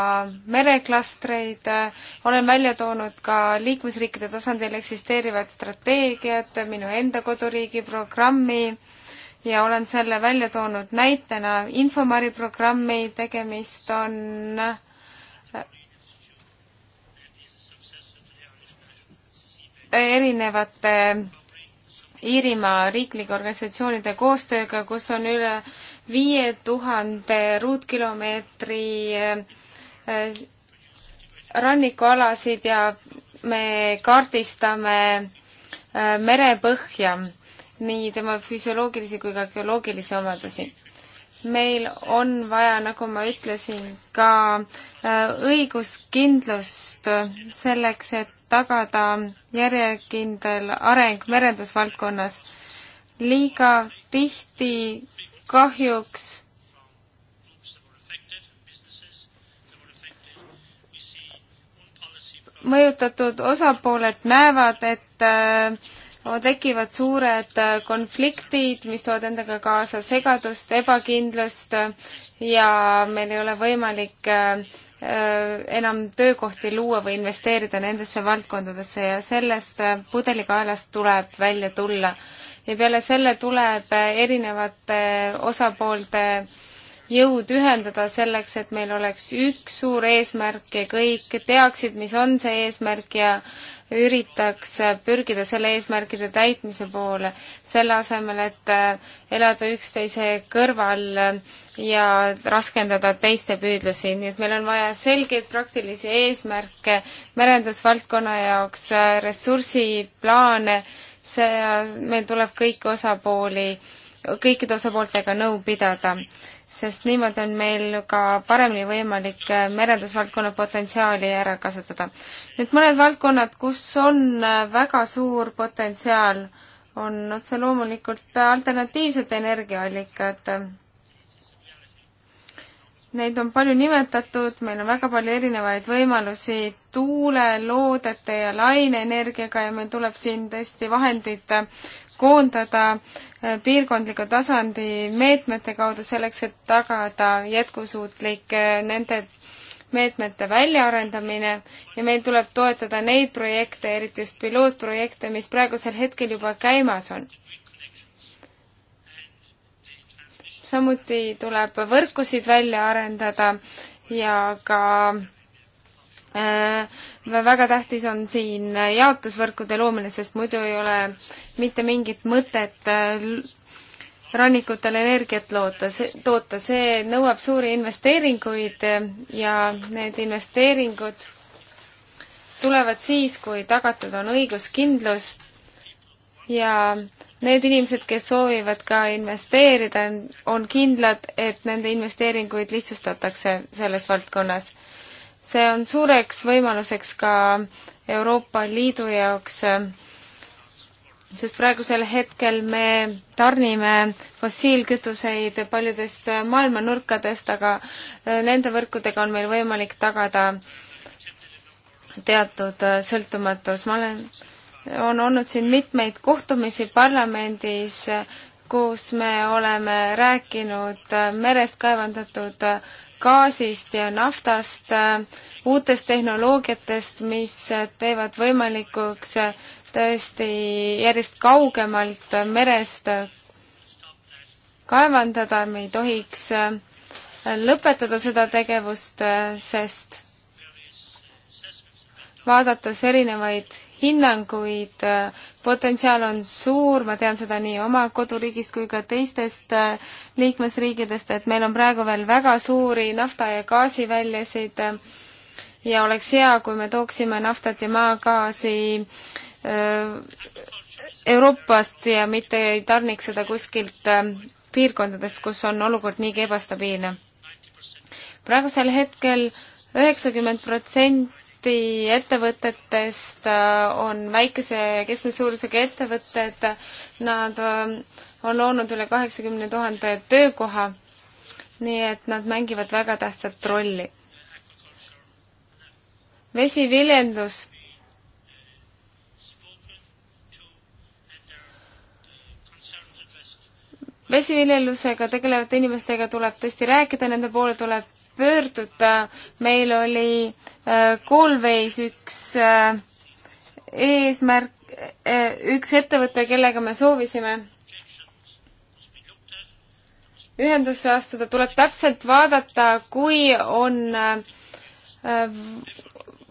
mereklastreid, äh, olen välja toonud ka liikmesriikide tasandil eksisteerivad strateegiad, äh, minu enda koduriigi programmi ja olen selle välja toonud näitena Infomari programmi, tegemist on erinevate Iirimaa riiklike organisatsioonide koostööga, kus on üle viie tuhande ruutkilomeetri äh, rannikualasid ja me kaardistame äh, merepõhja, nii tema füsioloogilisi kui ka geoloogilisi omadusi meil on vaja, nagu ma ütlesin, ka äh, õiguskindlust selleks, et tagada järjekindel areng merendusvaldkonnas. liiga tihti kahjuks mõjutatud osapooled näevad, et äh, tekivad suured äh, konfliktid, mis toovad endaga kaasa segadust, ebakindlust äh, ja meil ei ole võimalik äh, enam töökohti luua või investeerida nendesse valdkondadesse ja sellest pudelikaelast tuleb välja tulla. ja peale selle tuleb erinevate osapoolte äh, jõud ühendada selleks, et meil oleks üks suur eesmärk ja kõik teaksid, mis on see eesmärk ja üritaks pürgida selle eesmärkide täitmise poole, selle asemel, et äh, elada üksteise kõrval ja raskendada teiste püüdlusi, nii et meil on vaja selgeid praktilisi eesmärke merendusvaldkonna jaoks, äh, ressursiplaane, see, äh, meil tuleb kõiki osapooli, kõikide osapooltega nõu pidada sest niimoodi on meil ka paremini võimalik äh, merendusvaldkonna potentsiaali ära kasutada. nüüd mõned valdkonnad, kus on äh, väga suur potentsiaal, on otse loomulikult äh, alternatiivsed energiaallikad. Neid on palju nimetatud, meil on väga palju erinevaid võimalusi tuule, loodete ja laineenergiaga ja meil tuleb siin tõesti vahendid koondada äh, piirkondliku tasandi meetmete kaudu selleks, et tagada jätkusuutlik äh, nende meetmete väljaarendamine ja meil tuleb toetada neid projekte, eriti just pilootprojekte, mis praegusel hetkel juba käimas on. samuti tuleb võrkusid välja arendada ja ka Äh, väga tähtis on siin jaotusvõrkude loomine, sest muidu ei ole mitte mingit mõtet äh, rannikutel energiat loota, toota, see nõuab suuri investeeringuid ja need investeeringud tulevad siis, kui tagatud on õiguskindlus ja need inimesed, kes soovivad ka investeerida, on kindlad, et nende investeeringuid lihtsustatakse selles valdkonnas see on suureks võimaluseks ka Euroopa Liidu jaoks, sest praegusel hetkel me tarnime fossiilkütuseid paljudest maailma nurkadest, aga äh, nende võrkudega on meil võimalik tagada teatud äh, sõltumatus. ma olen, on olnud siin mitmeid kohtumisi parlamendis, äh, kus me oleme rääkinud merest kaevandatud gaasist ja naftast, äh, uutest tehnoloogiatest, mis äh, teevad võimalikuks äh, tõesti järjest kaugemalt merest kaevandada, me ei tohiks lõpetada seda tegevust, sest vaadates erinevaid hinnanguid. potentsiaal on suur, ma tean seda nii oma koduriigist kui ka teistest äh, liikmesriikidest, et meil on praegu veel väga suuri nafta- ja gaasiväljasid ja oleks hea, kui me tooksime naftat ja maagaasi äh, Euroopast ja mitte ei tarniks seda kuskilt äh, piirkondadest, kus on olukord niigi ebastabiilne. praegusel hetkel üheksakümmend protsenti protsenti ettevõtetest äh, on väikese ja keskmise suurusega ettevõtted, nad äh, on loonud üle kaheksakümne tuhande töökoha, nii et nad mängivad väga tähtsat rolli. vesiviljendus vesiviljelusega tegelevate inimestega tuleb tõesti rääkida, nende poole tuleb pöörduda. meil oli Kolveis äh, üks äh, eesmärk, äh, üks ettevõte, kellega me soovisime ühendusse astuda, tuleb täpselt vaadata, kui on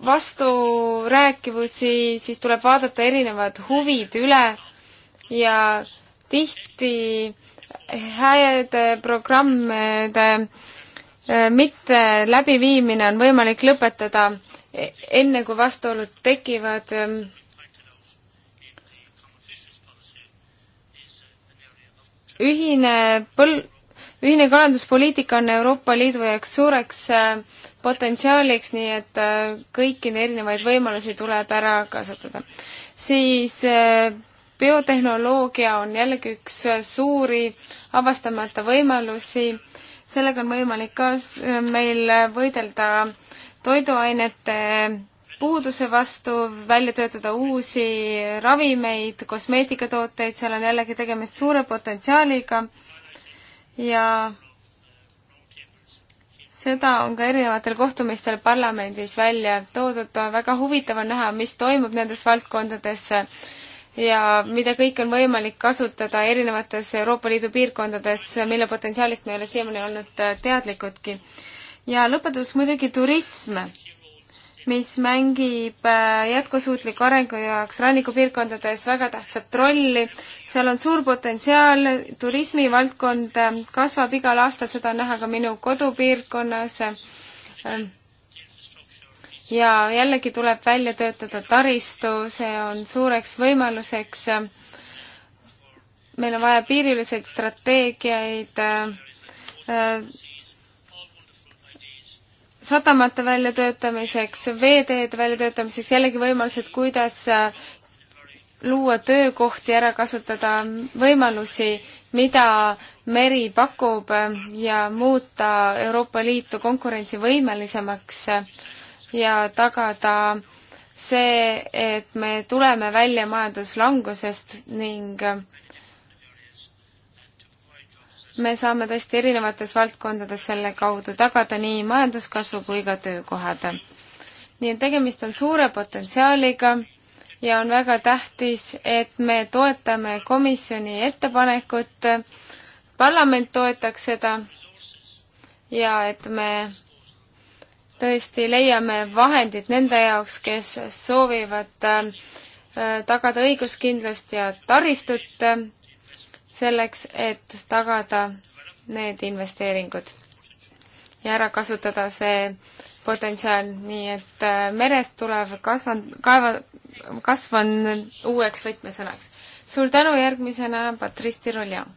vasturääkivusi, siis tuleb vaadata erinevad huvid üle ja tihti häid programmide äh, Äh, mitte läbiviimine on võimalik lõpetada e, enne, kui vastuolud tekivad. Ähm. ühine põl-, ühine kalanduspoliitika on Euroopa Liidu jaoks suureks äh, potentsiaaliks, nii et äh, kõiki erinevaid võimalusi tuleb ära kasutada. siis biotehnoloogia on jällegi üks suuri avastamata võimalusi sellega on võimalik ka meil võidelda toiduainete puuduse vastu, välja töötada uusi ravimeid, kosmeetikatooteid, seal on jällegi tegemist suure potentsiaaliga ja seda on ka erinevatel kohtumistel parlamendis välja toodud, väga huvitav on näha, mis toimub nendes valdkondades ja mida kõike on võimalik kasutada erinevates Euroopa Liidu piirkondades, mille potentsiaalist me ei ole siiamaani olnud äh, teadlikudki. ja lõpetuseks muidugi turism, mis mängib äh, jätkusuutliku arengu jaoks rannikupiirkondades väga tähtsat rolli. seal on suur potentsiaal, turismivaldkond äh, kasvab igal aastal, seda on näha ka minu kodupiirkonnas ja jällegi tuleb välja töötada taristu, see on suureks võimaluseks. meil on vaja piiriüleseid strateegiaid, äh, sadamate väljatöötamiseks, veeteede väljatöötamiseks, jällegi võimalused, kuidas äh, luua töökohti, ära kasutada võimalusi, mida meri pakub äh, ja muuta Euroopa Liitu konkurentsivõimelisemaks ja tagada see, et me tuleme välja majanduslangusest ning me saame tõesti erinevates valdkondades selle kaudu tagada nii majanduskasvu kui ka töökohad. nii et tegemist on suure potentsiaaliga ja on väga tähtis, et me toetame komisjoni ettepanekut, parlament toetaks seda ja et me tõesti leiame vahendid nende jaoks, kes soovivad äh, tagada õiguskindlust ja taristut äh, selleks, et tagada need investeeringud ja ära kasutada see potentsiaal, nii et äh, merest tulev kasvand, kaeva, kasv on uueks võtmesõnaks. suur tänu, järgmisena Patrice Tiroljan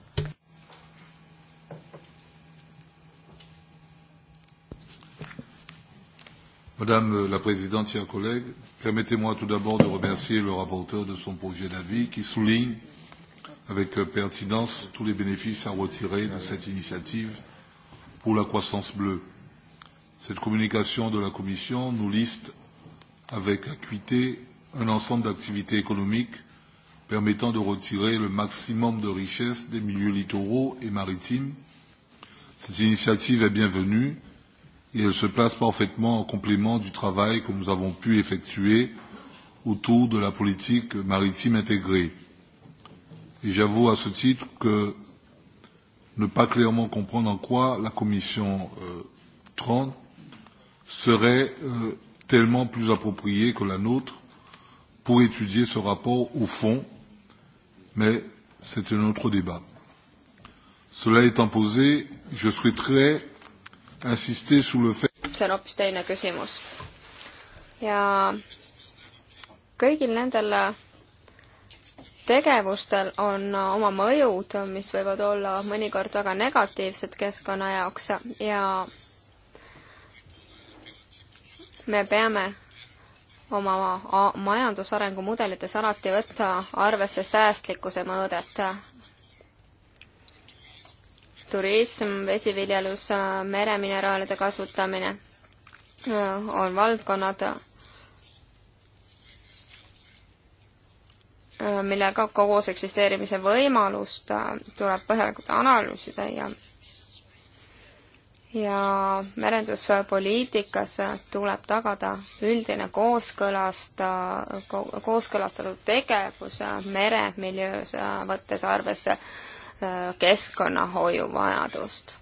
Madame euh, la Présidente, chers collègues, permettez-moi tout d'abord de remercier le rapporteur de son projet d'avis qui souligne avec euh, pertinence tous les bénéfices à retirer de cette initiative pour la croissance bleue. Cette communication de la Commission nous liste avec acuité un ensemble d'activités économiques permettant de retirer le maximum de richesses des milieux littoraux et maritimes. Cette initiative est bienvenue et elle se place parfaitement en complément du travail que nous avons pu effectuer autour de la politique maritime intégrée. Et j'avoue à ce titre que ne pas clairement comprendre en quoi la Commission euh, 30 serait euh, tellement plus appropriée que la nôtre pour étudier ce rapport au fond, mais c'est un autre débat. Cela étant posé, je souhaiterais see on hoopis teine küsimus. ja kõigil nendel tegevustel on oma mõjud, mis võivad olla mõnikord väga negatiivsed keskkonna jaoks ja me peame oma majandusarengu mudelites alati võtta arvesse säästlikkuse mõõdet turism, vesiviljelus, meremineraalide kasutamine äh, on valdkonnad, äh, millega koos eksisteerimise võimalust äh, tuleb põhjalikult analüüsida ja ja merenduspoliitikas tuleb tagada üldine kooskõlasta, kooskõlastatud tegevus meremiljöös, võttes arvesse Äh, keskkonnahoiu vajadust.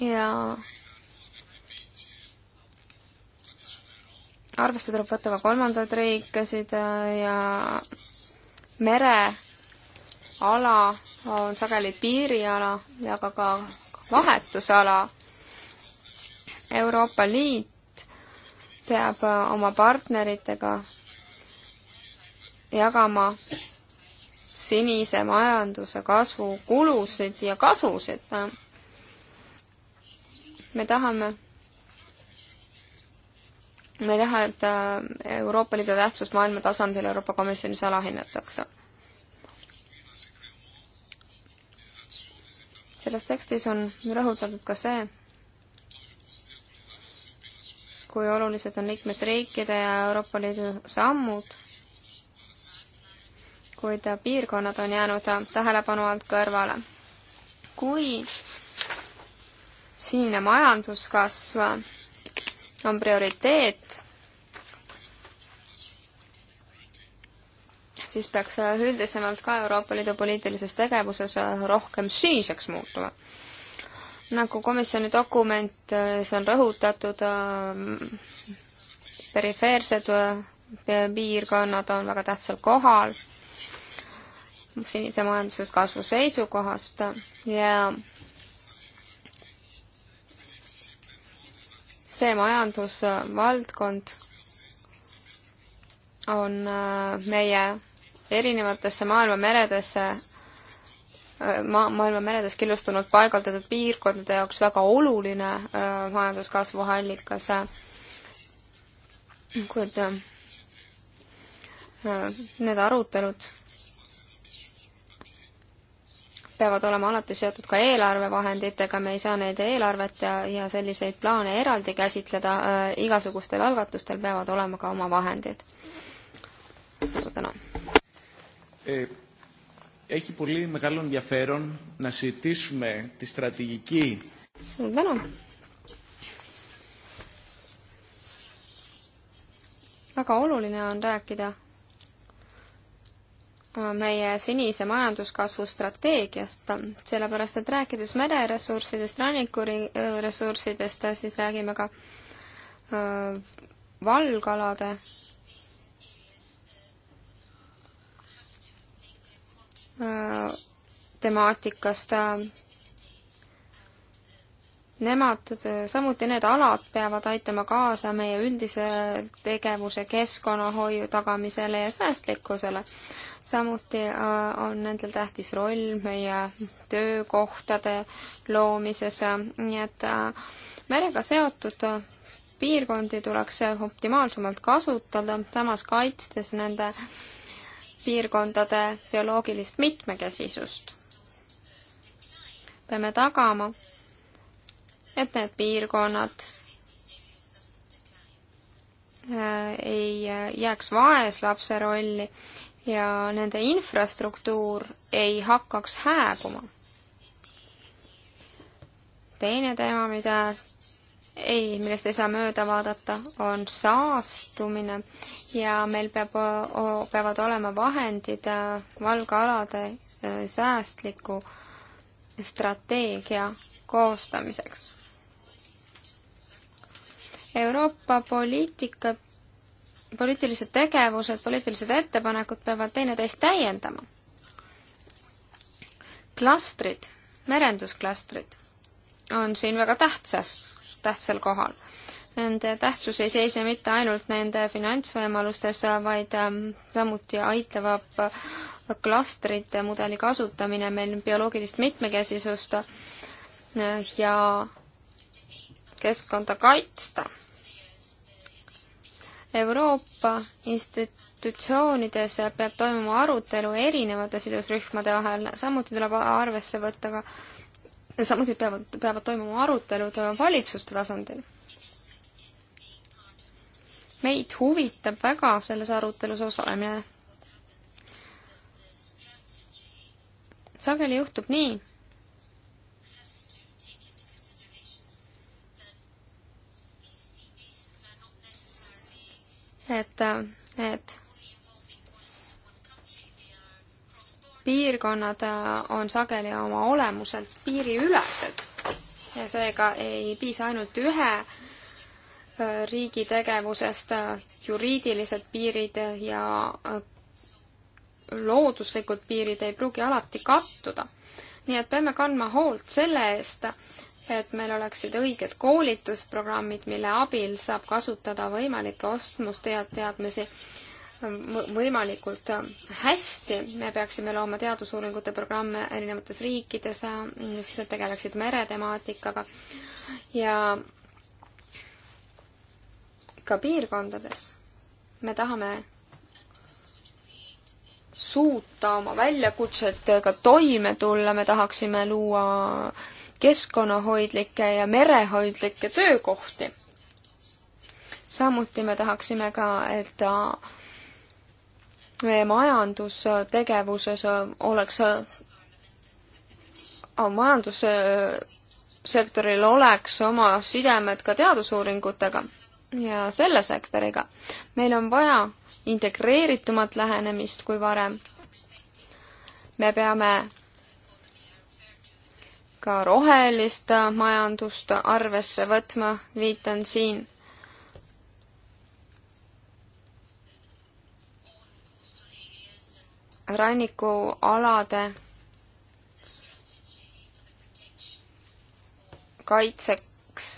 ja arvesse tuleb võtta ka kolmandaid riikesid äh, ja mereala on sageli piiriala ja ka, ka vahetusala. Euroopa Liit peab oma partneritega jagama senise majanduse kasvu kulusid ja kasusid. me tahame, me ei taha, et äh, Euroopa Liidu tähtsust maailma tasandil Euroopa Komisjonis alahinnatakse. selles tekstis on rõhutatud ka see, kui olulised on liikmesriikide ja Euroopa Liidu sammud kuid piirkonnad on jäänud tähelepanu alt kõrvale. kui sinine majanduskasv on prioriteet, siis peaks üldisemalt ka Euroopa Liidu poliitilises tegevuses rohkem siiseks muutuma. nagu komisjoni dokumentis eh, on rõhutatud, eh, perifeersed eh, piirkonnad on väga tähtsal kohal sinise majanduskasvu seisukohast ja see majandusvaldkond on äh, meie erinevatesse maailma meredesse äh, ma-, maailma meredes killustunud paigaldatud piirkondade jaoks väga oluline äh, majanduskasvu allikas, kuid need arutelud peavad olema alati seotud ka eelarvevahenditega, me ei saa neid eelarvet ja, ja selliseid plaane eraldi käsitleda äh,, igasugustel algatustel peavad olema ka oma vahendid. suur tänu. Έχει πολύ μεγάλο ενδιαφέρον να συζητήσουμε τη στρατηγική. Suur tänu. väga oluline on rääkida meie senise majanduskasvu strateegiast, sellepärast et rääkides mereressurssidest, rannikuressurssidest, äh, siis räägime ka äh, valgalade äh, temaatikast nemad, samuti need alad peavad aitama kaasa meie üldise tegevuse keskkonnahoiu tagamisele ja säästlikkusele. samuti äh, on nendel tähtis roll meie töökohtade loomises, nii et äh, merega seotud piirkondi tuleks optimaalsemalt kasutada, samas kaitstes nende piirkondade bioloogilist mitmekesisust. peame tagama, et need piirkonnad äh, ei äh, jääks vaeslapse rolli ja nende infrastruktuur ei hakkaks hääguma. teine teema, mida ei, millest ei saa mööda vaadata, on saastumine ja meil peab, peavad olema vahendid äh, valgealade säästliku strateegia koostamiseks Euroopa poliitika, poliitilised tegevused, poliitilised ettepanekud peavad teineteist täiendama. klastrid, merendusklastrid on siin väga tähtsas, tähtsal kohal. Nende tähtsus ei seisne mitte ainult nende finantsvõimalustes, vaid ähm, samuti aitavad äh, klastrite mudeli kasutamine meil bioloogilist mitmekesisust äh, ja keskkonda kaitsta. Euroopa institutsioonides peab toimuma arutelu erinevate sidusrühmade vahel, samuti tuleb arvesse võtta ka, samuti peavad, peavad toimuma arutelud valitsuste tasandil. meid huvitab väga selles arutelus osalemine. sageli juhtub nii, et need piirkonnad on sageli oma olemuselt piiriülesed ja seega ei piisa ainult ühe äh, riigi tegevusest, äh, juriidilised piirid ja äh, looduslikud piirid ei pruugi alati kattuda. nii et peame kandma hoolt selle eest, et meil oleksid õiged koolitusprogrammid, mille abil saab kasutada võimalikke ostmusteadmisi ähm, võimalikult ähm, hästi. me peaksime looma teadusuuringute programme erinevates riikides, äh, mis tegeleksid meretemaatikaga ja ka piirkondades. me tahame suuta oma väljakutsetega toime tulla, me tahaksime luua keskkonnahoidlikke ja merehoidlikke töökohti. samuti me tahaksime ka, et meie äh, majandustegevuses oleks, äh, majandussektoril oleks oma sidemed ka teadusuuringutega ja selle sektoriga. meil on vaja integreeritumat lähenemist kui varem. me peame ka rohelist majandust arvesse võtma, viitan siin rannikualade kaitseks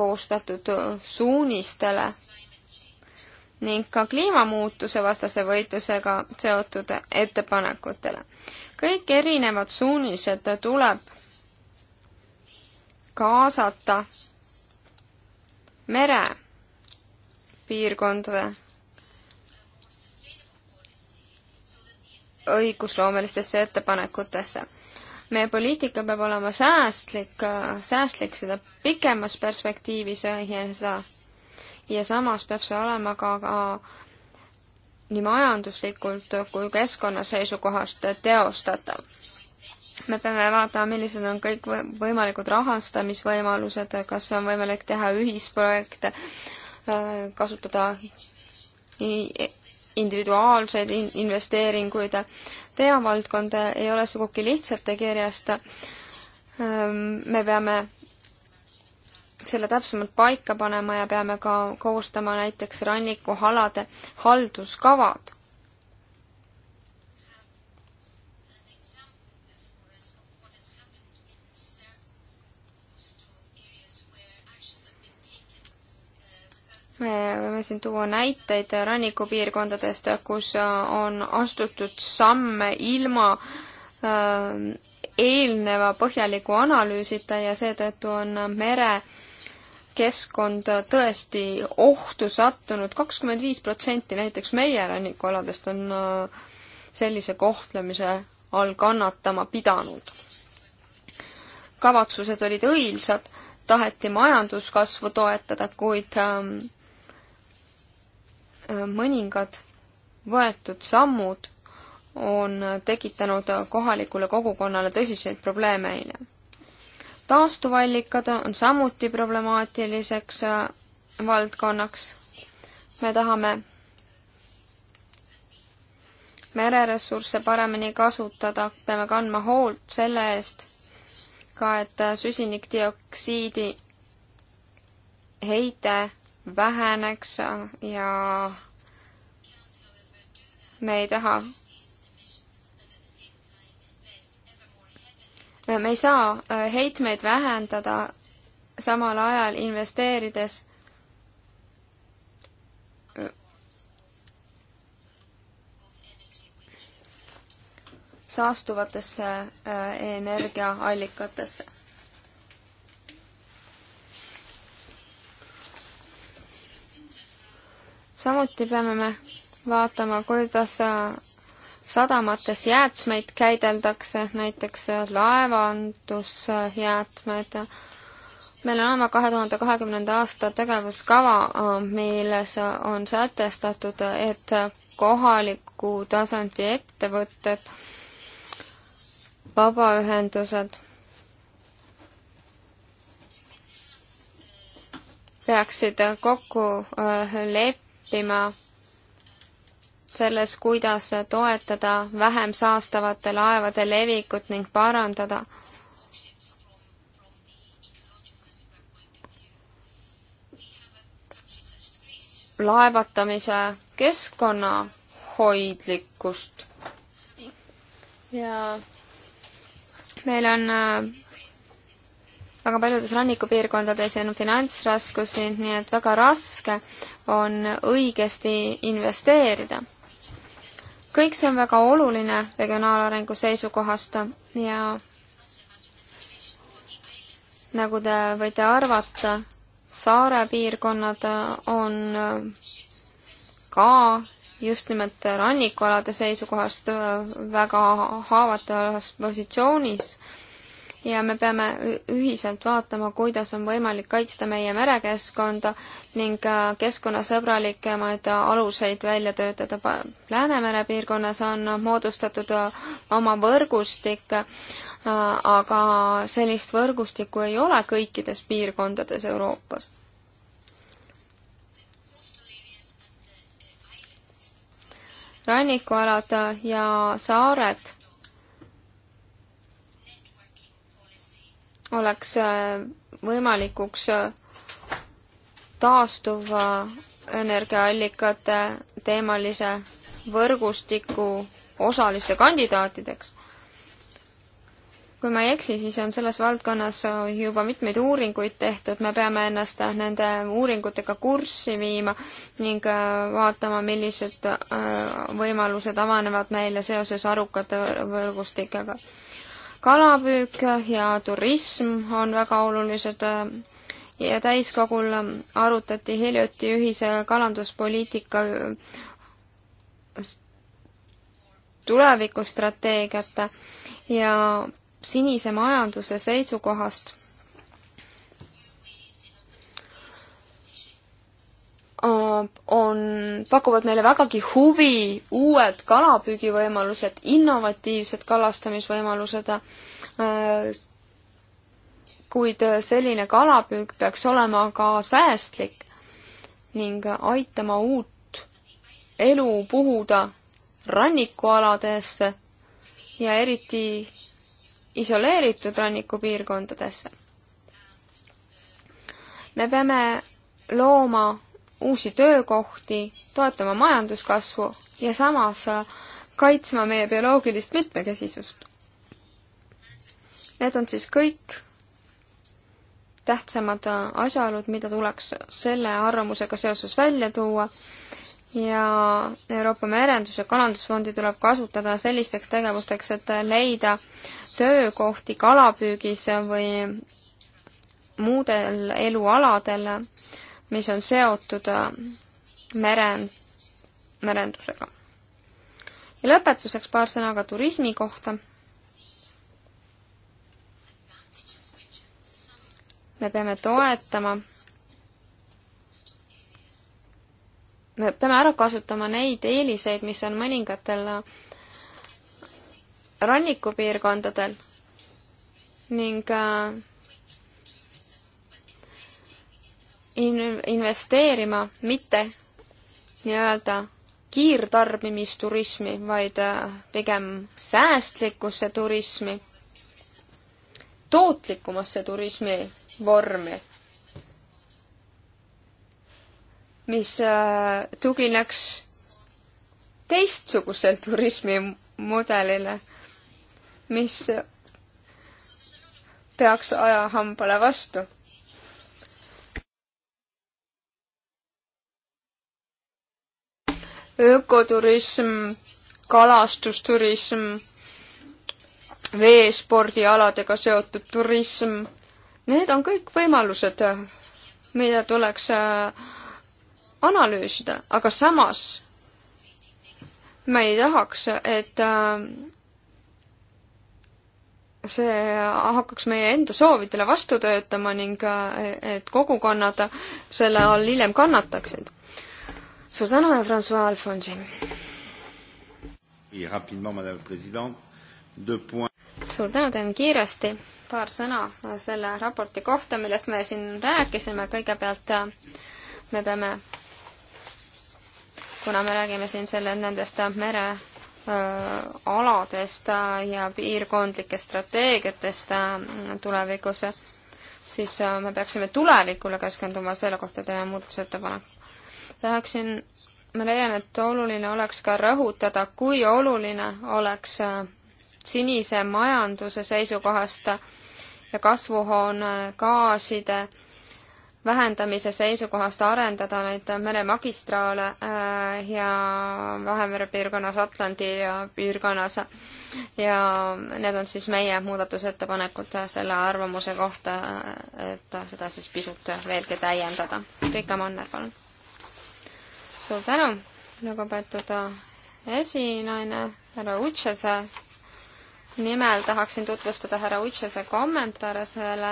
koostatud suunistele ning ka kliimamuutuse vastase võitlusega seotud ettepanekutele. kõik erinevad suunised tuleb kaasata merepiirkondade õigusloomelistesse ettepanekutesse. meie poliitika peab olema säästlik, säästlik seda pikemas perspektiivis ja seda ja samas peab see olema ka, ka nii majanduslikult kui keskkonna seisukohast teostatav me peame vaatama, millised on kõik võimalikud rahastamisvõimalused, kas on võimalik teha ühisprojekte, äh, kasutada e-, individuaalseid investeeringuid. teemavaldkond ei ole sugugi lihtsate kirjast. Ähm, me peame selle täpsemalt paika panema ja peame ka koostama näiteks rannikuhalade halduskavad me võime siin tuua näiteid rannikupiirkondadest, kus äh, on astutud samme ilma äh, eelneva põhjaliku analüüsita ja seetõttu on mere keskkond tõesti ohtu sattunud, kakskümmend viis protsenti näiteks meie rannikualadest on äh, sellise kohtlemise all kannatama pidanud. kavatsused olid õilsad, taheti majanduskasvu toetada, kuid ähm, mõningad võetud sammud on tekitanud kohalikule kogukonnale tõsiseid probleeme eile. taastuvallikad on samuti problemaatiliseks äh, valdkonnaks. me tahame mereressursse paremini kasutada, peame kandma hoolt selle eest ka, et äh, süsinikdioksiidi heide väheneks ja me ei taha me ei saa heitmeid vähendada samal ajal investeerides saastuvatesse äh, energiaallikatesse samuti peame me vaatama, kuidas äh, sadamates jäätmeid käideldakse, näiteks äh, laevandusjäätmed. meil on oma kahe tuhande kahekümnenda aasta tegevuskava, äh, milles on sätestatud, et kohaliku tasandi ettevõtted, vabaühendused peaksid kokku leppima tema selles, kuidas toetada vähem saastavate laevade levikut ning parandada laevatamise keskkonnahoidlikkust. ja meil on äh, väga paljudes rannikupiirkondades on finantsraskusi, nii et väga raske on õigesti investeerida. kõik see on väga oluline regionaalarengu seisukohast ja nagu te võite arvata, saare piirkonnad on ka just nimelt rannikualade seisukohast väga haavatavas positsioonis ja me peame ühiselt vaatama, kuidas on võimalik kaitsta meie merekeskkonda ning äh, keskkonnasõbralikemaid aluseid välja töötada. Läänemere piirkonnas on moodustatud äh, oma võrgustik, äh, aga sellist võrgustikku ei ole kõikides piirkondades Euroopas rannikualad ja saared oleks äh, võimalikuks äh, taastuva energiaallikate teemalise võrgustiku osaliste kandidaatideks. kui ma ei eksi, siis on selles valdkonnas juba mitmeid uuringuid tehtud, me peame ennast nende uuringutega kurssi viima ning äh, vaatama, millised võimalused avanevad meile seoses arukate võrgustikega kalapüük ja turism on väga olulised äh, ja täiskogul arutati hiljuti ühise kalanduspoliitika äh, tulevikustrateegiat ja sinise majanduse seisukohast Äh, on, pakuvad meile vägagi huvi uued kalapüügivõimalused, innovatiivsed kalastamisvõimalused, äh, kuid selline kalapüük peaks olema ka säästlik ning aitama uut elu puhuda rannikualadesse ja eriti isoleeritud rannikupiirkondadesse. me peame looma uusi töökohti, toetama majanduskasvu ja samas äh, kaitsma meie bioloogilist mitmekesisust. Need on siis kõik tähtsamad äh, asjaolud, mida tuleks selle arvamusega seoses välja tuua ja Euroopa Merendus- ja Kalandusfondi tuleb kasutada sellisteks tegevusteks, et leida töökohti kalapüügis või muudel elualadel mis on seotud äh, merend-, merendusega. ja lõpetuseks paar sõna ka turismi kohta. me peame toetama, me peame ära kasutama neid eeliseid, mis on mõningatel äh, rannikupiirkondadel ning äh, in-, investeerima mitte nii-öelda kiirtarbimisturismi, vaid äh, pigem säästlikusse turismi, tootlikumasse turismi vormi, mis äh, tugineks teistsugusel turismimudelile, mis peaks ajahambale vastu ökoturism, kalastusturism, veespordialadega seotud turism, need on kõik võimalused, mida tuleks äh, analüüsida, aga samas me ei tahaks, et äh, see hakkaks meie enda soovidele vastu töötama ning äh, et kogukonnad selle all hiljem kannataksid suur tänu ja Francois Alfonsi. suur tänu, teen kiiresti paar sõna selle raporti kohta, millest me siin rääkisime, kõigepealt äh, me peame, kuna me räägime siin selle, nendest merealadest äh, äh, ja piirkondlikest strateegiatest tulevikus, siis me peaksime tulevikule keskenduma, selle kohta teeme muudatusettepaneku tahaksin, ma leian, et oluline oleks ka rõhutada, kui oluline oleks äh, sinise majanduse seisukohast ja kasvuhoonegaaside vähendamise seisukohast arendada neid meremagistraale äh, ja Vahemere piirkonnas, Atlandi piirkonnas. ja need on siis meie muudatusettepanekud selle arvamuse kohta, et seda siis pisut veelgi täiendada. Riika Manner, palun suur tänu, lugupeetud äh, esinaine härra Utsese nimel tahaksin tutvustada härra Utsese kommentaare selle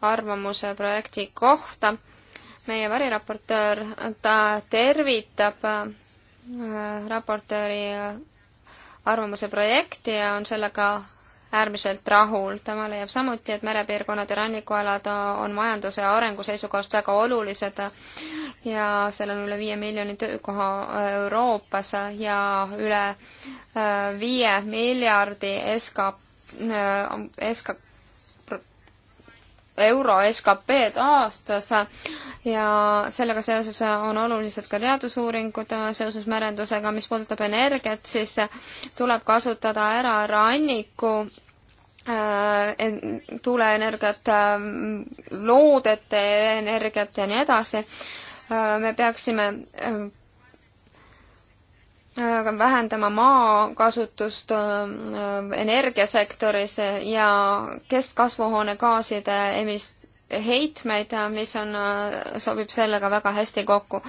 arvamuse projekti kohta. meie variraportöör, ta tervitab äh, raportööri äh, arvamuse projekti ja on sellega äärmiselt rahul. tema leiab samuti, et merepiirkonnad ja rannikualad on majanduse ja arengu seisukohast väga olulised ja seal on üle viie miljoni töökoha äh, Euroopas ja üle äh, viie miljardi SK, äh, SK euro SKP-d aastas ja sellega seoses on olulised ka teadusuuringud seoses merendusega, mis puudutab energiat, siis tuleb kasutada ära ranniku Äh, tuuleenergiat, äh, loodete energiat ja nii edasi, äh, me peaksime vähendama maakasutust energiasektoris ja keskkasvuhoonegaaside emis-, heitmeid, mis on, sobib sellega väga hästi kokku.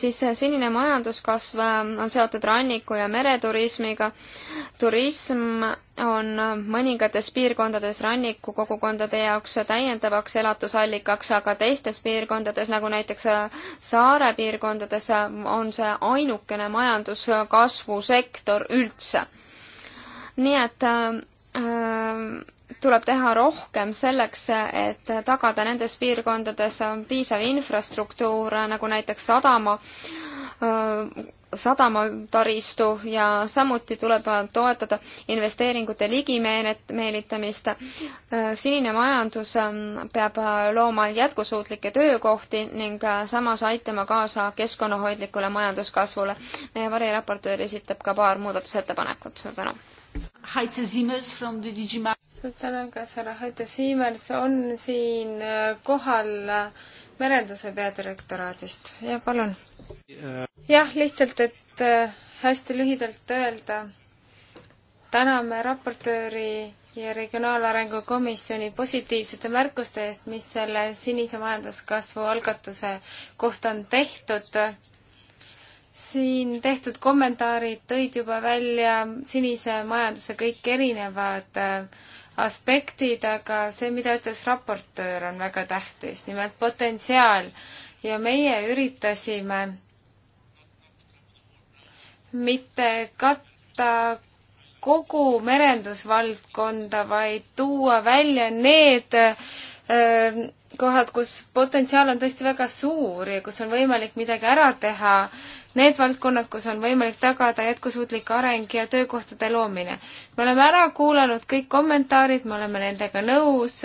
siis sinine majanduskasv äh, on seotud ranniku- ja mereturismiga. turism on mõningates piirkondades rannikukogukondade jaoks täiendavaks elatusallikaks, aga teistes piirkondades, nagu näiteks äh, saare piirkondades, äh, on see ainukene majanduskasvusektor üldse. nii et äh, tuleb teha rohkem selleks, et tagada nendes piirkondades piisav infrastruktuur, nagu näiteks sadama, sadamataristu ja samuti tuleb toetada investeeringute ligimeenet, meelitamist. sinine majandus peab looma jätkusuutlikke töökohti ning samas aitama kaasa keskkonnahoidlikule majanduskasvule. meie variraportöör esitab ka paar muudatusettepanekut, suur tänu. Heitze Simmers from the Digimar tänan, kas härra Hõte Siimers on siin äh, kohal äh, merenduse peadirektoraadist ja palun. jah, lihtsalt, et äh, hästi lühidalt öelda, täname raportööri ja Regionaalarengu Komisjoni positiivsete märkuste eest, mis selle sinise majanduskasvu algatuse kohta on tehtud. siin tehtud kommentaarid tõid juba välja sinise majanduse kõik erinevad äh, aspektid, aga see, mida ütles raportöör, on väga tähtis, nimelt potentsiaal. ja meie üritasime mitte katta kogu merendusvaldkonda, vaid tuua välja need öö, äh, kohad, kus potentsiaal on tõesti väga suur ja kus on võimalik midagi ära teha, need valdkonnad, kus on võimalik tagada jätkusuutlik areng ja töökohtade loomine. me oleme ära kuulanud kõik kommentaarid, me oleme nendega nõus,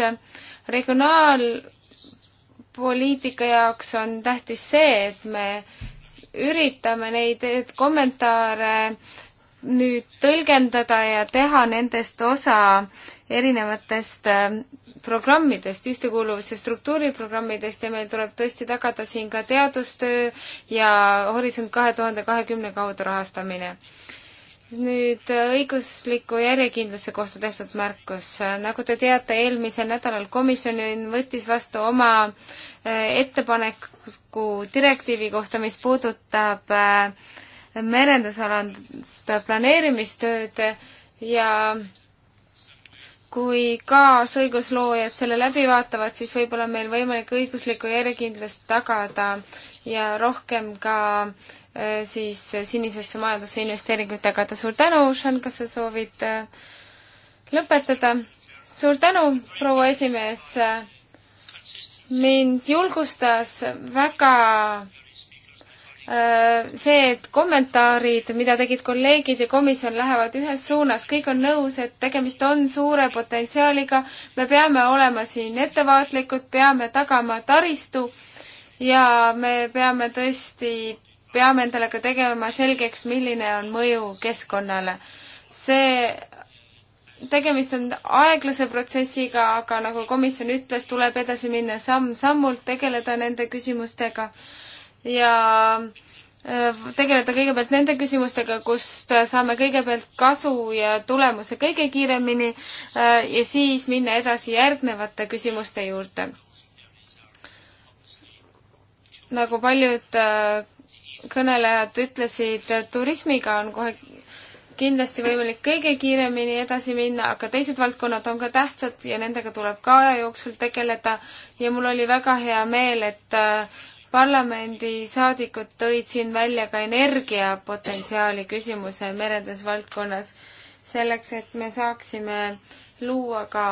regionaalpoliitika jaoks on tähtis see, et me üritame neid kommentaare nüüd tõlgendada ja teha nendest osa erinevatest programmidest, ühtekuuluvuse struktuuriprogrammidest ja meil tuleb tõesti tagada siin ka teadustöö ja Horisont kahe tuhande kahekümne kaudu rahastamine. nüüd äh, õigusliku järjekindluse kohta tehtud märkus. Äh, nagu te teate, eelmisel nädalal komisjon võttis vastu oma äh, ettepaneku direktiivi kohta, mis puudutab merendusalast planeerimistööd ja kui kaasõigusloojad selle läbi vaatavad, siis võib-olla meil võimalik õiguslikku järjekindlust tagada ja rohkem ka äh, siis sinisesse majandusse investeeringuid tagada. suur tänu, Sean, kas sa soovid äh, lõpetada? suur tänu, proua esimees. mind julgustas väga Äh, see, et kommentaarid, mida tegid kolleegid ja komisjon, lähevad ühes suunas, kõik on nõus, et tegemist on suure potentsiaaliga, me peame olema siin ettevaatlikud, peame tagama taristu ja me peame tõesti, peame endale ka tegema selgeks, milline on mõju keskkonnale. see tegemist on aeglase protsessiga, aga nagu komisjon ütles, tuleb edasi minna samm-sammult, tegeleda nende küsimustega ja äh, tegeleda kõigepealt nende küsimustega, kust saame kõigepealt kasu ja tulemuse kõige kiiremini äh, ja siis minna edasi järgnevate küsimuste juurde. nagu paljud äh, kõnelejad ütlesid, turismiga on kohe kindlasti võimalik kõige kiiremini edasi minna, aga teised valdkonnad on ka tähtsad ja nendega tuleb ka aja jooksul tegeleda ja mul oli väga hea meel, et parlamendisaadikud tõid siin välja ka energiapotentsiaali küsimuse merendusvaldkonnas, selleks et me saaksime luua ka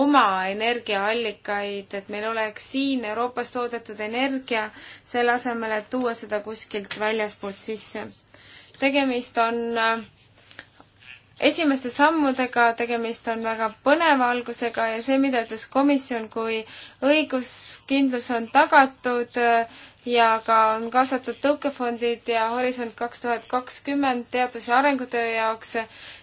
oma energiaallikaid, et meil oleks siin Euroopas toodetud energia, selle asemel, et tuua seda kuskilt väljaspoolt sisse. tegemist on äh, esimeste sammudega tegemist on väga põneva algusega ja see, mida ütles komisjon, kui õiguskindlus on tagatud äh, ja ka on kaasatud tõukefondid ja Horisont kaks tuhat kakskümmend teadus- ja arengutöö jaoks,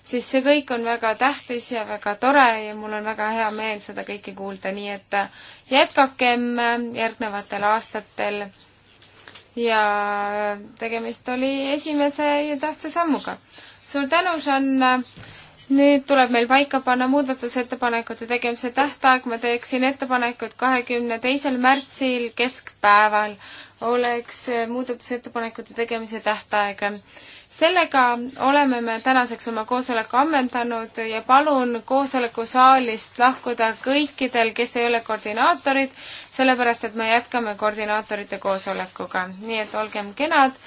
siis see kõik on väga tähtis ja väga tore ja mul on väga hea meel seda kõike kuulda, nii et äh, jätkakem äh, järgnevatel aastatel. ja tegemist oli esimese ja tähtsa sammuga suur tänu, Žann! nüüd tuleb meil paika panna muudatusettepanekute tegemise tähtaeg, ma teeksin ettepaneku, et kahekümne teisel märtsil keskpäeval oleks muudatusettepanekute tegemise tähtaeg. sellega oleme me tänaseks oma koosoleku ammendanud ja palun koosolekusaalist lahkuda kõikidel, kes ei ole koordinaatorid, sellepärast et me jätkame koordinaatorite koosolekuga, nii et olgem kenad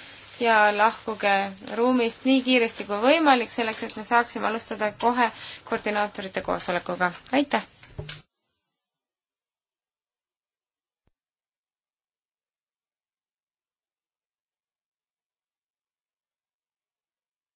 ja lahkuge ruumist nii kiiresti kui võimalik, selleks et me saaksime alustada kohe koordinaatorite koosolekuga. aitäh!